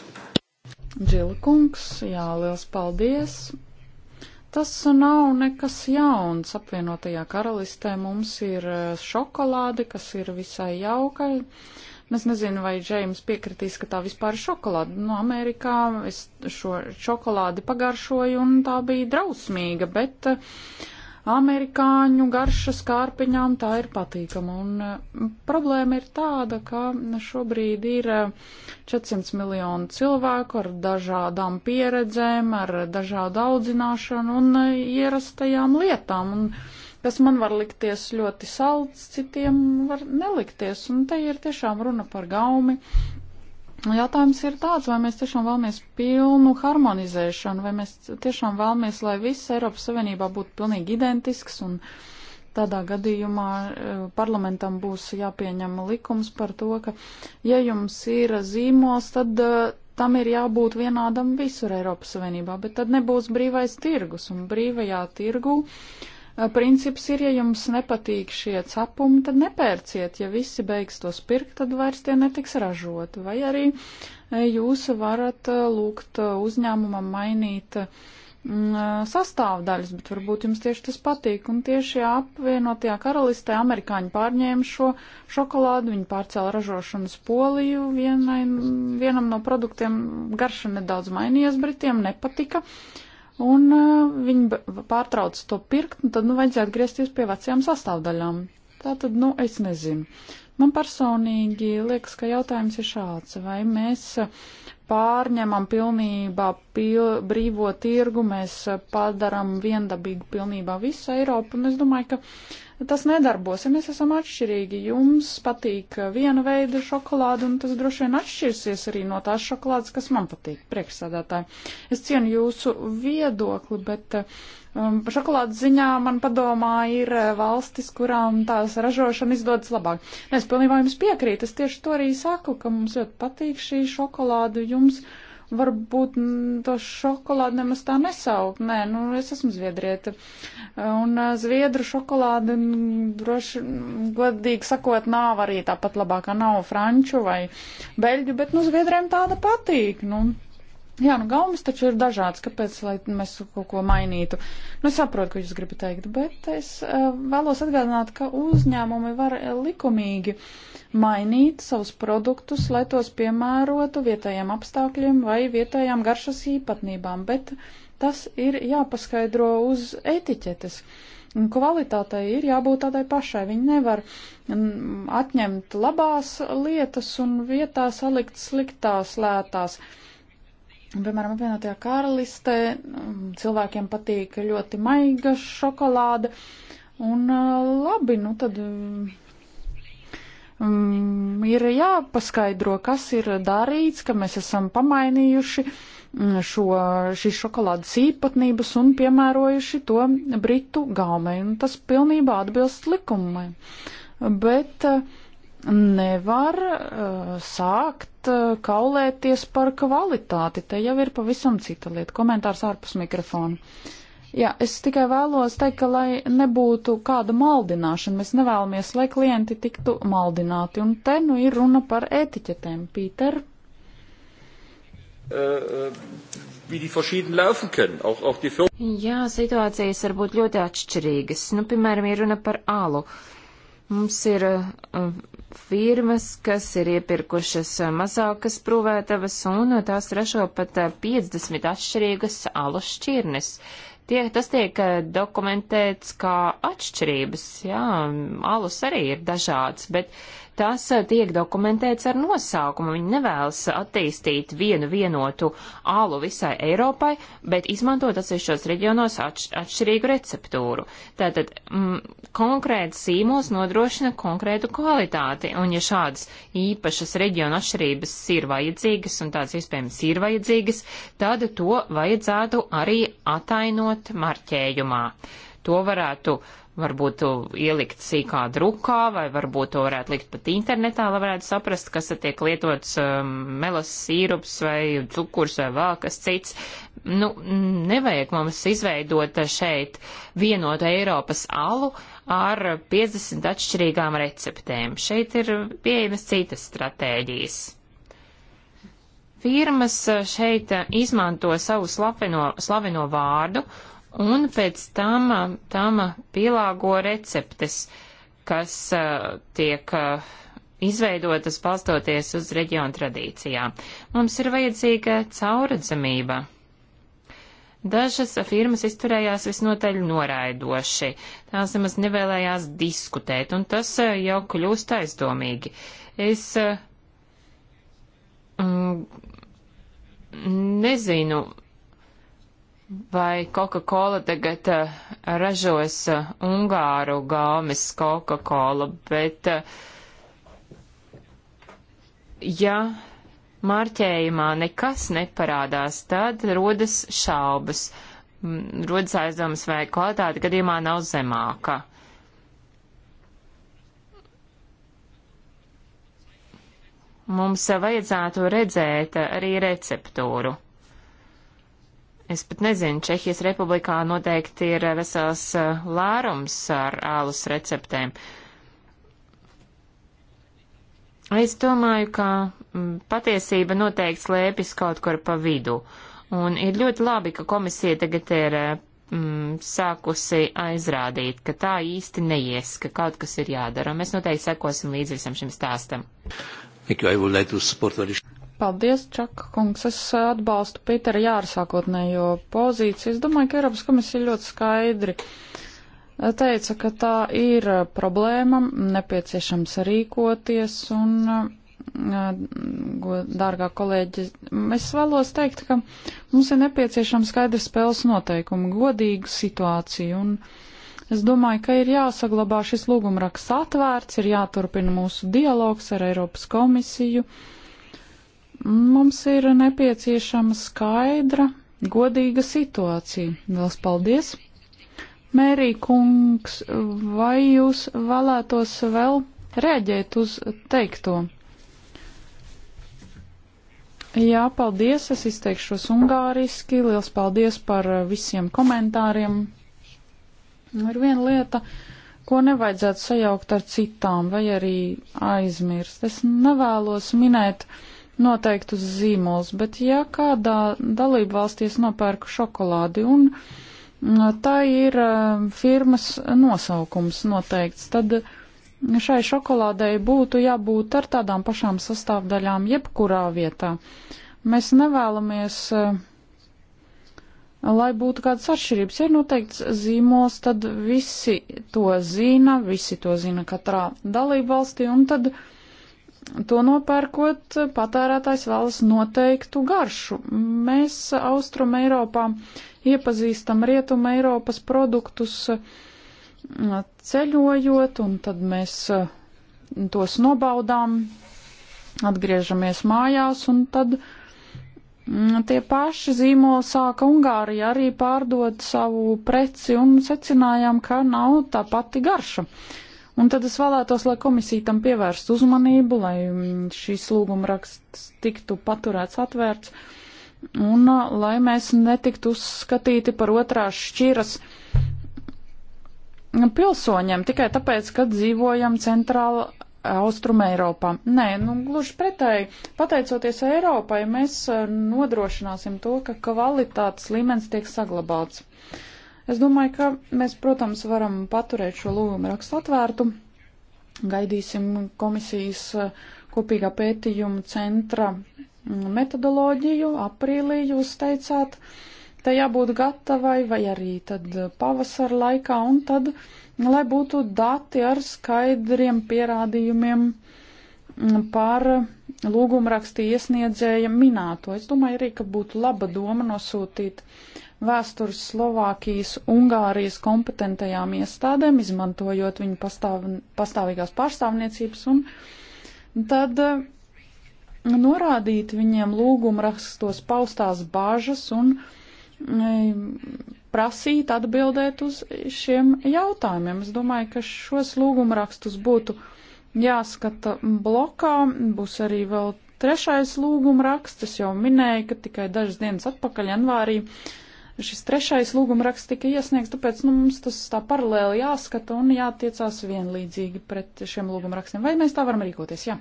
Speaker 1: Džil kungs, jā, liels paldies. Tas nav nekas jauns. Apvienotajā karalistē mums ir eh, šokolāde, kas ir visai jauka. Uh, Nu, es nezinu, vai Džeims piekritīs, ka tā vispār ir šokolāde. No nu, Amerikā es šo šokolādi pagaršoju un tā bija drausmīga, bet eh, amerikāņu garša skārpiņām tā ir patīkama. Un eh, problēma ir tāda, ka šobrīd ir 400 eh, miljonu cilvēku ar dažādām pieredzēm, ar dažādu audzināšanu un ierastajām lietām. Un kas man var likties ļoti salds, citiem var nelikties. Un te ir tiešām runa par gaumi. Jautājums ir tāds, vai mēs tiešām vēlamies pilnu harmonizēšanu, vai mēs tiešām vēlamies, lai viss Eiropas Savienībā būtu pilnīgi identisks un tādā gadījumā e, parlamentam būs jāpieņem likums par to, ka ja jums ir zīmols, tad e, tam ir jābūt vienādam visur Eiropas Savienībā, bet tad nebūs brīvais tirgus un brīvajā tirgu. Uh, princips ir, ja jums nepatīk šie cepumi, tad nepērciet. Ja visi beigs tos pirkt, tad vairs tie netiks ražoti. Vai arī e, jūs varat e, lūgt e, uzņēmumam mainīt mm, sastāvdaļas, bet varbūt jums tieši tas patīk. Un tieši apvienotajā karalistē amerikāņi pārņēma šo šokolādu, viņi pārcēla ražošanas poliju, vienai, vienam no produktiem garša nedaudz mainījies, britiem nepatika. Uh, un eh, viņi pārtrauc to pirkt, un tad, nu, vajadzēja atgriezties pie vecajām sastāvdaļām. Tā tad, nu, es nezinu. Man personīgi liekas, ka jautājums ir šāds, vai mēs eh, pārņemam pilnībā pil, brīvo tirgu, mēs eh, padaram viendabīgu pilnībā visu Eiropu, un es domāju, ka tas nedarbos, ja mēs esam atšķirīgi. Jums patīk viena veida šokolāde, un tas droši vien atšķirsies arī no tās šokolādes, kas man patīk, priekšsādātāji. Es cienu jūsu viedokli, bet um, šokolādes ziņā man padomā ir uh, valstis, kurām tās ražošana izdodas labāk. Es pilnībā jums piekrītu, es tieši to arī saku, ka mums ļoti patīk šī šokolāde jums. Uh, varbūt to šokolādi nemaz tā nesaukt. Nē, nu, es esmu zviedrieta. Un zviedru šokolādi, droši, godīgi sakot, nav arī tāpat labākā nav franču vai beļģu, bet, nu, zviedriem tāda patīk. Nu, Jā, nu gaumas taču ir dažādas, kāpēc, lai mēs kaut ko mainītu. Nu, es saprotu, ko jūs gribat teikt, bet es uh, vēlos atgādināt, ka uzņēmumi var eh, likumīgi mainīt savus produktus, lai tos piemērotu vietējiem apstākļiem vai vietējām garšas īpatnībām, bet tas ir jāpaskaidro uz etiķetes. Un kvalitātei ir jābūt tādai pašai. Viņi nevar mm, atņemt labās lietas un vietā salikt sliktās lētās. Uh, Piemēram, apvienotajā karalistē mm, cilvēkiem patīk ļoti maiga šokolāde. Un uh, labi, nu tad um, ir jāpaskaidro, kas ir darīts, ka mēs esam pamainījuši šo, šīs šokolādes īpatnības un piemērojuši to britu gaumei. Un tas pilnībā atbilst likumai. Bet uh, nevar uh, sākt uh, kaulēties par kvalitāti. Te jau ir pavisam cita lieta. Komentārs ārpus mikrofona. Jā, es tikai vēlos teikt, ka lai nebūtu kāda maldināšana, mēs nevēlamies, lai klienti tiktu maldināti. Un te nu ir runa par etiķetēm, Pīter. Uh,
Speaker 3: Jā, situācijas var būt ļoti atšķirīgas. Nu, piemēram, ir runa par alu. Uh, Mums ir uh, firmas, kas ir iepirkušas uh, mazākas prūvētavas un uh, tās ražo pat 50 atšķirīgas alu šķirnes. Tie, tas tiek dokumentēts kā atšķirības, jā, um, alus arī ir dažāds, bet tas eh, tiek dokumentēts ar nosaukumu. Viņi nevēlas attīstīt vienu vienotu ālu visai Eiropai, bet izmantot atsevišķos reģionos atš atšķirīgu receptūru. Tātad m, mm, konkrēts sīmols nodrošina konkrētu kvalitāti, un ja šādas īpašas reģiona atšķirības ir vajadzīgas, un tādas iespējams ir vajadzīgas, tad to vajadzētu arī atainot marķējumā. To varētu uh, varbūt ielikt sīkā drukā, vai varbūt to varētu likt pat internetā, lai varētu saprast, kas tiek lietots um, melas sīrups vai cukurs vai vēl kas cits. Nu, nevajag mums izveidot šeit vienotu Eiropas alu ar 50 atšķirīgām receptēm. Šeit ir pieejamas citas stratēģijas. Firmas šeit izmanto savu slaveno, slaveno vārdu un pēc tam tam pielāgo receptes, kas uh, tiek uh, izveidotas balstoties uz reģionu tradīcijām. Mums ir vajadzīga cauradzamība. Dažas firmas izturējās visnotaļ noraidoši, tās nemaz nevēlējās diskutēt, un tas uh, jau kļūst aizdomīgi. Es mm, nezinu, vai Coca-Cola tagad uh, ražos uh, Ungāru gaumes Coca-Cola, bet uh, ja marķējumā nekas neparādās, tad rodas šaubas, mm, rodas aizdomas, vai kvalitāte gadījumā nav zemāka. Mums vajadzētu redzēt arī receptūru. Es pat nezinu, Čehijas republikā noteikti ir eh, vesels eh, lērums ar ālus receptēm. Es domāju, ka mm, patiesība noteikti slēpjas kaut kur pa vidu. Un ir ļoti labi, ka komisija tagad ir eh, mm, sākusi aizrādīt, ka tā īsti neies, ka kaut kas ir jādara. Un mēs noteikti sekosim līdzi visam šim stāstam. Like paldies, Čaka
Speaker 1: kungs. Es eh, atbalstu Pītera Jāra sākotnējo pozīciju. Es domāju, ka Eiropas komisija ļoti skaidri eh, teica, ka tā ir eh, problēma, nepieciešams rīkoties un dārgā kolēģi, es vēlos teikt, ka mums ir nepieciešama skaidra spēles noteikuma, godīga situācija, un es domāju, ka ir jāsaglabā šis lūgumraksts atvērts, ir jāturpina mūsu dialogs ar Eiropas komisiju, uh, Mums ir nepieciešama skaidra, godīga situācija. Lielas paldies! Mērī kungs, vai jūs vēlētos vēl reaģēt uz teikto? Jā, paldies, es izteikšos ungāriski. Lielas paldies par visiem komentāriem. Ir viena lieta, ko nevajadzētu sajaukt ar citām vai arī aizmirst. Es nevēlos minēt uh, noteiktus zīmolus, bet ja kādā dalību valstīs nopērku šokolādi un mm, tā ir eh, firmas nosaukums noteikts, tad šai šokolādei būtu jābūt ar tādām pašām sastāvdaļām jebkurā vietā. Mēs nevēlamies eh, lai būtu kādas atšķirības. Ja ir noteikts zīmols, tad visi to zina, visi to zina katrā dalībvalstī, un tad to nopērkot, patērētājs vēlas noteiktu garšu. Mēs Austrum Eiropā iepazīstam Rietum Eiropas produktus ceļojot, un tad mēs tos nobaudām, atgriežamies mājās, un tad tie paši zīmoli sāka Ungārija arī pārdot savu preci, un secinājām, ka nav tā pati garša. Uh, Un tad es vēlētos, lai komisija tam pievērst uzmanību, lai šīs lūguma raksts tiktu paturēts atvērts un uh, lai mēs netiktu uzskatīti par otrās šķiras pilsoņiem tikai tāpēc, ka dzīvojam centrāla Austruma Eiropā. Nē, nu gluži pretēji, pateicoties Eiropai, mēs uh, nodrošināsim to, ka kvalitātes līmenis tiek saglabāts. Es domāju, ka mēs, protams, varam paturēt šo lūgumu rakstu atvērtu. Gaidīsim komisijas eh, kopīgā pētījuma centra mm, metodoloģiju. Aprīlī jūs teicāt, te jābūt gatavai vai arī tad pavasara laikā un tad, lai būtu dati ar skaidriem pierādījumiem mm, par eh, lūgumu rakstu iesniedzēja minēto. Es domāju arī, ka būtu laba doma nosūtīt uh, vēstures Slovākijas, Ungārijas kompetentajām iestādēm, izmantojot viņu pastāv, pastāvīgās pārstāvniecības, un tad eh, norādīt viņiem lūguma rakstos paustās bāžas un eh, prasīt atbildēt uz šiem jautājumiem. Es domāju, ka šos lūguma rakstus būtu jāskata blokā, būs arī vēl trešais lūguma raksts, es jau minēju, ka tikai dažas dienas atpakaļ janvārī uh, šis trešais lūguma raksts tika iesniegts, tāpēc nu, mums tas tā paralēli jāskata un jātiecās vienlīdzīgi pret šiem lūguma rakstiem. Vai mēs tā varam rīkoties? Jā.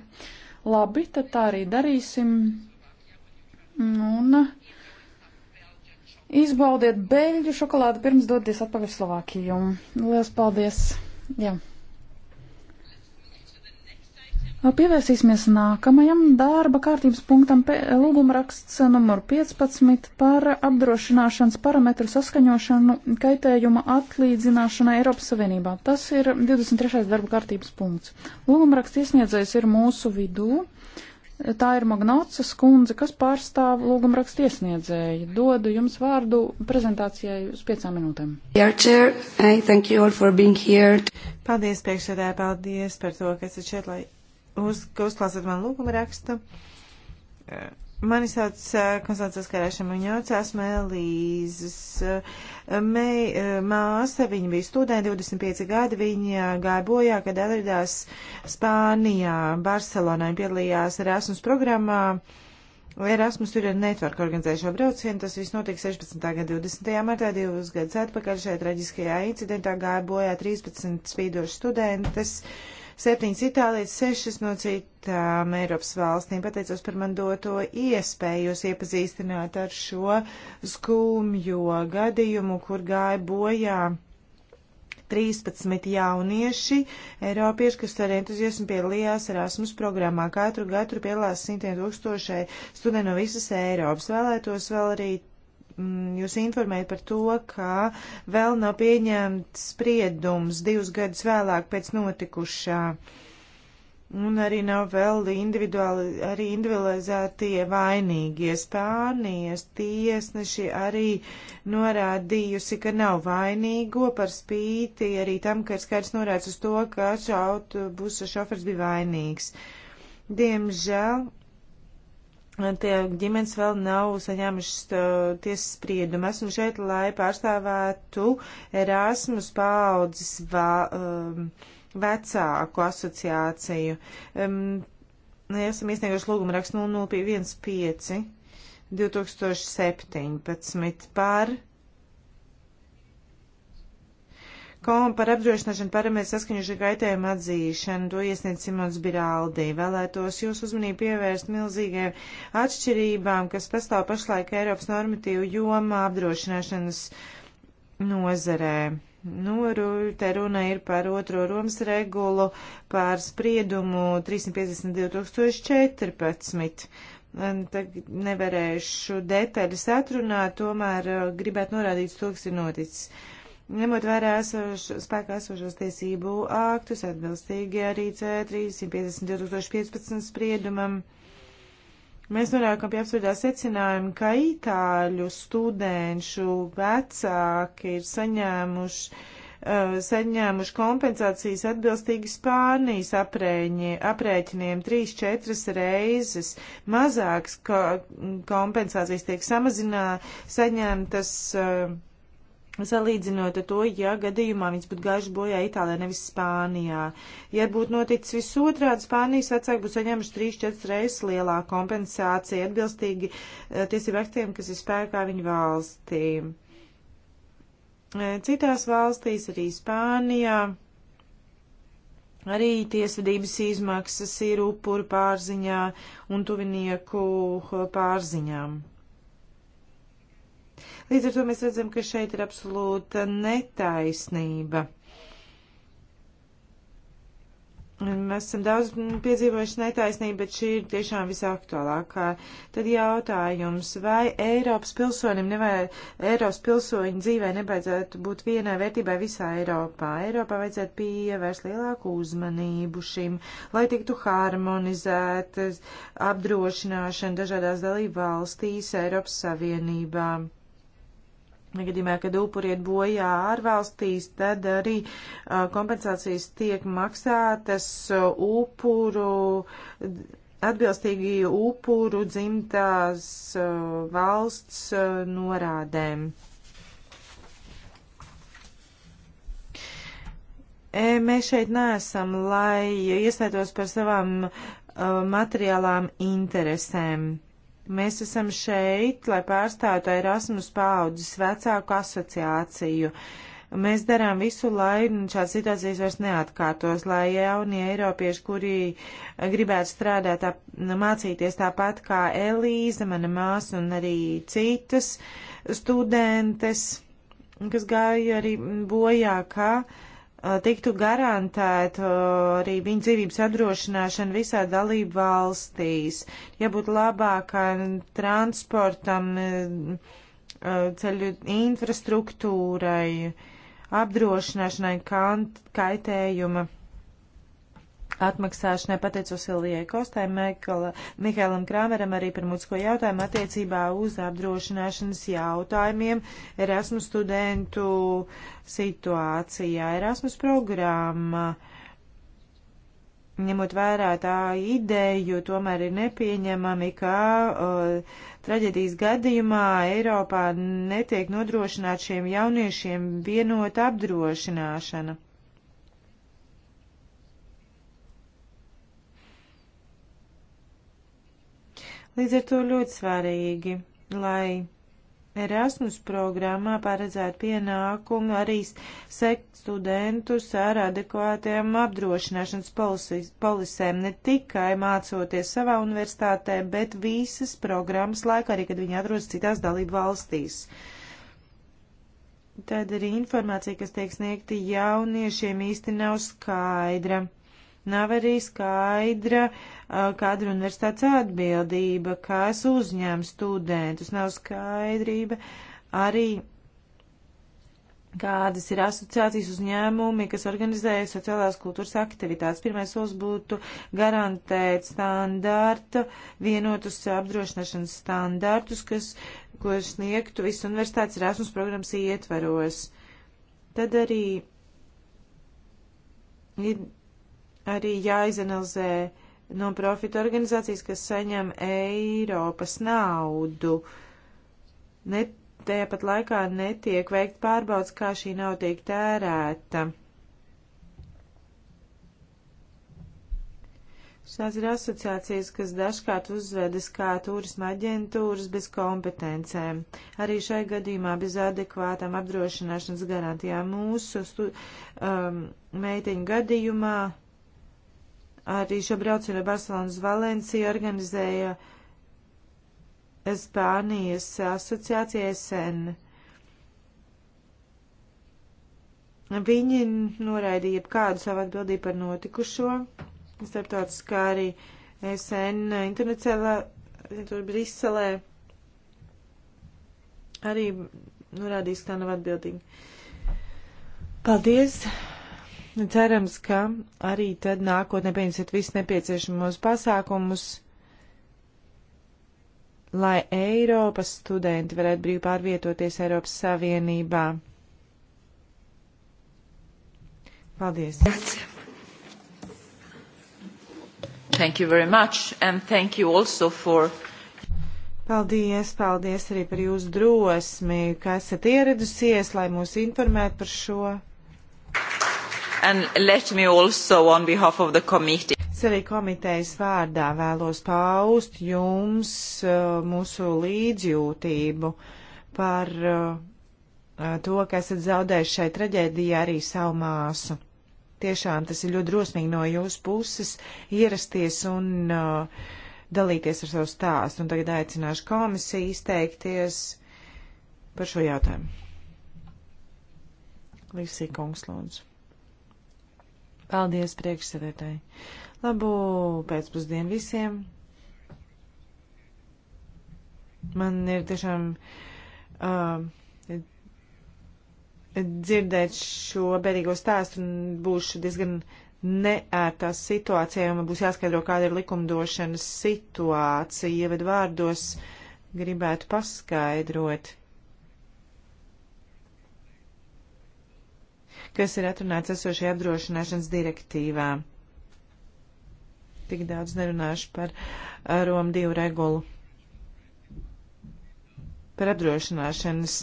Speaker 1: Labi, tad tā arī darīsim. Un izbaudiet beļģu šokolādi pirms doties atpakaļ Slovākiju. Lielas paldies! Jā. Pievērsīsimies nākamajam darba kārtības punktam lūgumraksts numur 15 par apdrošināšanas parametru saskaņošanu kaitējuma atlīdzināšanai Eiropas Savienībā. Tas ir 23. darba kārtības punkts. Lūgumraksts iesniedzējs ir mūsu vidū. Tā ir Magnoca skundze, kas pārstāv lūgumrakstu iesniedzēju. Dodu jums vārdu prezentācijai uz piecām minūtēm. Paldies, priekšsēdē, paldies par to, ka esat šeit, lai uz,
Speaker 2: ka uzklausāt man lūgumu rakstu. E, mani sauc e, Konstants Karēšana Muņoca, esmu Elīzes e, māsa, viņa bija studenta 25 gadi, viņa gāja bojā, kad atradās Spānijā, Barcelonā, viņa piedalījās Erasmus programmā. Erasmus ir netvarka organizējušo braucienu, tas viss notika 16. gada 20. martā, divus gadus atpakaļ šajā traģiskajā incidentā gāja bojā 13 spīdošas studentes. Uh, septiņas Itālijas, sešas no citām Eiropas valstīm. Pateicos par man doto iespēju jūs iepazīstināt ar šo skumjo gadījumu, kur gāja bojā 13 jaunieši, Eiropieši, kas ar entuziasmu piedalījās Erasmus programmā. Katru gadu piedalās simtiem tūkstošai studentu no visas Eiropas. Vēlētos vēl arī Mm, jūs informēju par to, ka vēl nav pieņemts spriedums divus gadus vēlāk pēc notikušā. Un arī nav vēl individuāli, arī individualizētie vainīgie. Spānijas tiesneši arī norādījusi, ka nav vainīgo par spīti arī tam, ka ir skaidrs norāds uz to, ka šautu busa šofers bija vainīgs. Diemžēl tie ģimenes vēl nav saņēmušas uh, tiesas spriedumu. Esmu šeit, lai pārstāvētu Erasmus paaudzes va, um, vecāku asociāciju. Um, esam iesnieguši lūgumu rakstu 0015 2017 par Kom par apdrošināšanu parametru saskaņošu gaitējumu atzīšanu, to iesniedz Simons Biraldi. Vēlētos jūs uzmanību pievērst milzīgajām atšķirībām, kas pastāv pašlaik Eiropas normatīvu jomā apdrošināšanas nozarē. Nu, te runa ir par otro Romas regulu, par spriedumu 352.014. Tagad nevarēšu detaļas atrunāt, tomēr uh, gribētu norādīt to, kas ir noticis ņemot vērā esoš, spēkā esošos tiesību aktus, atbilstīgi arī C350-2015 spriedumam. Mēs nonākam pie absurdā secinājuma, ka itāļu studenšu vecāki ir saņēmuši uh, saņēmuši kompensācijas atbilstīgi Spānijas aprēņi, aprēķiniem 3-4 reizes mazāks, ka kompensācijas tiek samazinā, saņemtas uh, Salīdzinot ar to, ja gadījumā viņas būtu gājuši bojā Itālijā, nevis Spānijā. Ja būtu noticis viss otrādi, Spānijas vecāki būtu saņēmuši 3-4 reizes lielāku kompensāciju atbilstīgi eh, tiesību aktiem, kas ir spēkā viņu valstī. Eh, citās valstīs, arī Spānijā, arī tiesvedības izmaksas ir upuru pārziņā un tuvinieku eh, pārziņām. Līdz ar to mēs redzam, ka šeit ir absolūta netaisnība. Mēs esam daudz piedzīvojuši netaisnību, bet šī ir tiešām visaktuālākā. Tad jautājums, vai Eiropas pilsonim nevajag, Eiropas pilsoņu dzīvē nebaidzētu būt vienai vērtībai visā Eiropā. Eiropā vajadzētu pievērst lielāku uzmanību šim, lai tiktu harmonizētas apdrošināšana dažādās dalību valstīs Eiropas Savienībā. Negadījumā, kad upuri iet bojā ārvalstīs, tad arī uh, kompensācijas tiek maksātas uh, upuru, atbilstīgi upuru dzimtās uh, valsts uh, norādēm. E, mēs šeit neesam, lai iestātos par savām uh, materiālām interesēm. Uh, Mēs esam šeit, lai pārstāvētu Erasmus paaudzes vecāku asociāciju. Mēs darām visu, lai šādas situācijas vairs neatkārtos, lai jaunie eiropieši, kuri gribētu strādāt, tā, mācīties tāpat kā Elīza, mana māsa un arī citas studentes, kas gāja arī bojā, kā. Ka Eh, tiktu garantēta eh, arī viņa dzīvības apdrošināšana visā dalību valstīs, jābūt labākam transportam, eh, ceļu infrastruktūrai, apdrošināšanai kaitējuma atmaksāšanai. Pateicos Ilijai Kostai, Mihailam Krāmeram arī par mūtisko jautājumu attiecībā uz apdrošināšanas jautājumiem Erasmus studentu situācijā. Erasmus programma ņemot vērā tā ideju, tomēr ir nepieņemami, ka uh, traģedijas gadījumā Eiropā netiek nodrošināt šiem jauniešiem vienota apdrošināšana. Līdz ar to ļoti svarīgi, lai Erasmus programmā paredzētu pienākumu arī sekt studentus ar adekvātiem apdrošināšanas polisēm, ne tikai mācoties savā universitātē, bet visas programmas laikā, arī kad viņi atrodas citās dalību valstīs. Tad arī informācija, kas tiek sniegta jauniešiem, īsti nav skaidra. Nav arī skaidra Eh, kadra universitātes atbildība, kas uzņem studentus, nav skaidrība arī kādas ir asociācijas uzņēmumi, kas organizē sociālās kultūras aktivitātes. Pirmais solis būtu garantēt standārta, vienotus apdrošināšanas standārtus, kas, ko sniegtu visas universitātes Erasmus programmas ietvaros. Tad arī ir arī jāizanalizē non-profit organizācijas, kas saņem Eiropas naudu. Ne, tāpat laikā netiek veikt pārbaudas, kā šī nauda tiek tērēta. Šās ir asociācijas, kas dažkārt uzvedas kā turisma aģentūras bez kompetencēm. Arī šai gadījumā bez adekvātām apdrošināšanas garantijām mūsu stu, um, meitiņu gadījumā Arī šo braucienu no Barcelonas Valencija organizēja Spānijas asociācija SN. Viņi noraidīja jebkādu savu atbildību par notikušo. Starptautiskā arī SN internacionālā, tur Briselē, arī norādījis, ka tā nav atbildīga. Paldies! Cerams, ka arī tad nākotnē pieņemsiet visus nepieciešamos pasākumus, lai Eiropas studenti varētu brīvi pārvietoties Eiropas Savienībā.
Speaker 3: Paldies! Thank you very much and thank you also for.
Speaker 2: Paldies, paldies arī par jūsu drosmi, ka esat ieradusies, lai mūs informētu par šo.
Speaker 3: And let me also, on behalf of the committee,
Speaker 2: arī komitejas vārdā vēlos paust jums uh, mūsu līdzjūtību par uh, uh, to, ka esat zaudējuši šai traģēdijā arī savu māsu. Tiešām tas ir ļoti drosmīgi no jūsu puses ierasties un dalīties ar savu stāstu. Un tagad aicināšu komisiju izteikties par šo jautājumu. Līsī Kungs, lūdzu. Paldies priekšsēdētāji. Labu pēcpusdienu visiem. Man ir tiešām uh, dzirdēt šo bērīgo stāstu un būšu diezgan neērtā situācijā, jo man būs jāskaidro, kāda ir likumdošanas situācija. Ievad vārdos gribētu paskaidrot. kas ir atrunāts esošajā apdrošināšanas direktīvā. Tik daudz nerunāšu par eh, Romu divu regulu. Par apdrošināšanas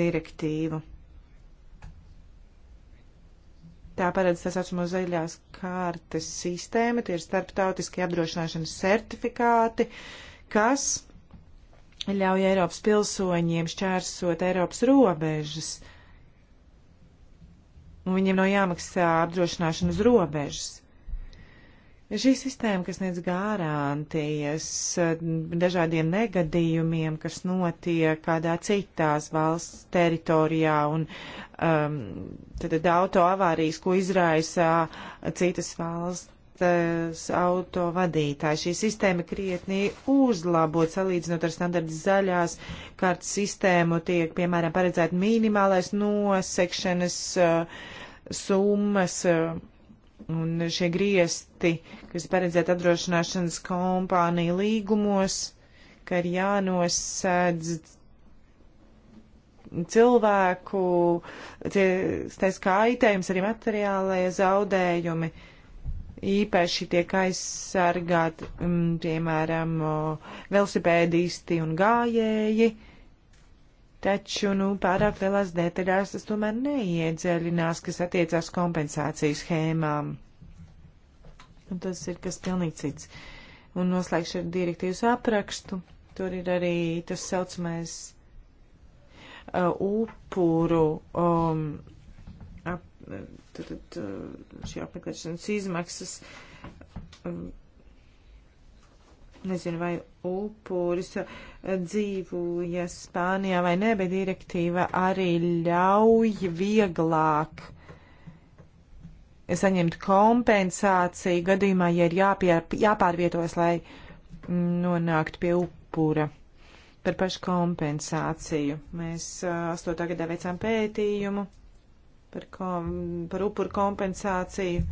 Speaker 2: direktīvu. Tā paredz tā saucamo zaļās kārtas sistēma, tie ir starptautiski apdrošināšanas certifikāti, kas ļauj Eiropas pilsoņiem šķērsot Eiropas robežas. Uh, un viņiem nav jāmaksā apdrošināšana uz robežas. Šī sistēma, kas sniedz garantijas eh, dažādiem negadījumiem, kas notiek kādā citās valsts teritorijā un um, tad auto avārijas, ko izraisa citas valsts sastāvs auto vadītāji. Šī sistēma krietni uzlabot, salīdzinot ar standarta zaļās kārtas sistēmu, tiek, piemēram, paredzēt minimālais nosekšanas uh, summas. Uh, un šie griesti, kas paredzēti apdrošināšanas kompāniju līgumos, ka ir jānosēdz cilvēku tie, skaitējums, arī materiālajie zaudējumi. Uh, īpaši tiek aizsargāti, um, mm, piemēram, velosipēdisti un gājēji, taču, nu, pārāk lielās detaļās tas tomēr neiedzēļinās, kas attiecās kompensācijas schēmām. Un tas ir kas pilnīgi cits. Un noslēgšu ar direktīvas aprakstu. Tur ir arī tas saucamais uh, upuru um, tad šī apmeklēšanas izmaksas. Um, nezinu, vai upuris uh, dzīvoja Spānijā vai nē, bet direktīva arī ļauj vieglāk saņemt kompensāciju gadījumā, ja ir jāpie, jāpārvietojas, lai nonāktu pie upura par pašu kompensāciju. Mēs uh, astotā gadā veicām pētījumu par, kom, par upuru kompensāciju.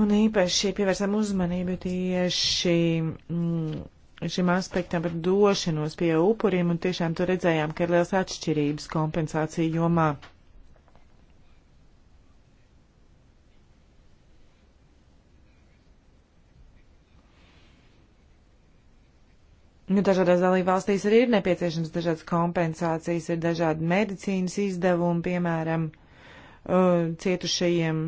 Speaker 2: Un īpaši pievērsām uzmanību tieši mm, šim aspektam par došanos pie upuriem, un tiešām tur redzējām, ka ir liels atšķirības kompensācija jomā. Nu, dažādās dalībvalstīs arī ir nepieciešams dažādas kompensācijas, ir dažādi medicīnas izdevumi, piemēram, uh, cietušajiem.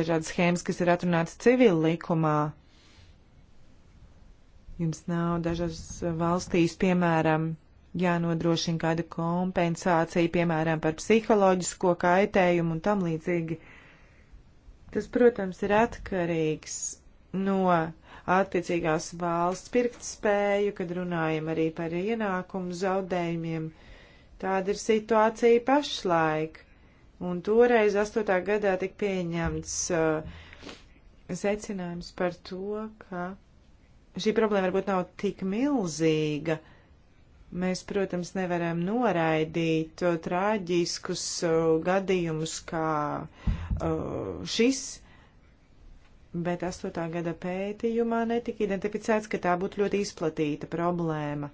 Speaker 2: Dažādas schēmas, kas ir atrunātas civil likumā. Jums nav dažas valstīs, piemēram, jānodrošina kāda kompensācija, piemēram, par psiholoģisko kaitējumu un tam līdzīgi. Tas, protams, ir atkarīgs no attiecīgās valsts pirkt spēju, kad runājam arī par ienākumu zaudējumiem. Tāda ir situācija pašlaik. Un toreiz, 8. gadā, tika pieņemts uh, secinājums par to, ka šī problēma varbūt nav tik milzīga. Mēs, protams, nevaram noraidīt uh, traģiskus uh, gadījumus kā uh, šis, bet 8. gada pētījumā netika identificēts, ka tā būtu ļoti izplatīta problēma.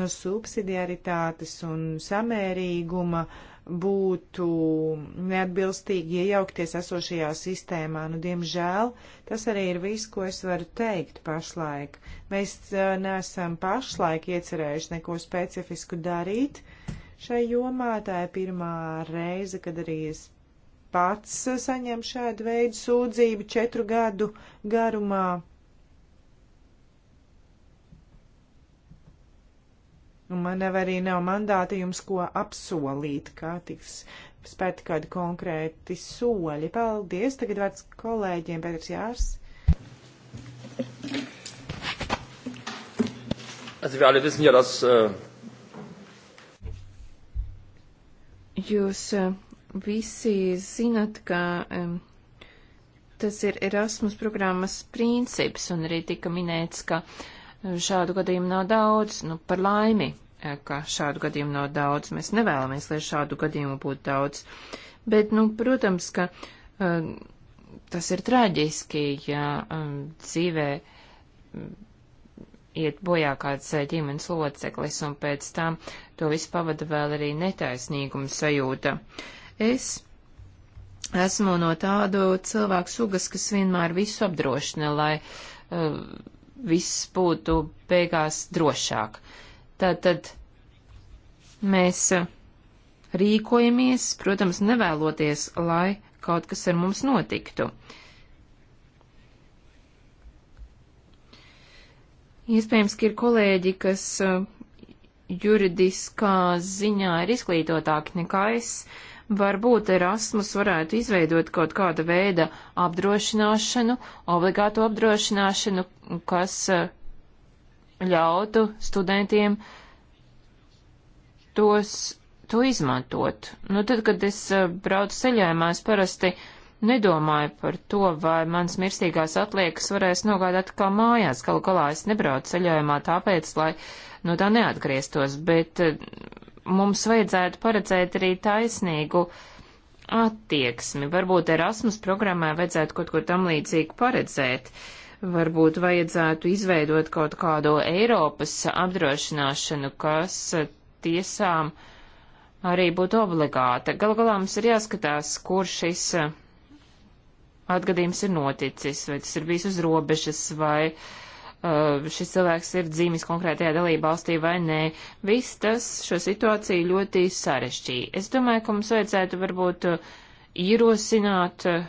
Speaker 2: No subsidiaritātes un samērīguma būtu neatbilstīgi iejaukties esošajā sistēmā. Nu, diemžēl tas arī ir viss, ko es varu teikt pašlaik. Mēs uh, neesam pašlaik iecerējuši neko specifisku darīt. Šai jomā tā ir pirmā reize, kad arī es pats saņem šādu veidu sūdzību četru gadu garumā. Un man jau arī nav mandāti jums ko apsolīt, kā tiks spērti kādi konkrēti soļi. Paldies! Tagad vārds kolēģiem Pēters Jārs.
Speaker 1: Also wir alle wissen ja, dass äh
Speaker 3: Jūs uh, visi zinat, ka um, tas ir Erasmus programmas princips, un arī tika minēts, ka eh, šādu gadījumu nav daudz, nu par laimi, eh, ka šādu gadījumu nav daudz, mēs nevēlamies, lai šādu gadījumu būtu daudz, bet, nu, protams, ka um, tas ir traģiski, ja um, dzīvē um, iet bojā kāds ģimenes loceklis, un pēc tam to visu pavada vēl arī netaisnīguma sajūta. Uh, Es esmu no tādu cilvēku sugas, kas vienmēr visu apdrošina, lai uh, viss būtu beigās drošāk. Tātad mēs uh, rīkojamies, protams, nevēloties, lai kaut kas ar mums notiktu. Iespējams, ka ir kolēģi, kas uh, juridiskā ziņā ir izglītotāki nekā es. Uh, Varbūt Erasmus varētu izveidot kaut kāda veida apdrošināšanu, obligātu apdrošināšanu, kas eh, ļautu studentiem tos, to izmantot. Nu, tad, kad es eh, braucu ceļojumā, es parasti nedomāju par to, vai mans mirstīgās atliekas varēs nogādāt kā mājās. Galu galā es nebraucu ceļojumā tāpēc, lai no tā neatgrieztos, bet eh, mums vajadzētu paredzēt arī taisnīgu attieksmi. Varbūt Erasmus programmai vajadzētu kaut ko tam līdzīgu paredzēt. Varbūt vajadzētu izveidot kaut kādu Eiropas apdrošināšanu, kas tiesām arī būtu obligāta. Gal galā mums ir jāskatās, kur šis uh, atgadījums ir noticis, vai tas ir bijis uz robežas, vai uh, Uh, šis cilvēks ir dzīvis konkrētajā dalībvalstī vai nē. Viss tas šo situāciju ļoti sarežģīja. Es domāju, ka mums vajadzētu varbūt uh, ierosināt, uh,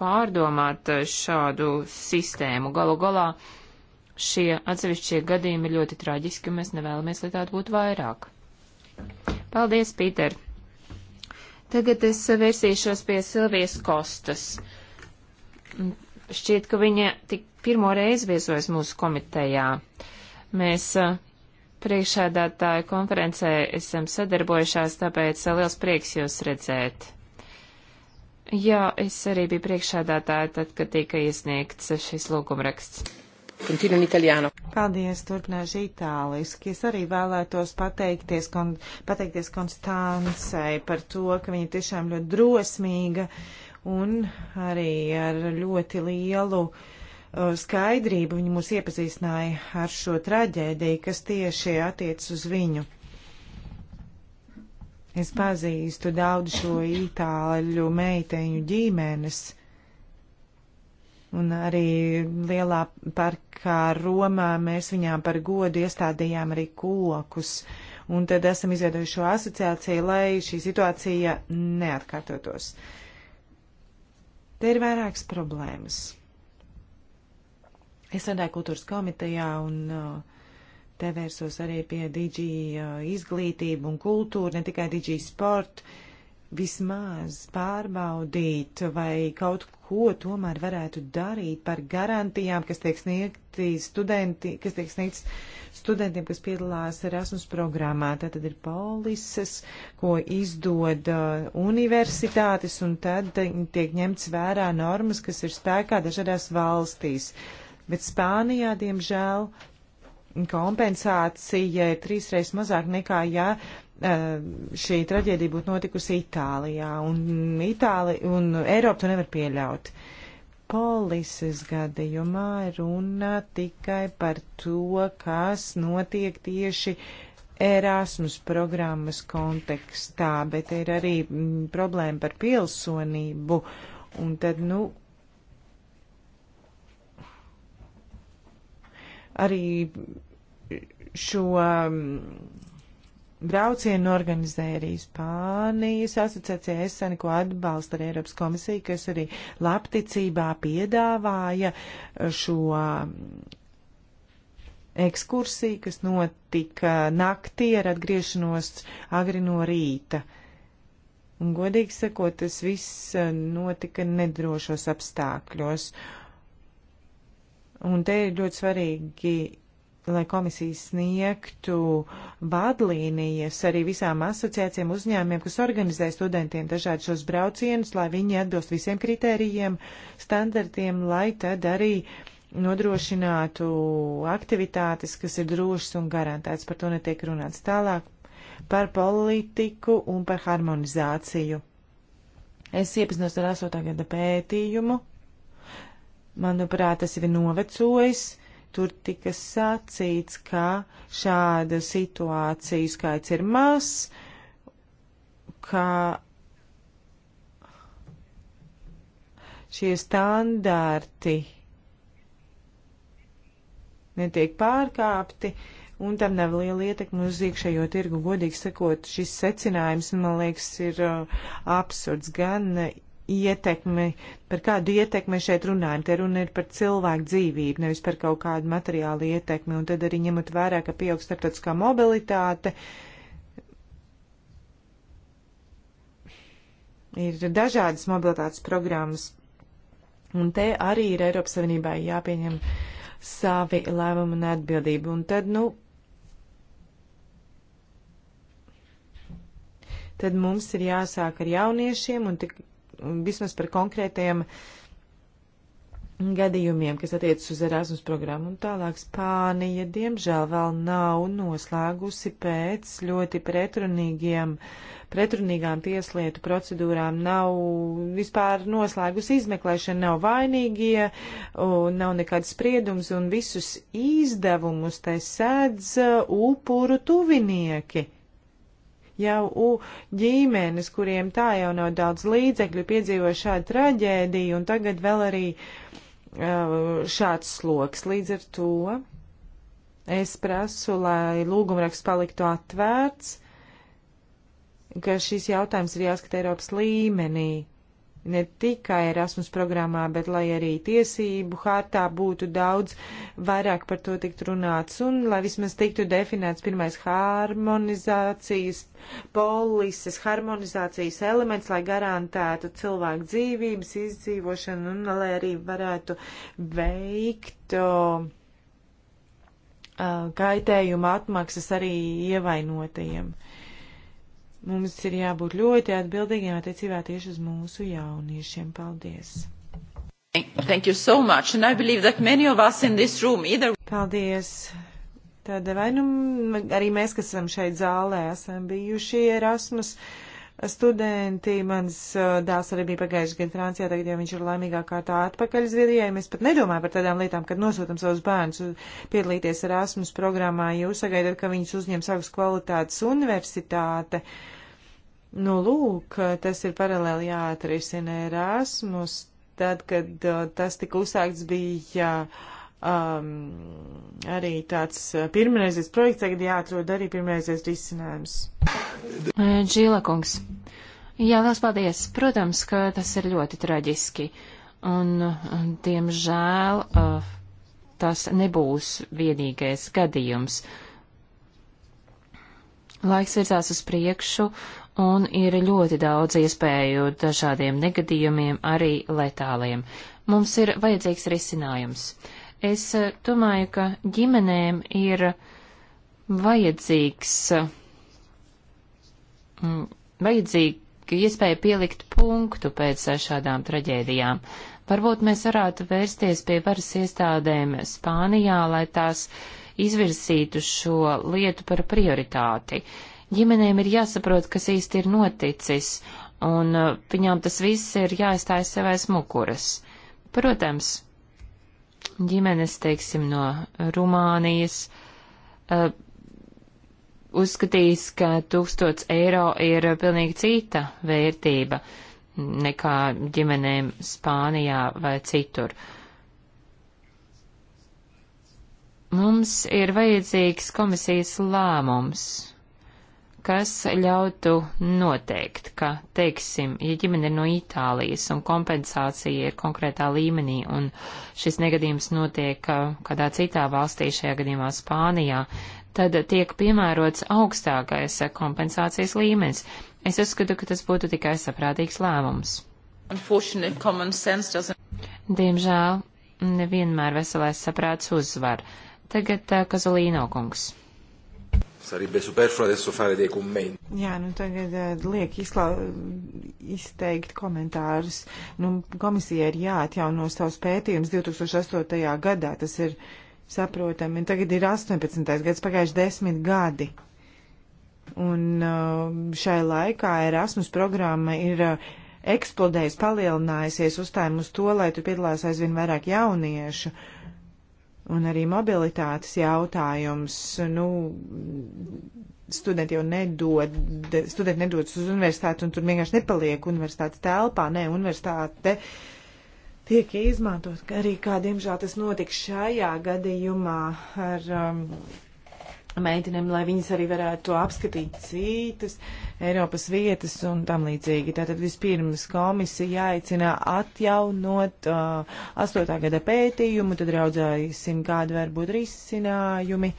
Speaker 3: pārdomāt šādu sistēmu. Galu galā šie atsevišķie gadījumi ir ļoti traģiski, un mēs nevēlamies, lai tādu būtu vairāk. Paldies, Pīter! Tagad es vērsīšos pie Silvijas Kostas Šķiet, ka viņa tik pirmo reizi viesojas mūsu komitejā. Mēs priekšēdātāju konferencē esam sadarbojušās, tāpēc liels prieks jūs redzēt. Jā, es arī biju priekšādātāja tad, kad tika iesniegts šis lūgumraksts. Continu in
Speaker 2: italiano. Paldies, turpināšu itāliski. Es arī vēlētos pateikties, kon, pateikties Konstancei par to, ka viņa tiešām ļoti drosmīga un arī ar ļoti lielu uh, skaidrību viņi mūs iepazīstināja ar šo traģēdiju, kas tieši attiec uz viņu. Es pazīstu daudz šo itāļu meiteņu ģimenes. Un arī lielā parkā Romā mēs viņām par godu iestādījām arī kokus. Un tad esam izveidojuši šo asociāciju, lai šī situācija neatkārtotos. Uh, Te ir vairākas problēmas. Es strādāju kultūras komitejā un uh, te vērsos arī pie DG uh, izglītību un kultūru, ne tikai DG sportu. Uh, vismaz pārbaudīt, vai kaut ko tomēr varētu darīt par garantijām, kas tiek sniegti studenti, kas tiek sniegts studentiem, kas piedalās Erasmus programmā. Tātad ir polises, ko izdod uh, universitātes, un tad tiek ņemts vērā normas, kas ir spēkā dažādās valstīs. Bet Spānijā, diemžēl, kompensācija ir trīsreiz mazāk nekā, ja Eh, šī traģēdija būtu notikusi Itālijā, un, Itāli, un Eiropu to nevar pieļaut. Polises gadījumā runa tikai par to, kas notiek tieši Erasmus programmas kontekstā, bet ir arī mm, problēma par pilsonību, un tad, nu, arī šo mm, Braucienu organizēja arī Spānijas asociācija Esani, ko atbalsta arī Eiropas komisija, kas arī labticībā piedāvāja šo mm, ekskursiju, kas notika naktī ar atgriešanos agri no rīta. Un, godīgi sakot, tas viss eh, notika nedrošos apstākļos. Un te ir ļoti svarīgi lai komisijas sniegtu vadlīnijas arī visām asociācijām uzņēmiem, kas organizē studentiem dažādi šos braucienus, lai viņi atbilst visiem kritērijiem, standartiem, lai tad arī nodrošinātu aktivitātes, kas ir drošas un garantētas. Par to netiek runāts tālāk par politiku un par harmonizāciju. Es iepazinos ar 8. gada pētījumu. Manuprāt, tas ir novecojis. Tur tika sacīts, ka šāda situācija skaits ir mazs, ka šie standarti netiek pārkāpti, un tam nav liela ietekme uz iekšējo tirgu. Godīgi sakot, šis secinājums, man liekas, ir uh, absurds gan ietekmi, par kādu ietekmi šeit runājam. Te runa ir par cilvēku dzīvību, nevis par kaut kādu materiālu ietekmi. Un tad arī ņemot vērā, ka pieaug starptautiskā mobilitāte, ir dažādas mobilitātes programmas. Un te arī ir Eiropas Savienībai jāpieņem savi lēmumi un atbildību. Un tad, nu, tad mums ir jāsāk ar jauniešiem un tik vismaz par konkrētiem gadījumiem, kas attiecas uz Erasmus programmu. Un tālāk Spānija, diemžēl, vēl nav noslēgusi pēc ļoti pretrunīgiem, pretrunīgām tieslietu procedūrām, nav vispār noslēgusi izmeklēšana, nav vainīgie, nav nekāds spriedums un visus izdevumus te sēdz uh, upuru tuvinieki jau u ģimenes, kuriem tā jau nav daudz līdzekļu, piedzīvo šādu traģēdiju un tagad vēl arī uh, šāds sloks. Līdz ar to es prasu, lai lūgumraksts paliktu atvērts, ka šis jautājums ir jāskata Eiropas līmenī ne tikai Erasmus programmā, bet lai arī tiesību hārtā būtu daudz vairāk par to tikt runāts un lai vismaz tiktu definēts pirmais harmonizācijas polises, harmonizācijas elements, lai garantētu cilvēku dzīvības izdzīvošanu un lai arī varētu veikt uh, kaitējumu atmaksas arī ievainotajiem. Uh, Mums ir jābūt ļoti atbildīgiem attiecībā tieši uz mūsu jauniešiem. Paldies! Thank you so much, and I believe that many of us in this room either. Paldies! Tad vai nu arī mēs, kas esam šeit zālē, esam bijuši Erasmus. Ja studenti. Mans dēls arī bija pagājuši gan Francijā, tagad jau viņš ir laimīgā kārtā atpakaļ Zviedrijai. Mēs pat nedomājam par tādām lietām, kad nosūtam savus bērnus piedalīties Erasmus programmā. Jūs sagaidat, ka viņus uzņems augstas kvalitātes universitāte. Nu, lūk, tas ir paralēli jāatrisina Erasmus. Tad, kad tas tika uzsākts, bija. Uh, um, arī tāds uh, pirmreizes projekts, tagad jāatrod arī pirmreizes risinājums.
Speaker 3: Uh, Džīla kungs. Jā, liels paldies. Protams, ka tas ir ļoti traģiski. Un, uh, diemžēl, tas nebūs vienīgais gadījums. Laiks virzās uz priekšu un ir ļoti daudz iespēju dažādiem negadījumiem, arī letāliem. Mums ir vajadzīgs risinājums. Uh, Es eh, domāju, ka ģimenēm ir vajadzīgs, eh, vajadzīga iespēja pielikt punktu pēc eh, šādām traģēdijām. Varbūt mēs varētu vērsties pie varas iestādēm Spānijā, lai tās izvirsītu šo lietu par prioritāti. Ģimenēm ir jāsaprot, kas īsti ir noticis, un viņām tas viss ir jāizstājas sevais mukuras. Protams, ģimenes, teiksim, no Rumānijas eh, uzskatīs, ka 1000 eiro ir pilnīgi cita vērtība nekā ģimenēm Spānijā vai citur. Mums ir vajadzīgs komisijas lēmums kas ļautu noteikt, ka, teiksim, ja ģimene ir no Itālijas un kompensācija ir konkrētā līmenī un šis negadījums notiek uh, kādā citā valstī, šajā gadījumā Spānijā, tad tiek piemērots augstākais uh, kompensācijas līmenis. Es uzskatu, ka tas būtu tikai saprātīgs lēmums. Diemžēl nevienmēr veselais saprāts uzvar. Tagad uh, Kazolīno kungs. Sarebbe superfluo adesso fare dei commenti. Jā,
Speaker 2: nu tagad eh, liek izla... izteikt komentārus. Nu, komisija ir jāatjauno savus pētījumus 2008. gadā, tas ir saprotami. Tagad ir 18. gads, pagājuši desmit gadi. Un eh, šai laikā Erasmus programma ir eh, eksplodējusi, palielinājusies, uzstājumi uz to, lai tur piedalās aizvien vairāk jauniešu. Uh, un arī mobilitātes jautājums. Nu, studenti jau nedod, studenti nedodas uz universitāti un tur vienkārši nepaliek universitātes telpā, nē, universitāte tiek izmantot, arī kā, diemžēl, tas notika šajā gadījumā ar um, meitenēm, lai viņas arī varētu apskatīt citas Eiropas vietas un tam līdzīgi. Tātad vispirms komisija jāicina atjaunot uh, 8. gada pētījumu, tad raudzāsim, kādi var būt risinājumi,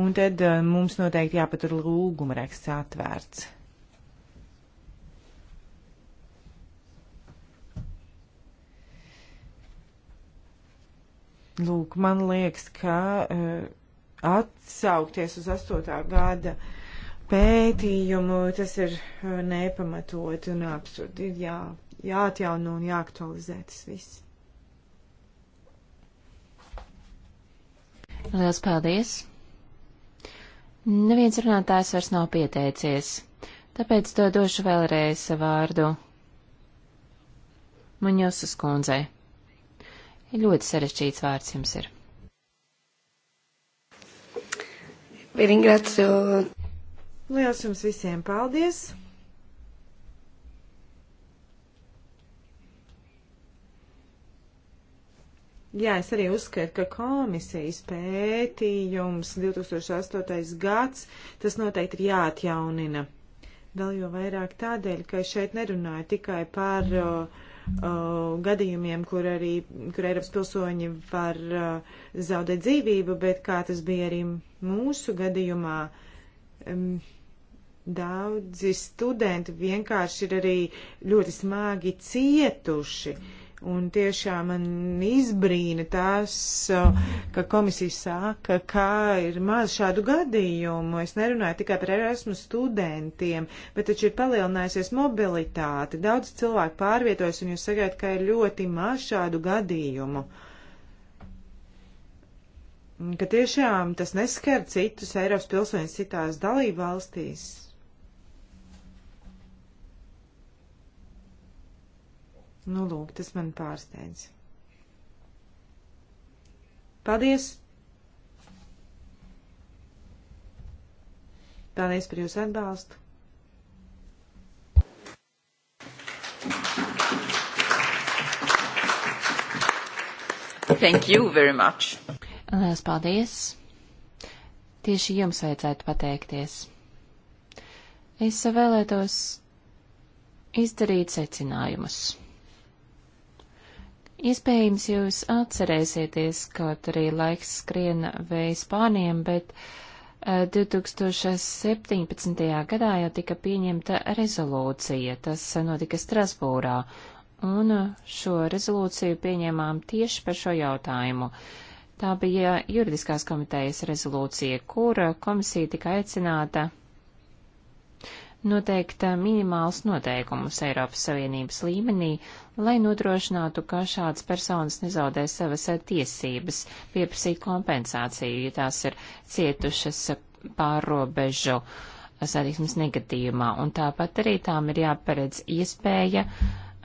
Speaker 2: un tad uh, mums noteikti jāpatur lūguma raksts atvērts. Lūk, man liekas, ka. Uh, atsaukties uz 8. gada pētījumu, tas ir uh, nepamatot un absurdi. Ir jā, jāatjauno un jāaktualizē
Speaker 3: tas viss. Lielas paldies! Neviens runātājs vairs nav pieteicies, tāpēc to došu vēlreiz vārdu Muņosas kundzei. Ļoti sarežģīts vārds jums ir. Vi ringrazio.
Speaker 2: Lielas jums visiem paldies! Jā, es arī uzskatu, ka komisijas pētījums 2008. gads, tas noteikti ir jāatjaunina. Vēl jau vairāk tādēļ, ka šeit nerunāju tikai par uh, uh, gadījumiem, kur arī, kur Eiropas pilsoņi var uh, zaudēt dzīvību, bet kā tas bija arī mūsu gadījumā, um, daudzi studenti vienkārši ir arī ļoti smagi cietuši. Uh, Un tiešām man izbrīna tas, ka komisija saka, ka ir maz šādu gadījumu. Es nerunāju tikai par Erasmus studentiem, bet taču ir palielinājusies mobilitāte. Daudz cilvēku pārvietojas, un jūs sagaidat, ka ir ļoti maz šādu gadījumu. Ka tiešām tas neskar citus Eiropas pilsoņus citās dalību valstīs. Nu, lūk, tas man pārsteidz. Paldies! Paldies par jūsu atbalstu!
Speaker 3: Thank you very much. Lielas paldies! Tieši jums vajadzētu pateikties. Es vēlētos izdarīt secinājumus. Iespējams, jūs atcerēsieties, kaut arī laiks skrien vējas pārniem, bet 2017. Eh, gadā jau tika pieņemta rezolūcija, tas notika Strasbūrā, un šo rezolūciju pieņēmām tieši par šo jautājumu. Tā bija juridiskās komitejas rezolūcija, kura komisija tika aicināta noteikt eh, minimāls noteikumus Eiropas Savienības līmenī, lai nodrošinātu, ka šādas personas nezaudē savas eh, tiesības pieprasīt kompensāciju, ja tās ir cietušas eh, pārrobežu satiksmes negadījumā, un tāpat arī tām ir jāparedz iespēja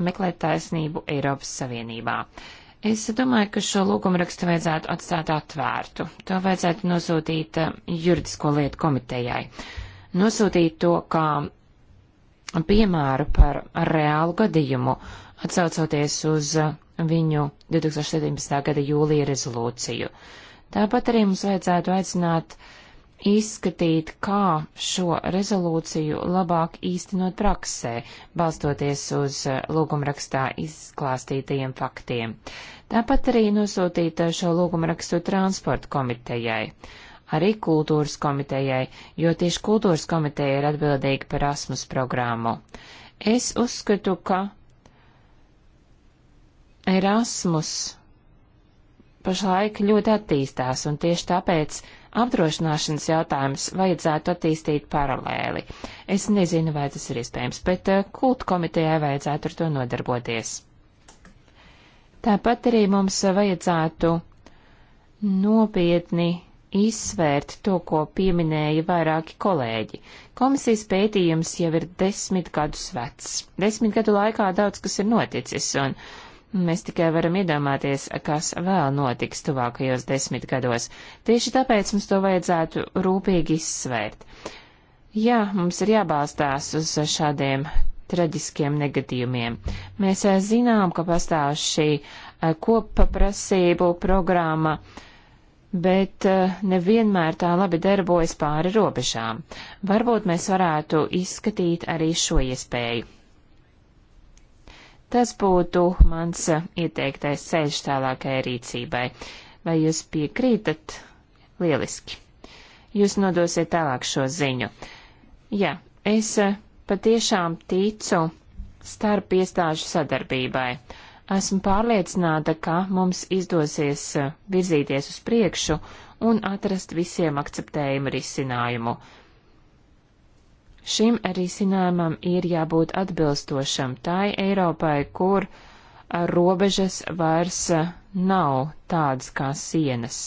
Speaker 3: meklēt taisnību Eiropas Savienībā. Es domāju, ka šo lūgumu rakstu vajadzētu atstāt atvērtu. To vajadzētu nosūtīt juridisko lietu komitejai. Uh, nosūtīt to kā piemēru par reālu gadījumu, atsaucoties uz viņu 2017. gada jūlija rezolūciju. Tāpat arī mums vajadzētu aicināt izskatīt, kā šo rezolūciju labāk īstenot praksē, balstoties uz lūgumrakstā izklāstītajiem faktiem. Tāpat arī nosūtīt šo lūgumrakstu transporta komitejai arī kultūras komitejai, jo tieši kultūras komiteja ir atbildīga par Asmus programmu. Es uzskatu, ka Erasmus pašlaik ļoti attīstās, un tieši tāpēc apdrošināšanas jautājums vajadzētu attīstīt paralēli. Es nezinu, vai tas ir iespējams, bet eh, kultu komitejai vajadzētu ar to nodarboties. Tāpat arī mums vajadzētu nopietni izsvērt to, ko pieminēja vairāki kolēģi. Komisijas pētījums jau ir desmit gadus vecs. Desmit gadu laikā daudz kas ir noticis, un mēs tikai varam iedomāties, kas vēl notiks tuvākajos desmit gados. Tieši tāpēc mums to vajadzētu rūpīgi izsvērt. Jā, mums ir jābalstās uz šādiem traģiskiem negadījumiem. Mēs eh, zinām, ka pastāv šī eh, kopaprasību programma, uh, bet eh, nevienmēr tā labi darbojas pāri robežām. Varbūt mēs varētu izskatīt arī šo iespēju. Tas būtu mans eh, ieteiktais ceļš tālākajai rīcībai. Vai jūs piekrītat? Lieliski. Jūs nodosiet tālāk šo ziņu. Jā, es eh, patiešām ticu starp iestāžu sadarbībai. Uh, Esmu pārliecināta, ka mums izdosies eh, virzīties uz priekšu un atrast visiem akceptējumu risinājumu. Šim risinājumam ir jābūt atbilstošam tai Eiropai, kur eh, robežas vairs eh, nav tādas kā sienas,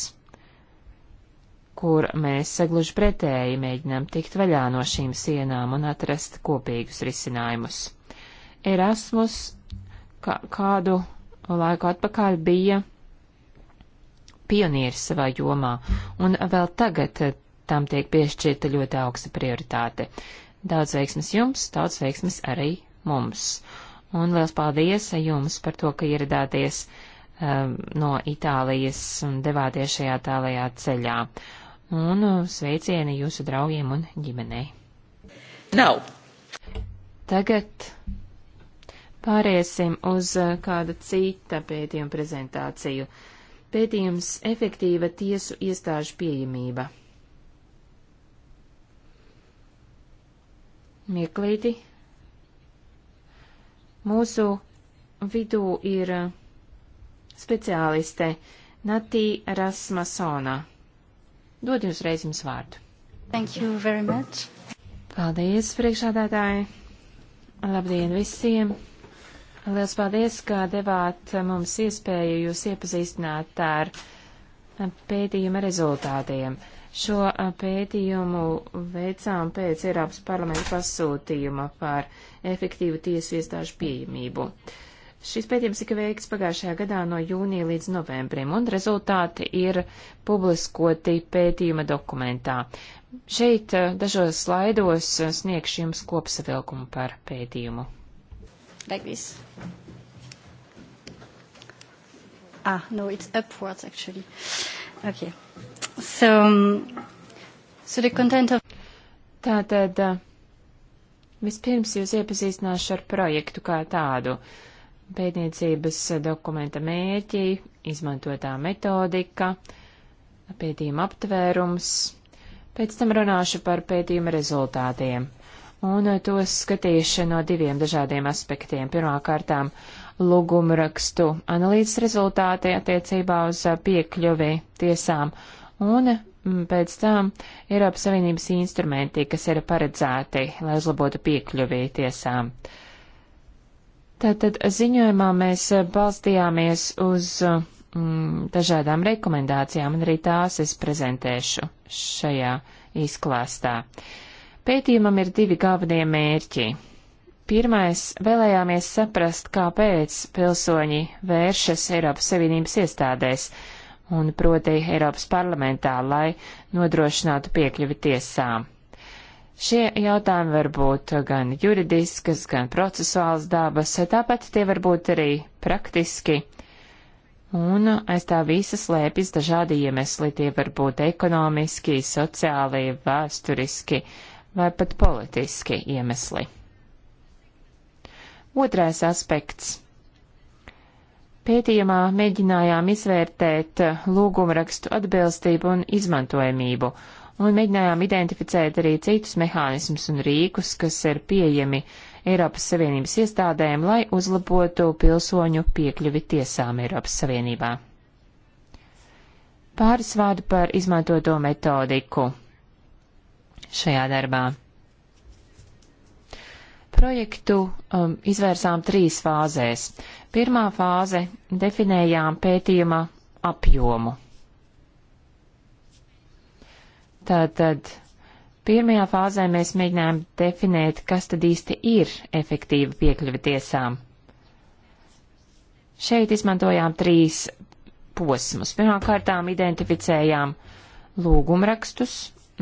Speaker 3: kur mēs sagluži pretēji mēģinām tikt vaļā no šīm sienām un atrast kopīgus risinājumus. Erasmus kā, kādu laiku atpakaļ bija pionieris savā jomā, un vēl tagad tam tiek piešķirta ļoti augsta prioritāte. Daudz veiksmes jums, daudz veiksmes arī mums. Un liels paldies jums par to, ka ieradāties um, no Itālijas un devāties šajā tālajā ceļā. Un uh, sveicieni jūsu draugiem un ģimenei. Nav. Tagad Pāriesim uz eh, kāda cita pētījuma prezentāciju. Pētījums - efektīva tiesu iestāžu pieejamība. Mieklīti. Mūsu vidū ir eh, speciāliste Natī Rasmasona. Dod jums reiz jums vārdu. Thank you very much. Paldies, priekšādātāji. Labdien visiem! Liels paldies, ka devāt mums iespēju jūs iepazīstināt ar pētījuma rezultātiem. Šo pētījumu veicām pēc Eiropas parlamenta pasūtījuma par efektīvu tiesu iestāžu pieejamību. Šis pētījums tika veikts pagājušajā gadā no jūnija līdz novembrim, un rezultāti ir publiskoti pētījuma dokumentā. Šeit dažos slaidos sniegšu jums kopsavilkumu par pētījumu like
Speaker 1: this. Ah, no, it's upwards actually.
Speaker 3: Okay. So, um, so the content of. Tātad uh, vispirms jūs iepazīstināšu ar projektu kā tādu. Pētniecības uh, dokumenta mērķi, izmantotā metodika, pētījuma aptvērums. Pēc tam runāšu par pētījuma rezultātiem un eh, tos skatījuši no diviem dažādiem aspektiem. Pirmkārtām, lūgumu rakstu analīzes rezultāti attiecībā uz eh, piekļuvi tiesām, un mm, pēc tam Eiropas Savienības instrumenti, kas ir paredzēti, lai uzlabotu piekļuvi tiesām. Tātad ziņojumā mēs eh, balstījāmies uz mm, dažādām rekomendācijām, un arī tās es prezentēšu šajā izklāstā. Uh, Pētījumam ir divi galvenie mērķi. Pirmais - vēlējāmies saprast, kāpēc pilsoņi vēršas Eiropas Savienības iestādēs, un proti Eiropas parlamentā, lai nodrošinātu piekļuvi tiesām. Šie jautājumi var būt gan juridiskas, gan procesuāls dabas, tāpat tie var būt arī praktiski. Un aiz tā visa slēpjas dažādi iemesli, tie var būt ekonomiski, sociāli, vēsturiski, uh, vai pat politiski iemesli. Otrais aspekts. Pētījumā mēģinājām izvērtēt lūgumrakstu atbilstību un izmantojamību, un mēģinājām identificēt arī citus mehānismus un rīkus, kas ir pieejami Eiropas Savienības iestādēm, lai uzlabotu pilsoņu piekļuvi tiesām Eiropas Savienībā. Pāris vārdu par izmantoto metodiku šajā darbā. Projektu um, izvērsām trīs fāzēs. Pirmā fāze - definējām pētījuma apjomu. Tātad pirmajā fāzē mēs mēģinājām definēt, kas tad īsti ir efektīva piekļuva tiesām. Šeit izmantojām trīs posmus. Pirmkārtām identificējām lūgumrakstus,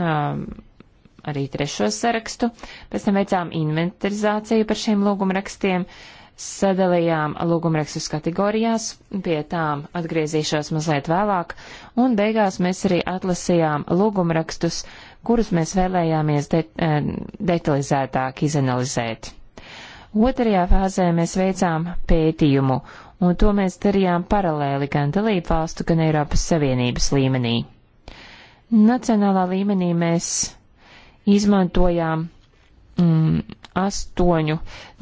Speaker 3: um, arī trešo sarakstu, pēc tam veicām inventarizāciju par šiem lūgumrakstiem, sadalījām lūgumrakstus kategorijās, pie tām atgriezīšos mazliet vēlāk, un beigās mēs arī atlasījām lūgumrakstus, kurus mēs vēlējāmies de eh, detalizētāk izanalizēt. Otrajā fāzē mēs veicām pētījumu, un to mēs darījām paralēli gan dalību valstu, gan Eiropas Savienības līmenī. Nacionālā līmenī mēs izmantojām mm, astoņu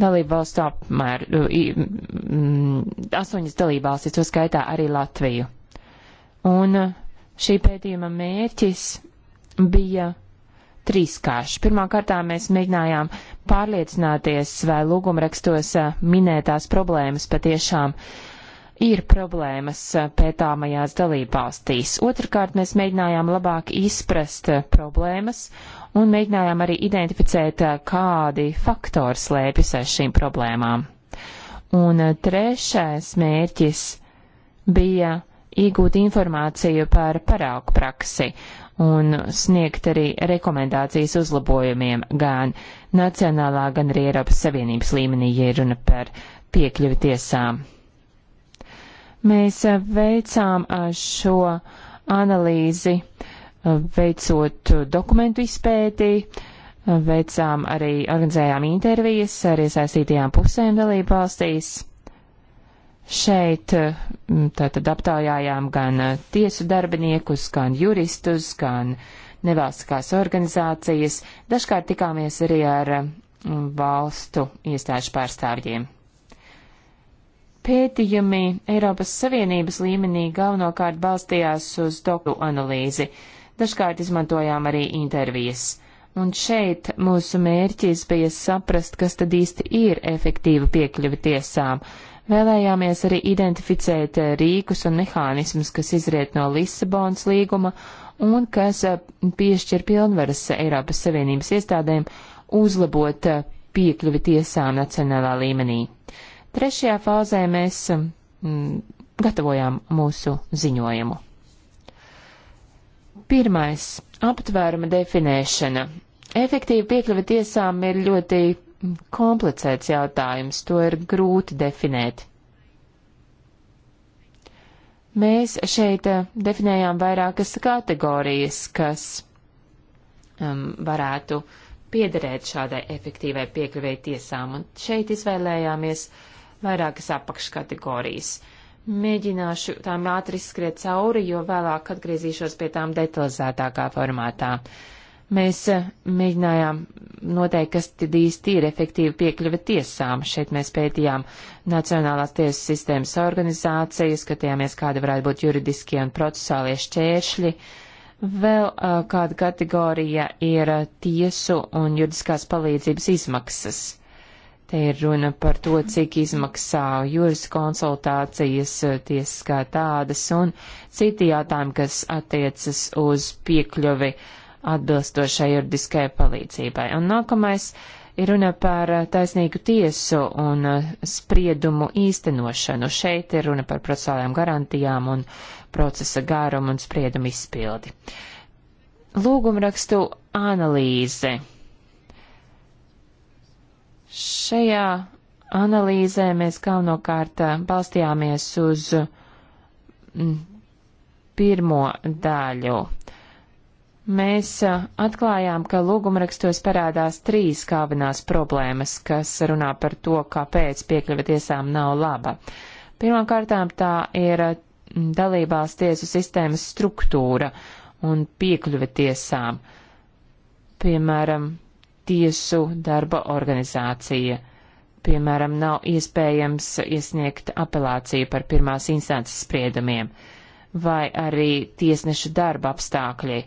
Speaker 3: dalībvalstu apmēru, mm, astoņas dalībvalstis, to skaitā arī Latviju. Un eh, šī pētījuma mērķis bija trīskāršs. Pirmkārt, mēs mēģinājām pārliecināties, vai lūgumrakstos eh, minētās problēmas patiešām ir problēmas eh, pētāmajās dalībvalstīs. Otrakārt, mēs mēģinājām labāk izprast problēmas un mēģinājām arī identificēt, eh, kādi faktori slēpjas aiz šīm problēmām. Un eh, trešais mērķis bija iegūt informāciju par paraugu praksi un sniegt arī rekomendācijas uzlabojumiem gan nacionālā, gan arī Eiropas Savienības līmenī, ja runa par piekļuvi tiesām. Mēs eh, veicām šo analīzi uh, veicot dokumentu izpētī, veicām arī organizējām intervijas ar iesaistītajām pusēm dalību valstīs. Šeit mm, tātad aptaujājām gan eh, tiesu darbiniekus, gan juristus, gan nevalstiskās organizācijas. Dažkārt tikāmies arī ar mm, valstu iestāžu pārstāvjiem pētījumi Eiropas Savienības līmenī galvenokārt balstījās uz doku analīzi. Dažkārt izmantojām arī intervijas. Un šeit mūsu mērķis bija saprast, kas tad īsti ir efektīva piekļuva tiesām. Vēlējāmies arī identificēt eh, rīkus un mehānismus, kas izriet no Lisabonas līguma un kas eh, piešķir pilnvaras Eiropas Savienības iestādēm uzlabot eh, piekļuvi tiesām nacionālā līmenī. Trešajā fāzē mēs mm, gatavojām mūsu ziņojumu. Pirmais - aptvēruma definēšana. Efektīva piekļuva tiesām ir ļoti komplicēts jautājums, to ir grūti definēt. Mēs šeit eh, definējām vairākas kategorijas, kas um, varētu piederēt šādai efektīvai piekļuvēji tiesām, un šeit izvēlējāmies vairākas apakškategorijas. Uh, Mēģināšu tām ātri skriet cauri, jo vēlāk atgriezīšos pie tām detalizētākā formātā. Mēs eh, mēģinājām noteikt, kas tad īsti ir efektīva piekļuve tiesām. Šeit mēs pētījām Nacionālās tiesas sistēmas organizāciju, skatījāmies, kāda varētu būt juridiskie un procesuālie šķēršļi. Vēl eh, kāda kategorija ir tiesu un juridiskās palīdzības izmaksas. Te ir runa par to, cik izmaksā jūras konsultācijas eh, tiesas kā tādas un citi jautājumi, kas attiecas uz piekļuvi atbilstošai juridiskajai palīdzībai. Un nākamais ir runa par eh, taisnīgu tiesu un eh, spriedumu īstenošanu. Šeit ir runa par procesuālajām garantijām un procesa garumu un spriedumu izpildi. Lūgumrakstu analīze Šajā analīzē mēs galvenokārt eh, balstījāmies uz mm, pirmo daļu. Mēs eh, atklājām, ka lūgumrakstos parādās trīs galvenās problēmas, kas runā par to, kāpēc piekļuva tiesām nav laba. Pirmkārtām tā ir mm, dalībās tiesu sistēmas struktūra un piekļuva tiesām. Piemēram, tiesu darba organizācija. Piemēram, nav iespējams iesniegt apelāciju par pirmās instances spriedumiem, vai arī tiesnešu darba apstākļi.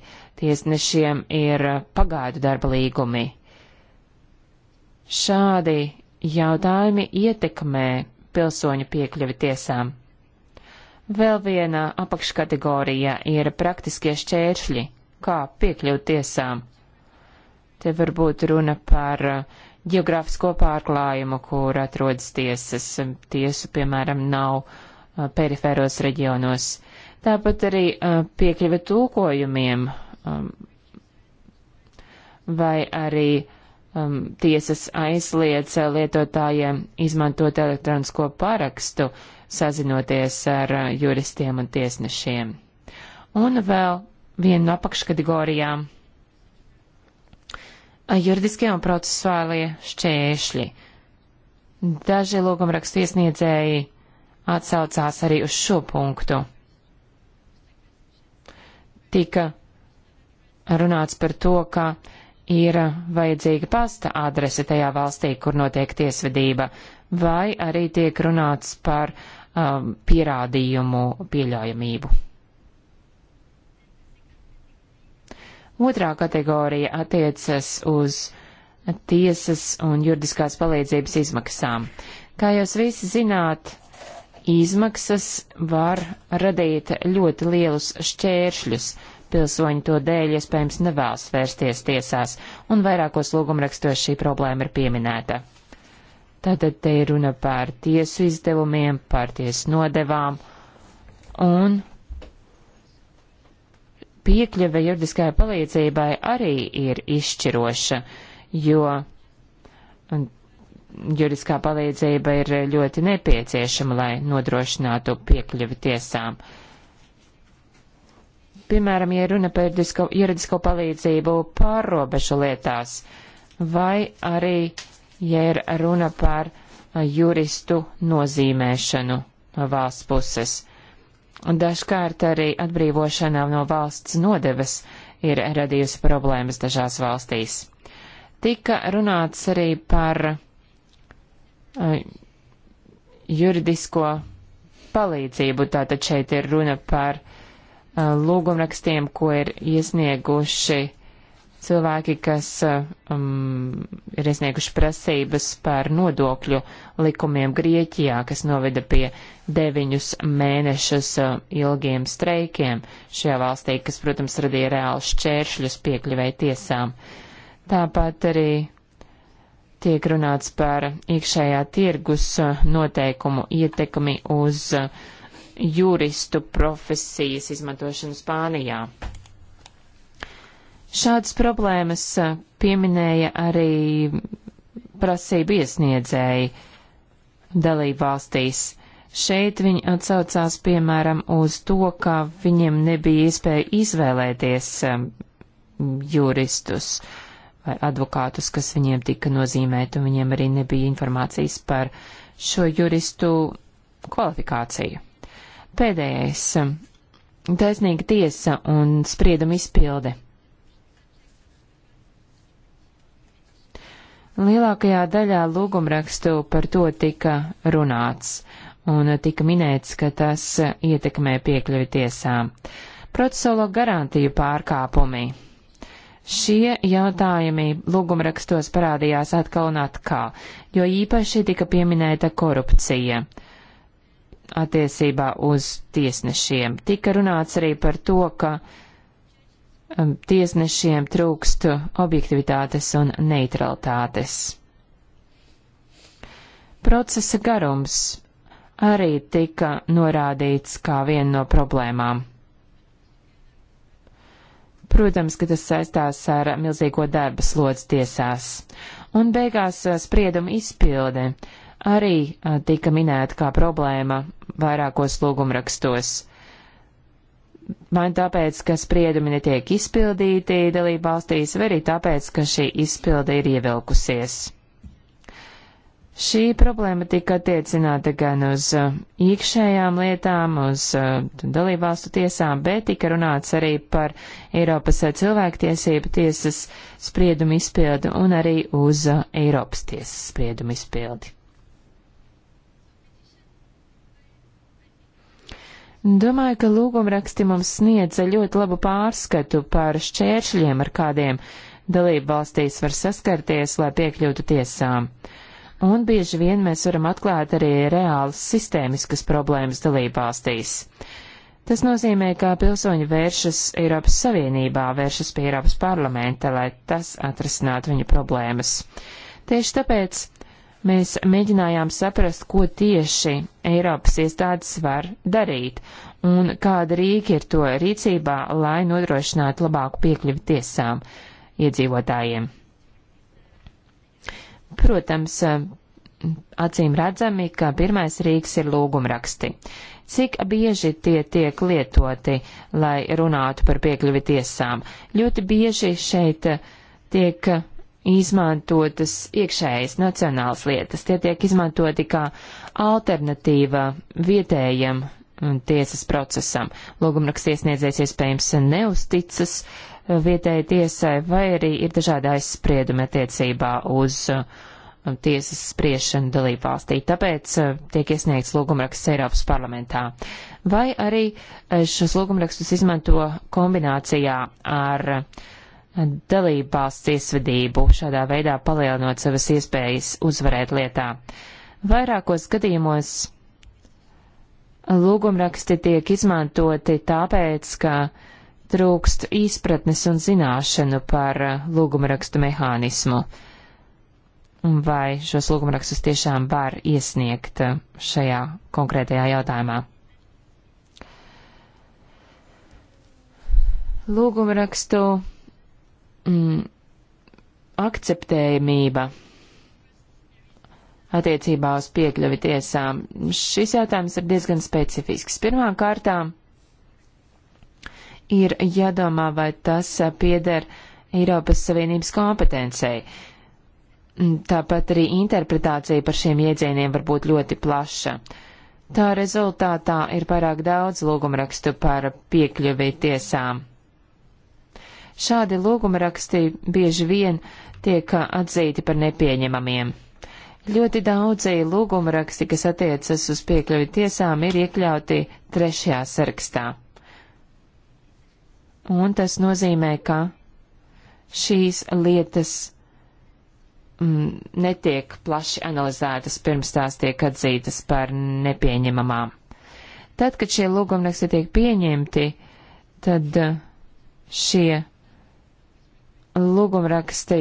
Speaker 3: Tiesnešiem ir pagaidu darba līgumi. Šādi jautājumi ietekmē pilsoņu piekļuvi tiesām. Vēl viena apakškategorija ir praktiskie šķēršļi, kā piekļūt tiesām. Te varbūt runa par uh, geogrāfisko pārklājumu, kur atrodas tiesas. Tiesu, piemēram, nav uh, perifēros reģionos. Tāpat arī uh, piekļuve tulkojumiem um, vai arī um, tiesas aizliedz lietotājiem izmantot elektronisko parakstu, sazinoties ar juristiem un tiesnešiem. Un vēl viena no apakškategorijām juridiskie un procesuālie šķēršļi. Daži logumrakstu iesniedzēji atsaucās arī uz šo punktu. Tika runāts par to, ka ir vajadzīga pasta adrese tajā valstī, kur notiek tiesvedība, vai arī tiek runāts par um, pierādījumu pieļaujamību. Otrā kategorija attiecas uz tiesas un juridiskās palīdzības izmaksām. Kā jūs visi zināt, izmaksas var radīt ļoti lielus šķēršļus. Pilsoņi to dēļ iespējams nevēlas vērsties tiesās, un vairākos lūgumrakstos šī problēma ir pieminēta. Tātad te ir runa par tiesu izdevumiem, par tiesu nodevām, un piekļuve juridiskai palīdzībai arī ir izšķiroša, jo juridiskā palīdzība ir ļoti nepieciešama, lai nodrošinātu piekļuvi tiesām. Piemēram, ja runa par juridisko palīdzību pārrobežu lietās, vai arī, ja ir runa par juristu nozīmēšanu no valsts puses. Dažkārt arī atbrīvošanām no valsts nodeves ir radījusi problēmas dažās valstīs. Tika runāts arī par uh, juridisko palīdzību, tātad šeit ir runa par uh, lūgumrakstiem, ko ir iesnieguši cilvēki, kas uh, um, ir iesnieguši prasības par nodokļu likumiem Grieķijā, kas noveda pie deviņus mēnešus ilgiem streikiem šajā valstī, kas, protams, radīja reāls šķēršļus piekļuvēja tiesām. Tāpat arī tiek runāts par iekšējā tirgus noteikumu ietekmi uz juristu profesijas izmantošanu Spānijā. Šādas problēmas pieminēja arī prasību iesniedzēji dalībvalstīs. Šeit viņi atsaucās, piemēram, uz to, ka viņiem nebija iespēja izvēlēties um, juristus vai advokātus, kas viņiem tika nozīmēti, un viņiem arī nebija informācijas par šo juristu kvalifikāciju. Pēdējais um, - taisnīga tiesa un sprieduma izpilde. Lielākajā daļā lūgumrakstu par to tika runāts un tika minēts, ka tas ietekmē piekļuvi tiesām. Procesolo garantiju pārkāpumi. Šie jautājumi lūgumrakstos parādījās atkal un atkal, jo īpaši tika pieminēta korupcija attiecībā uz tiesnešiem. Tika runāts arī par to, ka um, tiesnešiem trūkst objektivitātes un neutralitātes. Procesa garums arī tika norādīts kā viena no problēmām. Protams, ka tas saistās ar milzīgo darba slodzi tiesās. Un beigās eh, sprieduma izpilde arī eh, tika minēta kā problēma vairākos lūgumrakstos. Vai tāpēc, ka spriedumi netiek izpildīti dalību valstīs, vai arī tāpēc, ka šī izpilde ir ievilkusies. Šī problēma tika attiecināta gan uz uh, iekšējām lietām, uz uh, dalībvalstu tiesām, bet tika runāts arī par Eiropas uh, cilvēktiesību tiesas spriedumu izpildu un arī uz Eiropas tiesas spriedumu izpildi. Domāju, ka lūgumraksti mums sniedza ļoti labu pārskatu par šķēršļiem, ar kādiem dalību valstīs var saskarties, lai piekļūtu tiesām un bieži vien mēs varam atklāt arī reālas sistēmiskas problēmas dalībvalstīs. Tas nozīmē, ka pilsoņi vēršas Eiropas Savienībā, vēršas pie Eiropas parlamenta, lai tas atrisinātu viņu problēmas. Tieši tāpēc mēs mēģinājām saprast, ko tieši Eiropas iestādes var darīt un kāda rīka ir to rīcībā, lai nodrošinātu labāku piekļuvi tiesām iedzīvotājiem. Protams, acīm redzami, ka pirmais rīks ir lūgumraksti. Cik bieži tie tiek lietoti, lai runātu par piekļuvi tiesām? Ļoti bieži šeit tiek izmantotas iekšējas nacionālas lietas. Tie tiek izmantoti kā alternatīva vietējam mm, tiesas procesam. Lūgumraksts iesniedzējs iespējams neusticas eh, vietējai tiesai vai arī ir dažādi aizspriedumi attiecībā uz uh, Um, tiesas spriešanu dalību valstī, tāpēc uh, tiek iesniegts lūgumraksts Eiropas parlamentā. Vai arī uh, šos lūgumrakstus izmanto kombinācijā ar uh, dalību valsts iesvedību, šādā veidā palielinot savas iespējas uzvarēt lietā. Vairākos gadījumos lūgumraksti tiek izmantoti tāpēc, ka trūkst izpratnes un zināšanu par lūgumrakstu mehānismu vai šos lūgumrakstus tiešām var iesniegt eh, šajā konkrētajā jautājumā. Lūgumrakstu mm, akceptējamība attiecībā uz piekļuvi tiesām. Šis jautājums ir diezgan specifisks. Pirmām kārtām ir jādomā, vai tas pieder Eiropas Savienības kompetencijai. Mm, tāpat arī interpretācija par šiem jēdzieniem var būt ļoti plaša. Tā rezultātā ir pārāk daudz lūgumrakstu par piekļuvi tiesām. Šādi lūgumraksti bieži vien tiek atzīti par nepieņemamiem. Ļoti daudzi lūgumraksti, kas attiecas uz piekļuvi tiesām, ir iekļauti trešajā sarakstā. Un tas nozīmē, ka šīs lietas mm, netiek plaši analizētas pirms tās tiek atzītas par nepieņemamām. Tad, kad šie lūgumraksti tiek pieņemti, tad eh, šie lūgumraksti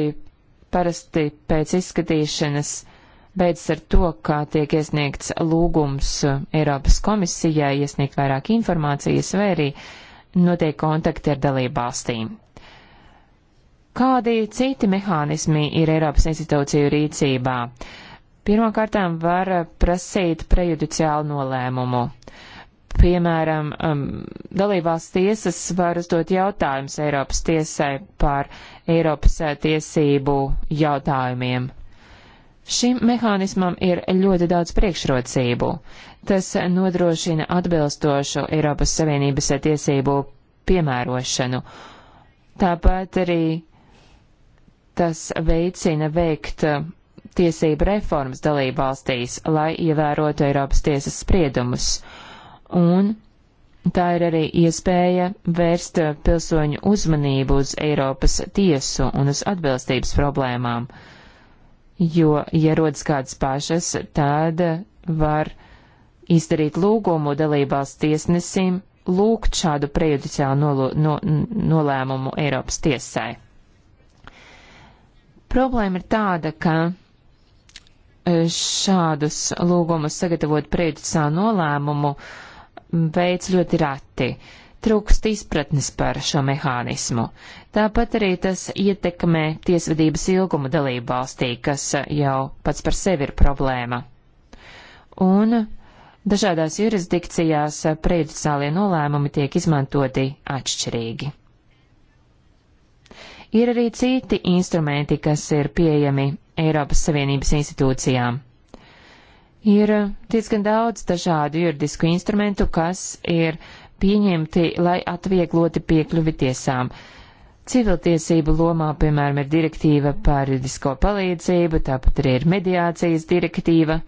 Speaker 3: parasti pēc izskatīšanas beidzas ar to, ka tiek iesniegts lūgums eh, Eiropas komisijai iesniegt vairāk informācijas vai arī notiek kontakti ar dalībvalstīm. Kādi citi mehānismi ir Eiropas institūciju rīcībā? Pirmkārtām var prasīt prejudiciālu nolēmumu. Piemēram, um, dalībās tiesas var uzdot jautājumus Eiropas tiesai par Eiropas eh, tiesību jautājumiem. Šim mehānismam ir ļoti daudz priekšrocību. Tas nodrošina atbilstošu Eiropas Savienības eh, tiesību piemērošanu. Tāpat arī Tas veicina veikt uh, tiesību reformas dalību valstīs, lai ievērotu Eiropas tiesas spriedumus. Un tā ir arī iespēja vērst uh, pilsoņu uzmanību uz Eiropas tiesu un uz atbilstības problēmām. Jo, ja rodas kādas pašas, tad var izdarīt lūgumu dalībās tiesnesim lūgt šādu prejudiciālu nolēmumu Eiropas tiesai. Problēma ir tāda, ka e, šādus lūgumus sagatavot priekšsā nolēmumu veids ļoti rati. Trūkst izpratnes par šo mehānismu. Tāpat arī tas ietekmē tiesvedības ilgumu dalību valstī, kas e, jau pats par sevi ir problēma. Un dažādās jurisdikcijās e, priekšsālie nolēmumi tiek izmantoti atšķirīgi. Ir arī citi instrumenti, kas ir pieejami Eiropas Savienības institūcijām. Ir diezgan daudz dažādu juridisku instrumentu, kas ir pieņemti, lai atviegloti piekļuvi tiesām. Civiltiesību lomā, piemēram, ir direktīva par juridisko palīdzību, tāpat arī ir mediācijas direktīva,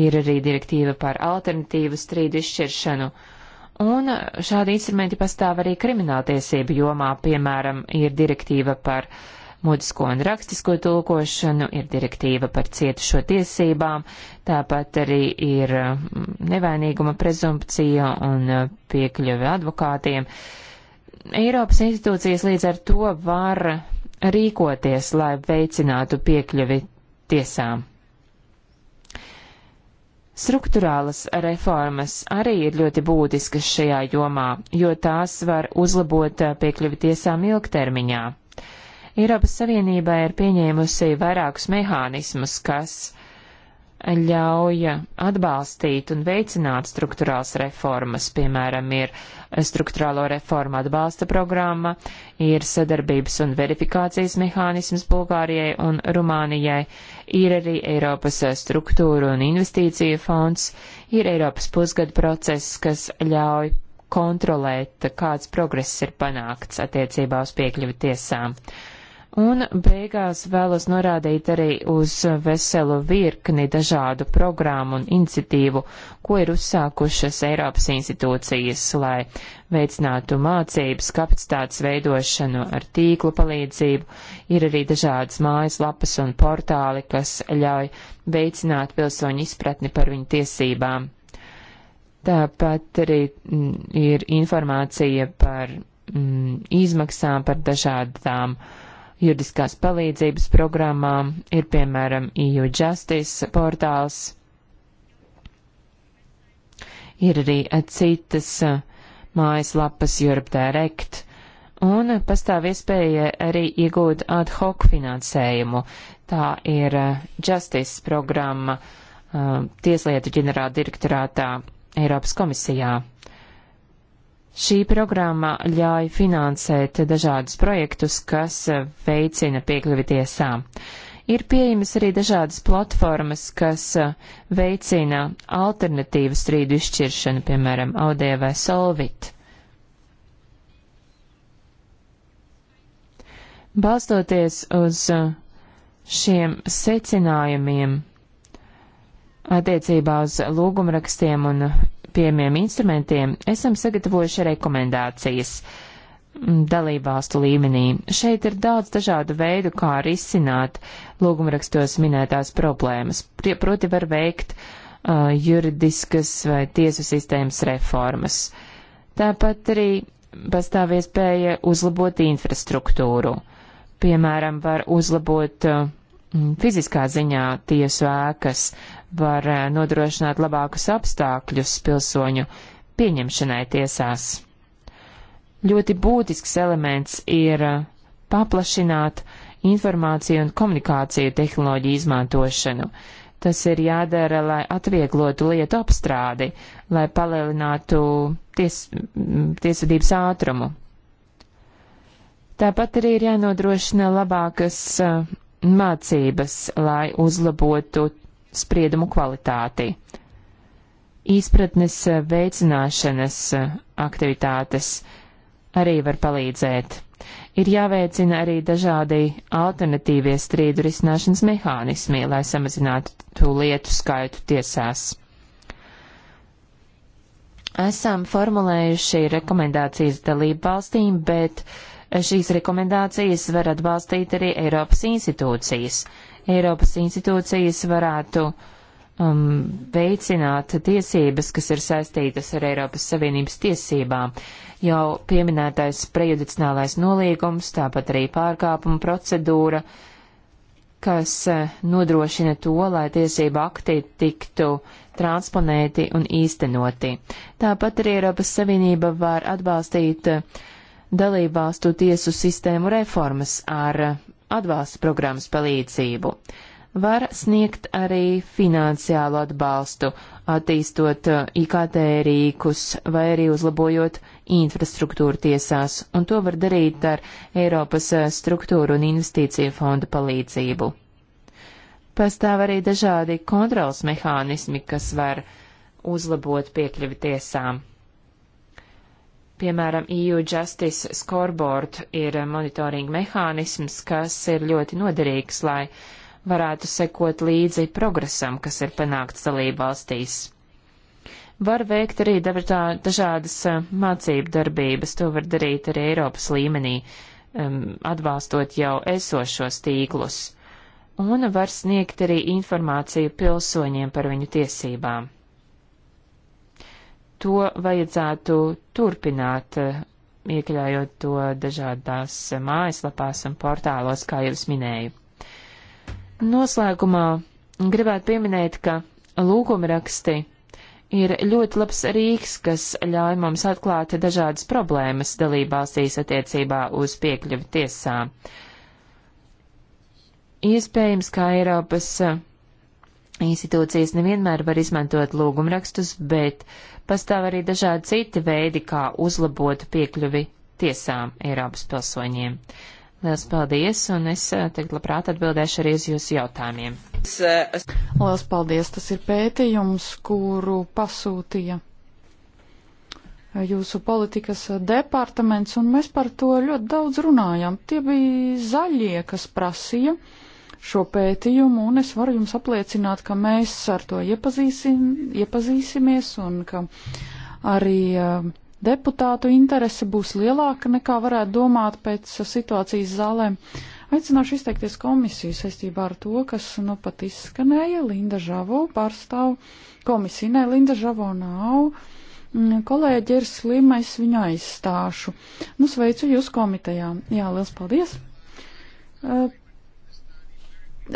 Speaker 3: ir arī direktīva par alternatīvu strīdu izšķiršanu, Un šādi instrumenti pastāv arī krimināltiesību jomā, piemēram, ir direktīva par mutisko un rakstisko tulkošanu, ir direktīva par cietušo tiesībām, tāpat arī ir mm, nevainīguma prezumpcija un eh, piekļuve advokātiem. Eiropas institūcijas līdz ar to var rīkoties, lai veicinātu piekļuvi tiesām. Struktūrālas reformas arī ir ļoti būtiskas šajā jomā, jo tās var uzlabot eh, piekļuvi tiesām ilgtermiņā. Eiropas Savienībā ir pieņēmusi vairākus mehānismus, kas ļauj atbalstīt un veicināt struktūrāls reformas, piemēram, ir struktūrālo reformu atbalsta programma, ir sadarbības un verifikācijas mehānisms Bulgārijai un Rumānijai, ir arī Eiropas struktūra un investīcija fonds, ir Eiropas pusgada process, kas ļauj kontrolēt, kāds progress ir panākts attiecībā uz piekļuvi tiesām. Uh, Un beigās vēlos norādīt arī uz veselu virkni dažādu programmu un iniciatīvu, ko ir uzsākušas Eiropas institūcijas, lai veicinātu mācības, kapacitātes veidošanu ar tīklu palīdzību. Ir arī dažādas mājaslapas un portāli, kas ļauj veicināt pilsoņu izpratni par viņu tiesībām. Tāpat arī mm, ir informācija par mm, izmaksām, par dažādām uh, juridiskās palīdzības programmām, ir piemēram EU Justice portāls, ir arī citas mājaslapas Europe Direct, un pastāv iespēja arī iegūt ad hoc finansējumu. Tā ir Justice programma Tieslietu ģenerāla direktorātā Eiropas komisijā. Šī programma ļauj finansēt dažādus projektus, kas veicina piekļuvi tiesām. Ir pieejamas arī dažādas platformas, kas veicina alternatīvu strīdu izšķiršanu, piemēram, Audē vai Solvit. Balstoties uz šiem secinājumiem, Attiecībā uz lūgumrakstiem un piemiem instrumentiem esam sagatavojuši rekomendācijas dalībvalstu līmenī. Šeit ir daudz dažādu veidu, kā risināt lūgumrakstos minētās problēmas. Proti var veikt uh, juridiskas vai tiesu sistēmas reformas. Tāpat arī pastāv iespēja uzlabot infrastruktūru. Piemēram, var uzlabot uh, Mm, fiziskā ziņā tiesu ēkas var eh, nodrošināt labākus apstākļus pilsoņu pieņemšanai tiesās. Ļoti būtisks elements ir eh, paplašināt informāciju un komunikāciju tehnoloģiju izmantošanu. Tas ir jādara, lai atvieglotu lietu apstrādi, lai palielinātu ties, mm, tiesvedības ātrumu. Tāpat arī ir jānodrošina labākas eh, mācības, lai uzlabotu spriedumu kvalitāti. Izpratnes veicināšanas aktivitātes arī var palīdzēt. Ir jāveicina arī dažādi alternatīvie strīdu risināšanas mehānismi, lai samazinātu tu lietu skaitu tiesās. Esam formulējuši rekomendācijas dalību valstīm, bet uh, šīs rekomendācijas var atbalstīt arī Eiropas institūcijas. Eiropas institūcijas varētu um, veicināt tiesības, kas ir saistītas ar Eiropas Savienības tiesībām. Jau pieminētais prejudicinālais nolīgums, tāpat arī pārkāpuma procedūra, kas eh, nodrošina to, lai tiesība akti tiktu transponēti un īstenoti. Tāpat arī Eiropas Savienība var atbalstīt uh, dalībvalstu tiesu sistēmu reformas ar atbalsta programmas palīdzību. Var sniegt arī finansiālu atbalstu, attīstot uh, IKT rīkus vai arī uzlabojot infrastruktūru tiesās, un to var darīt ar Eiropas uh, struktūru un investīciju fonda palīdzību. Pastāv arī dažādi kontrols mehānismi, kas var uzlabot piekļuvi tiesām. Piemēram, EU Justice Scoreboard ir monitoringa mehānisms, kas ir ļoti noderīgs, lai varētu sekot līdzi progresam, kas ir panākts dalībvalstīs. Var veikt arī dažādas eh, mācību darbības, to var darīt arī Eiropas līmenī, atbalstot jau esošos tīklus, un var sniegt arī informāciju pilsoņiem par viņu tiesībām to vajadzētu turpināt, eh, iekļaujot to dažādās mājaslapās un portālos, kā jau es minēju. Noslēgumā gribētu pieminēt, ka lūgumraksti ir ļoti labs rīks, kas ļauj mums atklāt dažādas problēmas dalībvalstīs attiecībā uz piekļuvi tiesām. Iespējams, kā Eiropas eh, institūcijas nevienmēr var izmantot lūgumrakstus, bet uh, pastāv arī dažādi citi veidi, kā uzlabot piekļuvi tiesām Eiropas pilsoņiem. Liels paldies, un es eh, tagad labprāt atbildēšu arī uz jūsu jautājumiem. Liels paldies, tas ir pētījums, kuru pasūtīja
Speaker 1: jūsu politikas departaments, un mēs par to ļoti daudz runājam. Tie bija zaļie, kas prasīja uh, šo pētījumu, un es varu jums apliecināt, ka mēs ar to iepazīsim, iepazīsimies un ka arī uh, deputātu interese būs lielāka nekā varētu domāt pēc eh, situācijas zālēm. Aicināšu izteikties komisiju saistībā ar to, kas nu pat izskanēja. Linda Žavo pārstāv komisiju. Nē, Linda Žavo nav. Mm, kolēģi ir slima, es viņu aizstāšu. Nu, sveicu jūs komitejā. Jā, liels paldies. Eh,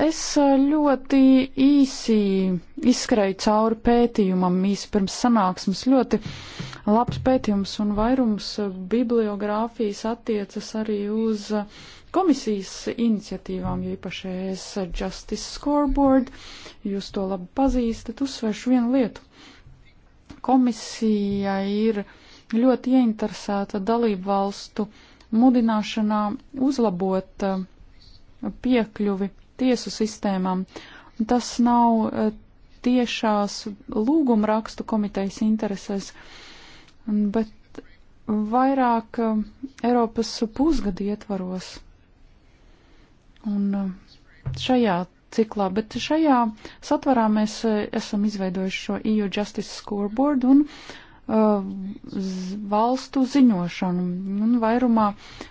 Speaker 1: Es eh, ļoti īsi izskrēju cauri pētījumam īsi pirms sanāksmes. Ļoti labs pētījums un vairums eh, bibliogrāfijas attiecas arī uz eh, komisijas iniciatīvām, jo īpaši es Justice Scoreboard, jūs to labi pazīstat, uzsvēršu vienu lietu. Komisija ir ļoti ieinteresēta dalību valstu mudināšanā uzlabot piekļuvi tiesu sistēmām. Tas nav e, tiešās lūguma rakstu komitejas interesēs, bet vairāk e, Eiropas pusgadu ietvaros. Un e, šajā ciklā, bet šajā satvarā mēs esam izveidojuši šo EU Justice Scoreboard un valstu ziņošanu. Un vairumā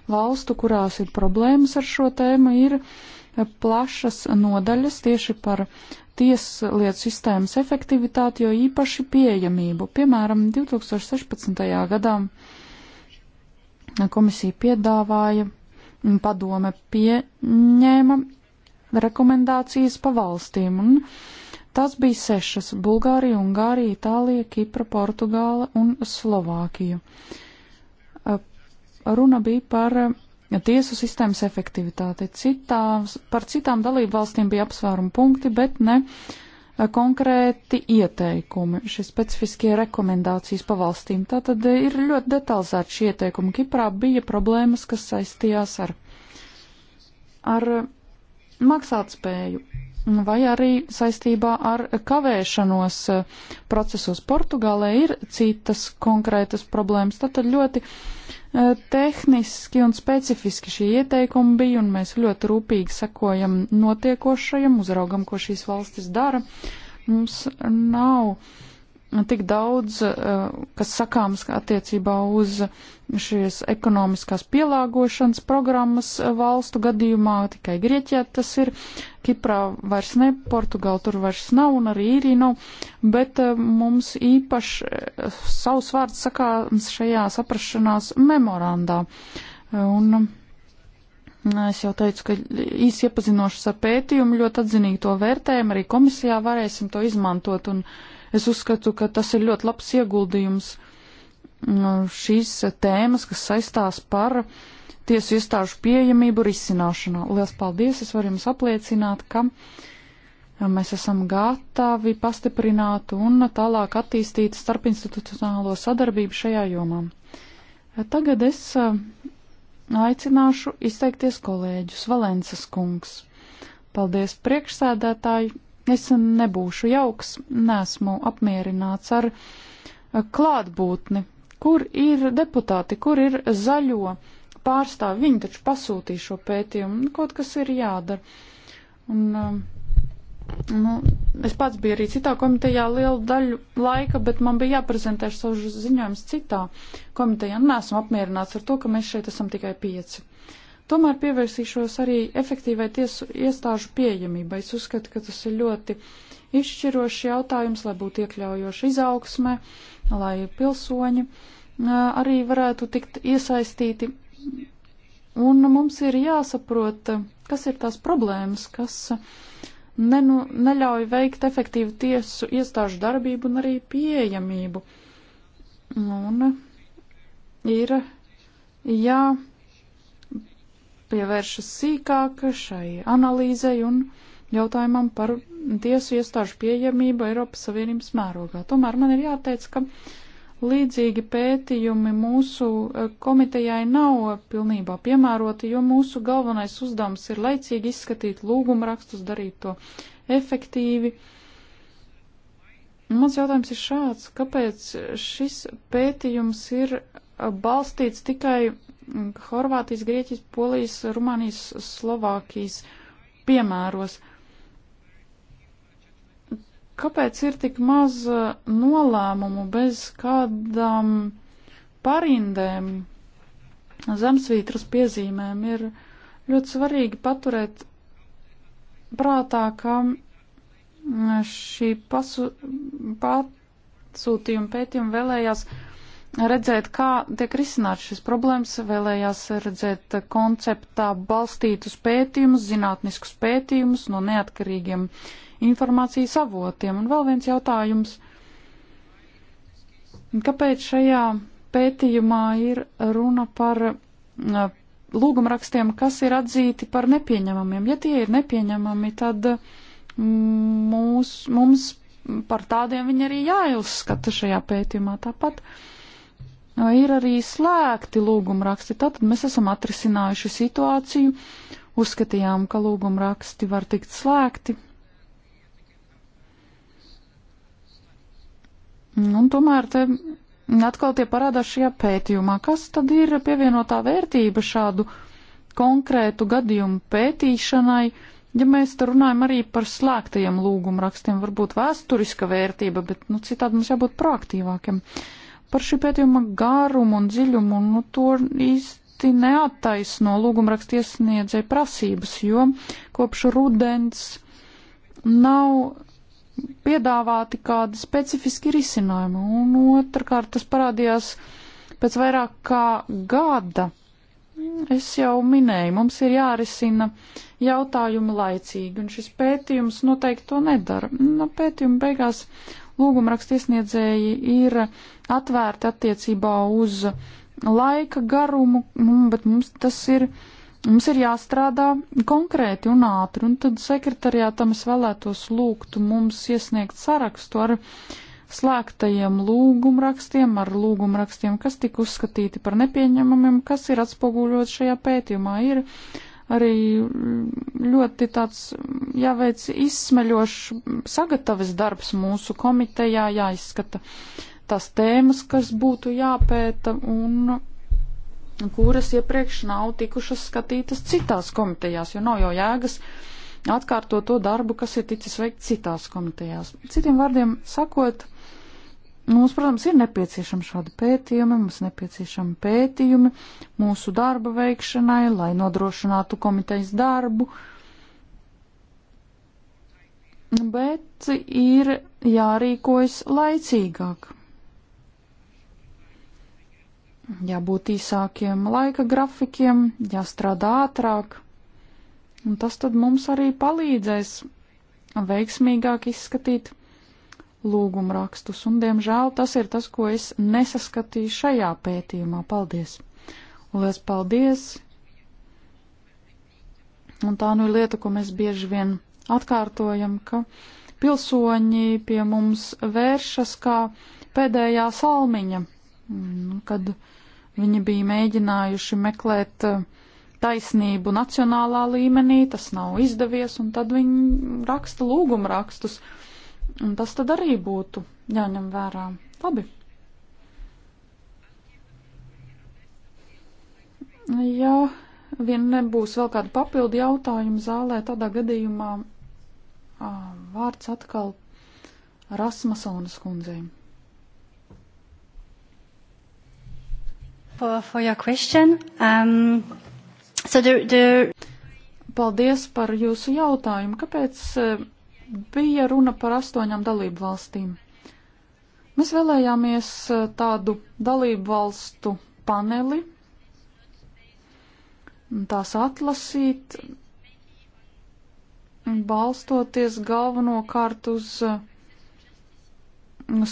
Speaker 1: valstu, kurās ir problēmas ar šo tēmu, ir uh, plašas nodaļas tieši par tieslietu sistēmas efektivitāti, jo īpaši pieejamību. Piemēram, 2016. gadā komisija piedāvāja, padome pieņēma rekomendācijas pa valstīm, un tas bija sešas - Bulgārija, Ungārija, Itālija, Kipra, Portugāla un Slovākija. Runa bija par tiesu sistēmas efektivitāti. Citās, par citām dalību valstīm bija apsvērumi punkti, bet ne eh, konkrēti ieteikumi, šie specifiskie rekomendācijas pa valstīm. Tātad eh, ir ļoti detalizēti šie ieteikumi. Kiprā bija problēmas, kas saistījās ar, ar eh, maksātspēju vai arī saistībā ar kavēšanos procesos Portugālē ir citas konkrētas problēmas. Tātad ļoti uh, tehniski un specifiski šie ieteikumi bija, un mēs ļoti rūpīgi sekojam notiekošajam, uzraugam, ko šīs valstis dara. Mums nav tik daudz, eh, kas sakāms attiecībā uz šīs ekonomiskās pielāgošanas programmas eh, valstu gadījumā, tikai Grieķijā tas ir, Kiprā vairs ne, Portugāla tur vairs nav un arī īrija nav, bet eh, mums īpaši savs vārds sakāms šajā saprašanās memorandā. Un, mm, Es jau teicu, ka īsi iepazinošas ar pētījumu, ļoti atzinīgi to vērtējumu, arī komisijā varēsim to izmantot un uh, Es uzskatu, ka tas ir ļoti labs ieguldījums mm, šīs tēmas, kas saistās par tiesu iestāžu pieejamību risināšanā. Lielas paldies! Es varu jums apliecināt, ka mēs esam gatavi pastiprināt un tālāk attīstīt starpinstitucionālo sadarbību šajā jomā. Tagad es mm, aicināšu izteikties kolēģus Valences kungs. Paldies priekšsēdētāji, Es nebūšu jauks, nesmu apmierināts ar eh, klātbūtni. Kur ir deputāti, kur ir zaļo pārstāvi? Viņi taču pasūtīja šo pētījumu, nu, kaut kas ir jādara. Un, eh, nu, es pats biju arī citā komitejā lielu daļu laika, bet man bija jāprezentē savus ziņojumus citā komitejā. Nesmu apmierināts ar to, ka mēs šeit esam tikai pieci. Tomēr pievērsīšos arī efektīvai tiesu iestāžu pieejamībai. Es uzskatu, ka tas ir ļoti izšķirošs jautājums, lai būtu iekļaujoša izaugsme, lai pilsoņi arī varētu tikt iesaistīti. Un mums ir jāsaprot, kas ir tās problēmas, kas nenu, neļauj veikt efektīvu tiesu iestāžu darbību un arī pieejamību. Un ir jā. Ja, pievēršas sīkāk šai analīzei un jautājumam par tiesu iestāžu pieejamību Eiropas Savienības mērogā. Tomēr man ir jāteic, ka līdzīgi pētījumi mūsu e, komitejai nav pilnībā piemēroti, jo mūsu galvenais uzdevums ir laicīgi izskatīt lūgumu rakstus, darīt to efektīvi. Mans jautājums ir šāds, kāpēc šis pētījums ir balstīts tikai Horvātijas, Grieķijas, Polijas, Rumānijas, Slovākijas piemēros. Kāpēc ir tik maz uh, nolēmumu bez kādām parindēm, zemsvītras piezīmēm? Ir ļoti svarīgi paturēt prātā, ka mm, šī pasu, pasūtījuma pētījuma vēlējās uh, redzēt, kā tiek risināts šis problēmas, vēlējās redzēt konceptā balstītus pētījumus, zinātniskus pētījumus no neatkarīgiem informācijas avotiem. Un vēl viens jautājums. Kāpēc šajā pētījumā ir runa par lūgumrakstiem, kas ir atzīti par nepieņemamiem. Ja tie ir nepieņemami, tad mm, mūs, mums par tādiem viņi arī jāuzskata šajā pētījumā. Tāpat Nu, ir arī slēgti lūgumraksti. Tātad mēs esam atrisinājuši situāciju, uzskatījām, ka lūgumraksti var tikt slēgti. Nu, un tomēr te atkal tie parādās šajā pētījumā. Kas tad ir pievienotā vērtība šādu konkrētu gadījumu pētīšanai? Ja mēs te runājam arī par slēgtajiem lūgumrakstiem, varbūt vēsturiska vērtība, bet nu, citādi mums jābūt proaktīvākiem. Uh, Par šī pētījuma garumu un dziļumu, nu to īsti neattaisno lūgumraksta iesniedzēja prasības, jo kopš rudens nav piedāvāti kādi specifiski risinājumi, un otrkārt tas parādījās pēc vairāk kā gada. Es jau minēju, mums ir jārisina jautājumi laicīgi, un šis pētījums noteikti to nedara. No nu, pētījuma beigās lūgumraksta iesniedzēji ir atvērti attiecībā uz laika garumu, nu, bet mums tas ir, mums ir jāstrādā konkrēti un ātri, un tad sekretariātam es vēlētos lūgtu mums iesniegt sarakstu ar slēgtajiem lūgumrakstiem, ar lūgumrakstiem, kas tika uzskatīti par nepieņemamiem, kas ir atspoguļot šajā pētījumā. Ir arī mm, ļoti tāds jāveic izsmeļošs sagatavis darbs mūsu komitejā, jāizskata tās tēmas, kas būtu jāpēta un kuras iepriekš nav tikušas skatītas citās komitejās, jo nav jau jēgas atkārtot to darbu, kas ir ticis veikt citās komitejās. Citiem vārdiem sakot, Mums, protams, ir nepieciešama šāda pētījuma, mums nepieciešama pētījumi mūsu darba veikšanai, lai nodrošinātu komitejas darbu. Bet ir jārīkojas laicīgāk. Jābūt īsākiem laika grafikiem, jāstrādā ātrāk. Un tas tad mums arī palīdzēs veiksmīgāk izskatīt lūgumu rakstus, un diemžēl tas ir tas, ko es nesaskatīju šajā pētījumā. Paldies! Lielas paldies! Un tā nu ir lieta, ko mēs bieži vien atkārtojam, ka pilsoņi pie mums vēršas kā pēdējā salmiņa, kad viņi bija mēģinājuši meklēt eh, taisnību nacionālā līmenī, tas nav izdevies, un tad viņi raksta lūgumrakstus. rakstus Un tas tad arī būtu jāņem vērā. Labi. Ja vien nebūs vēl kāda papildu jautājuma zālē, tādā gadījumā ā, vārds atkal Rasmasonas kundzei. For, for your question. Um, so the, the... Paldies par jūsu jautājumu. Kāpēc bija runa par astoņām dalību valstīm. Mēs vēlējāmies eh, tādu dalību valstu paneli, tās atlasīt, balstoties galvenokārt uz eh,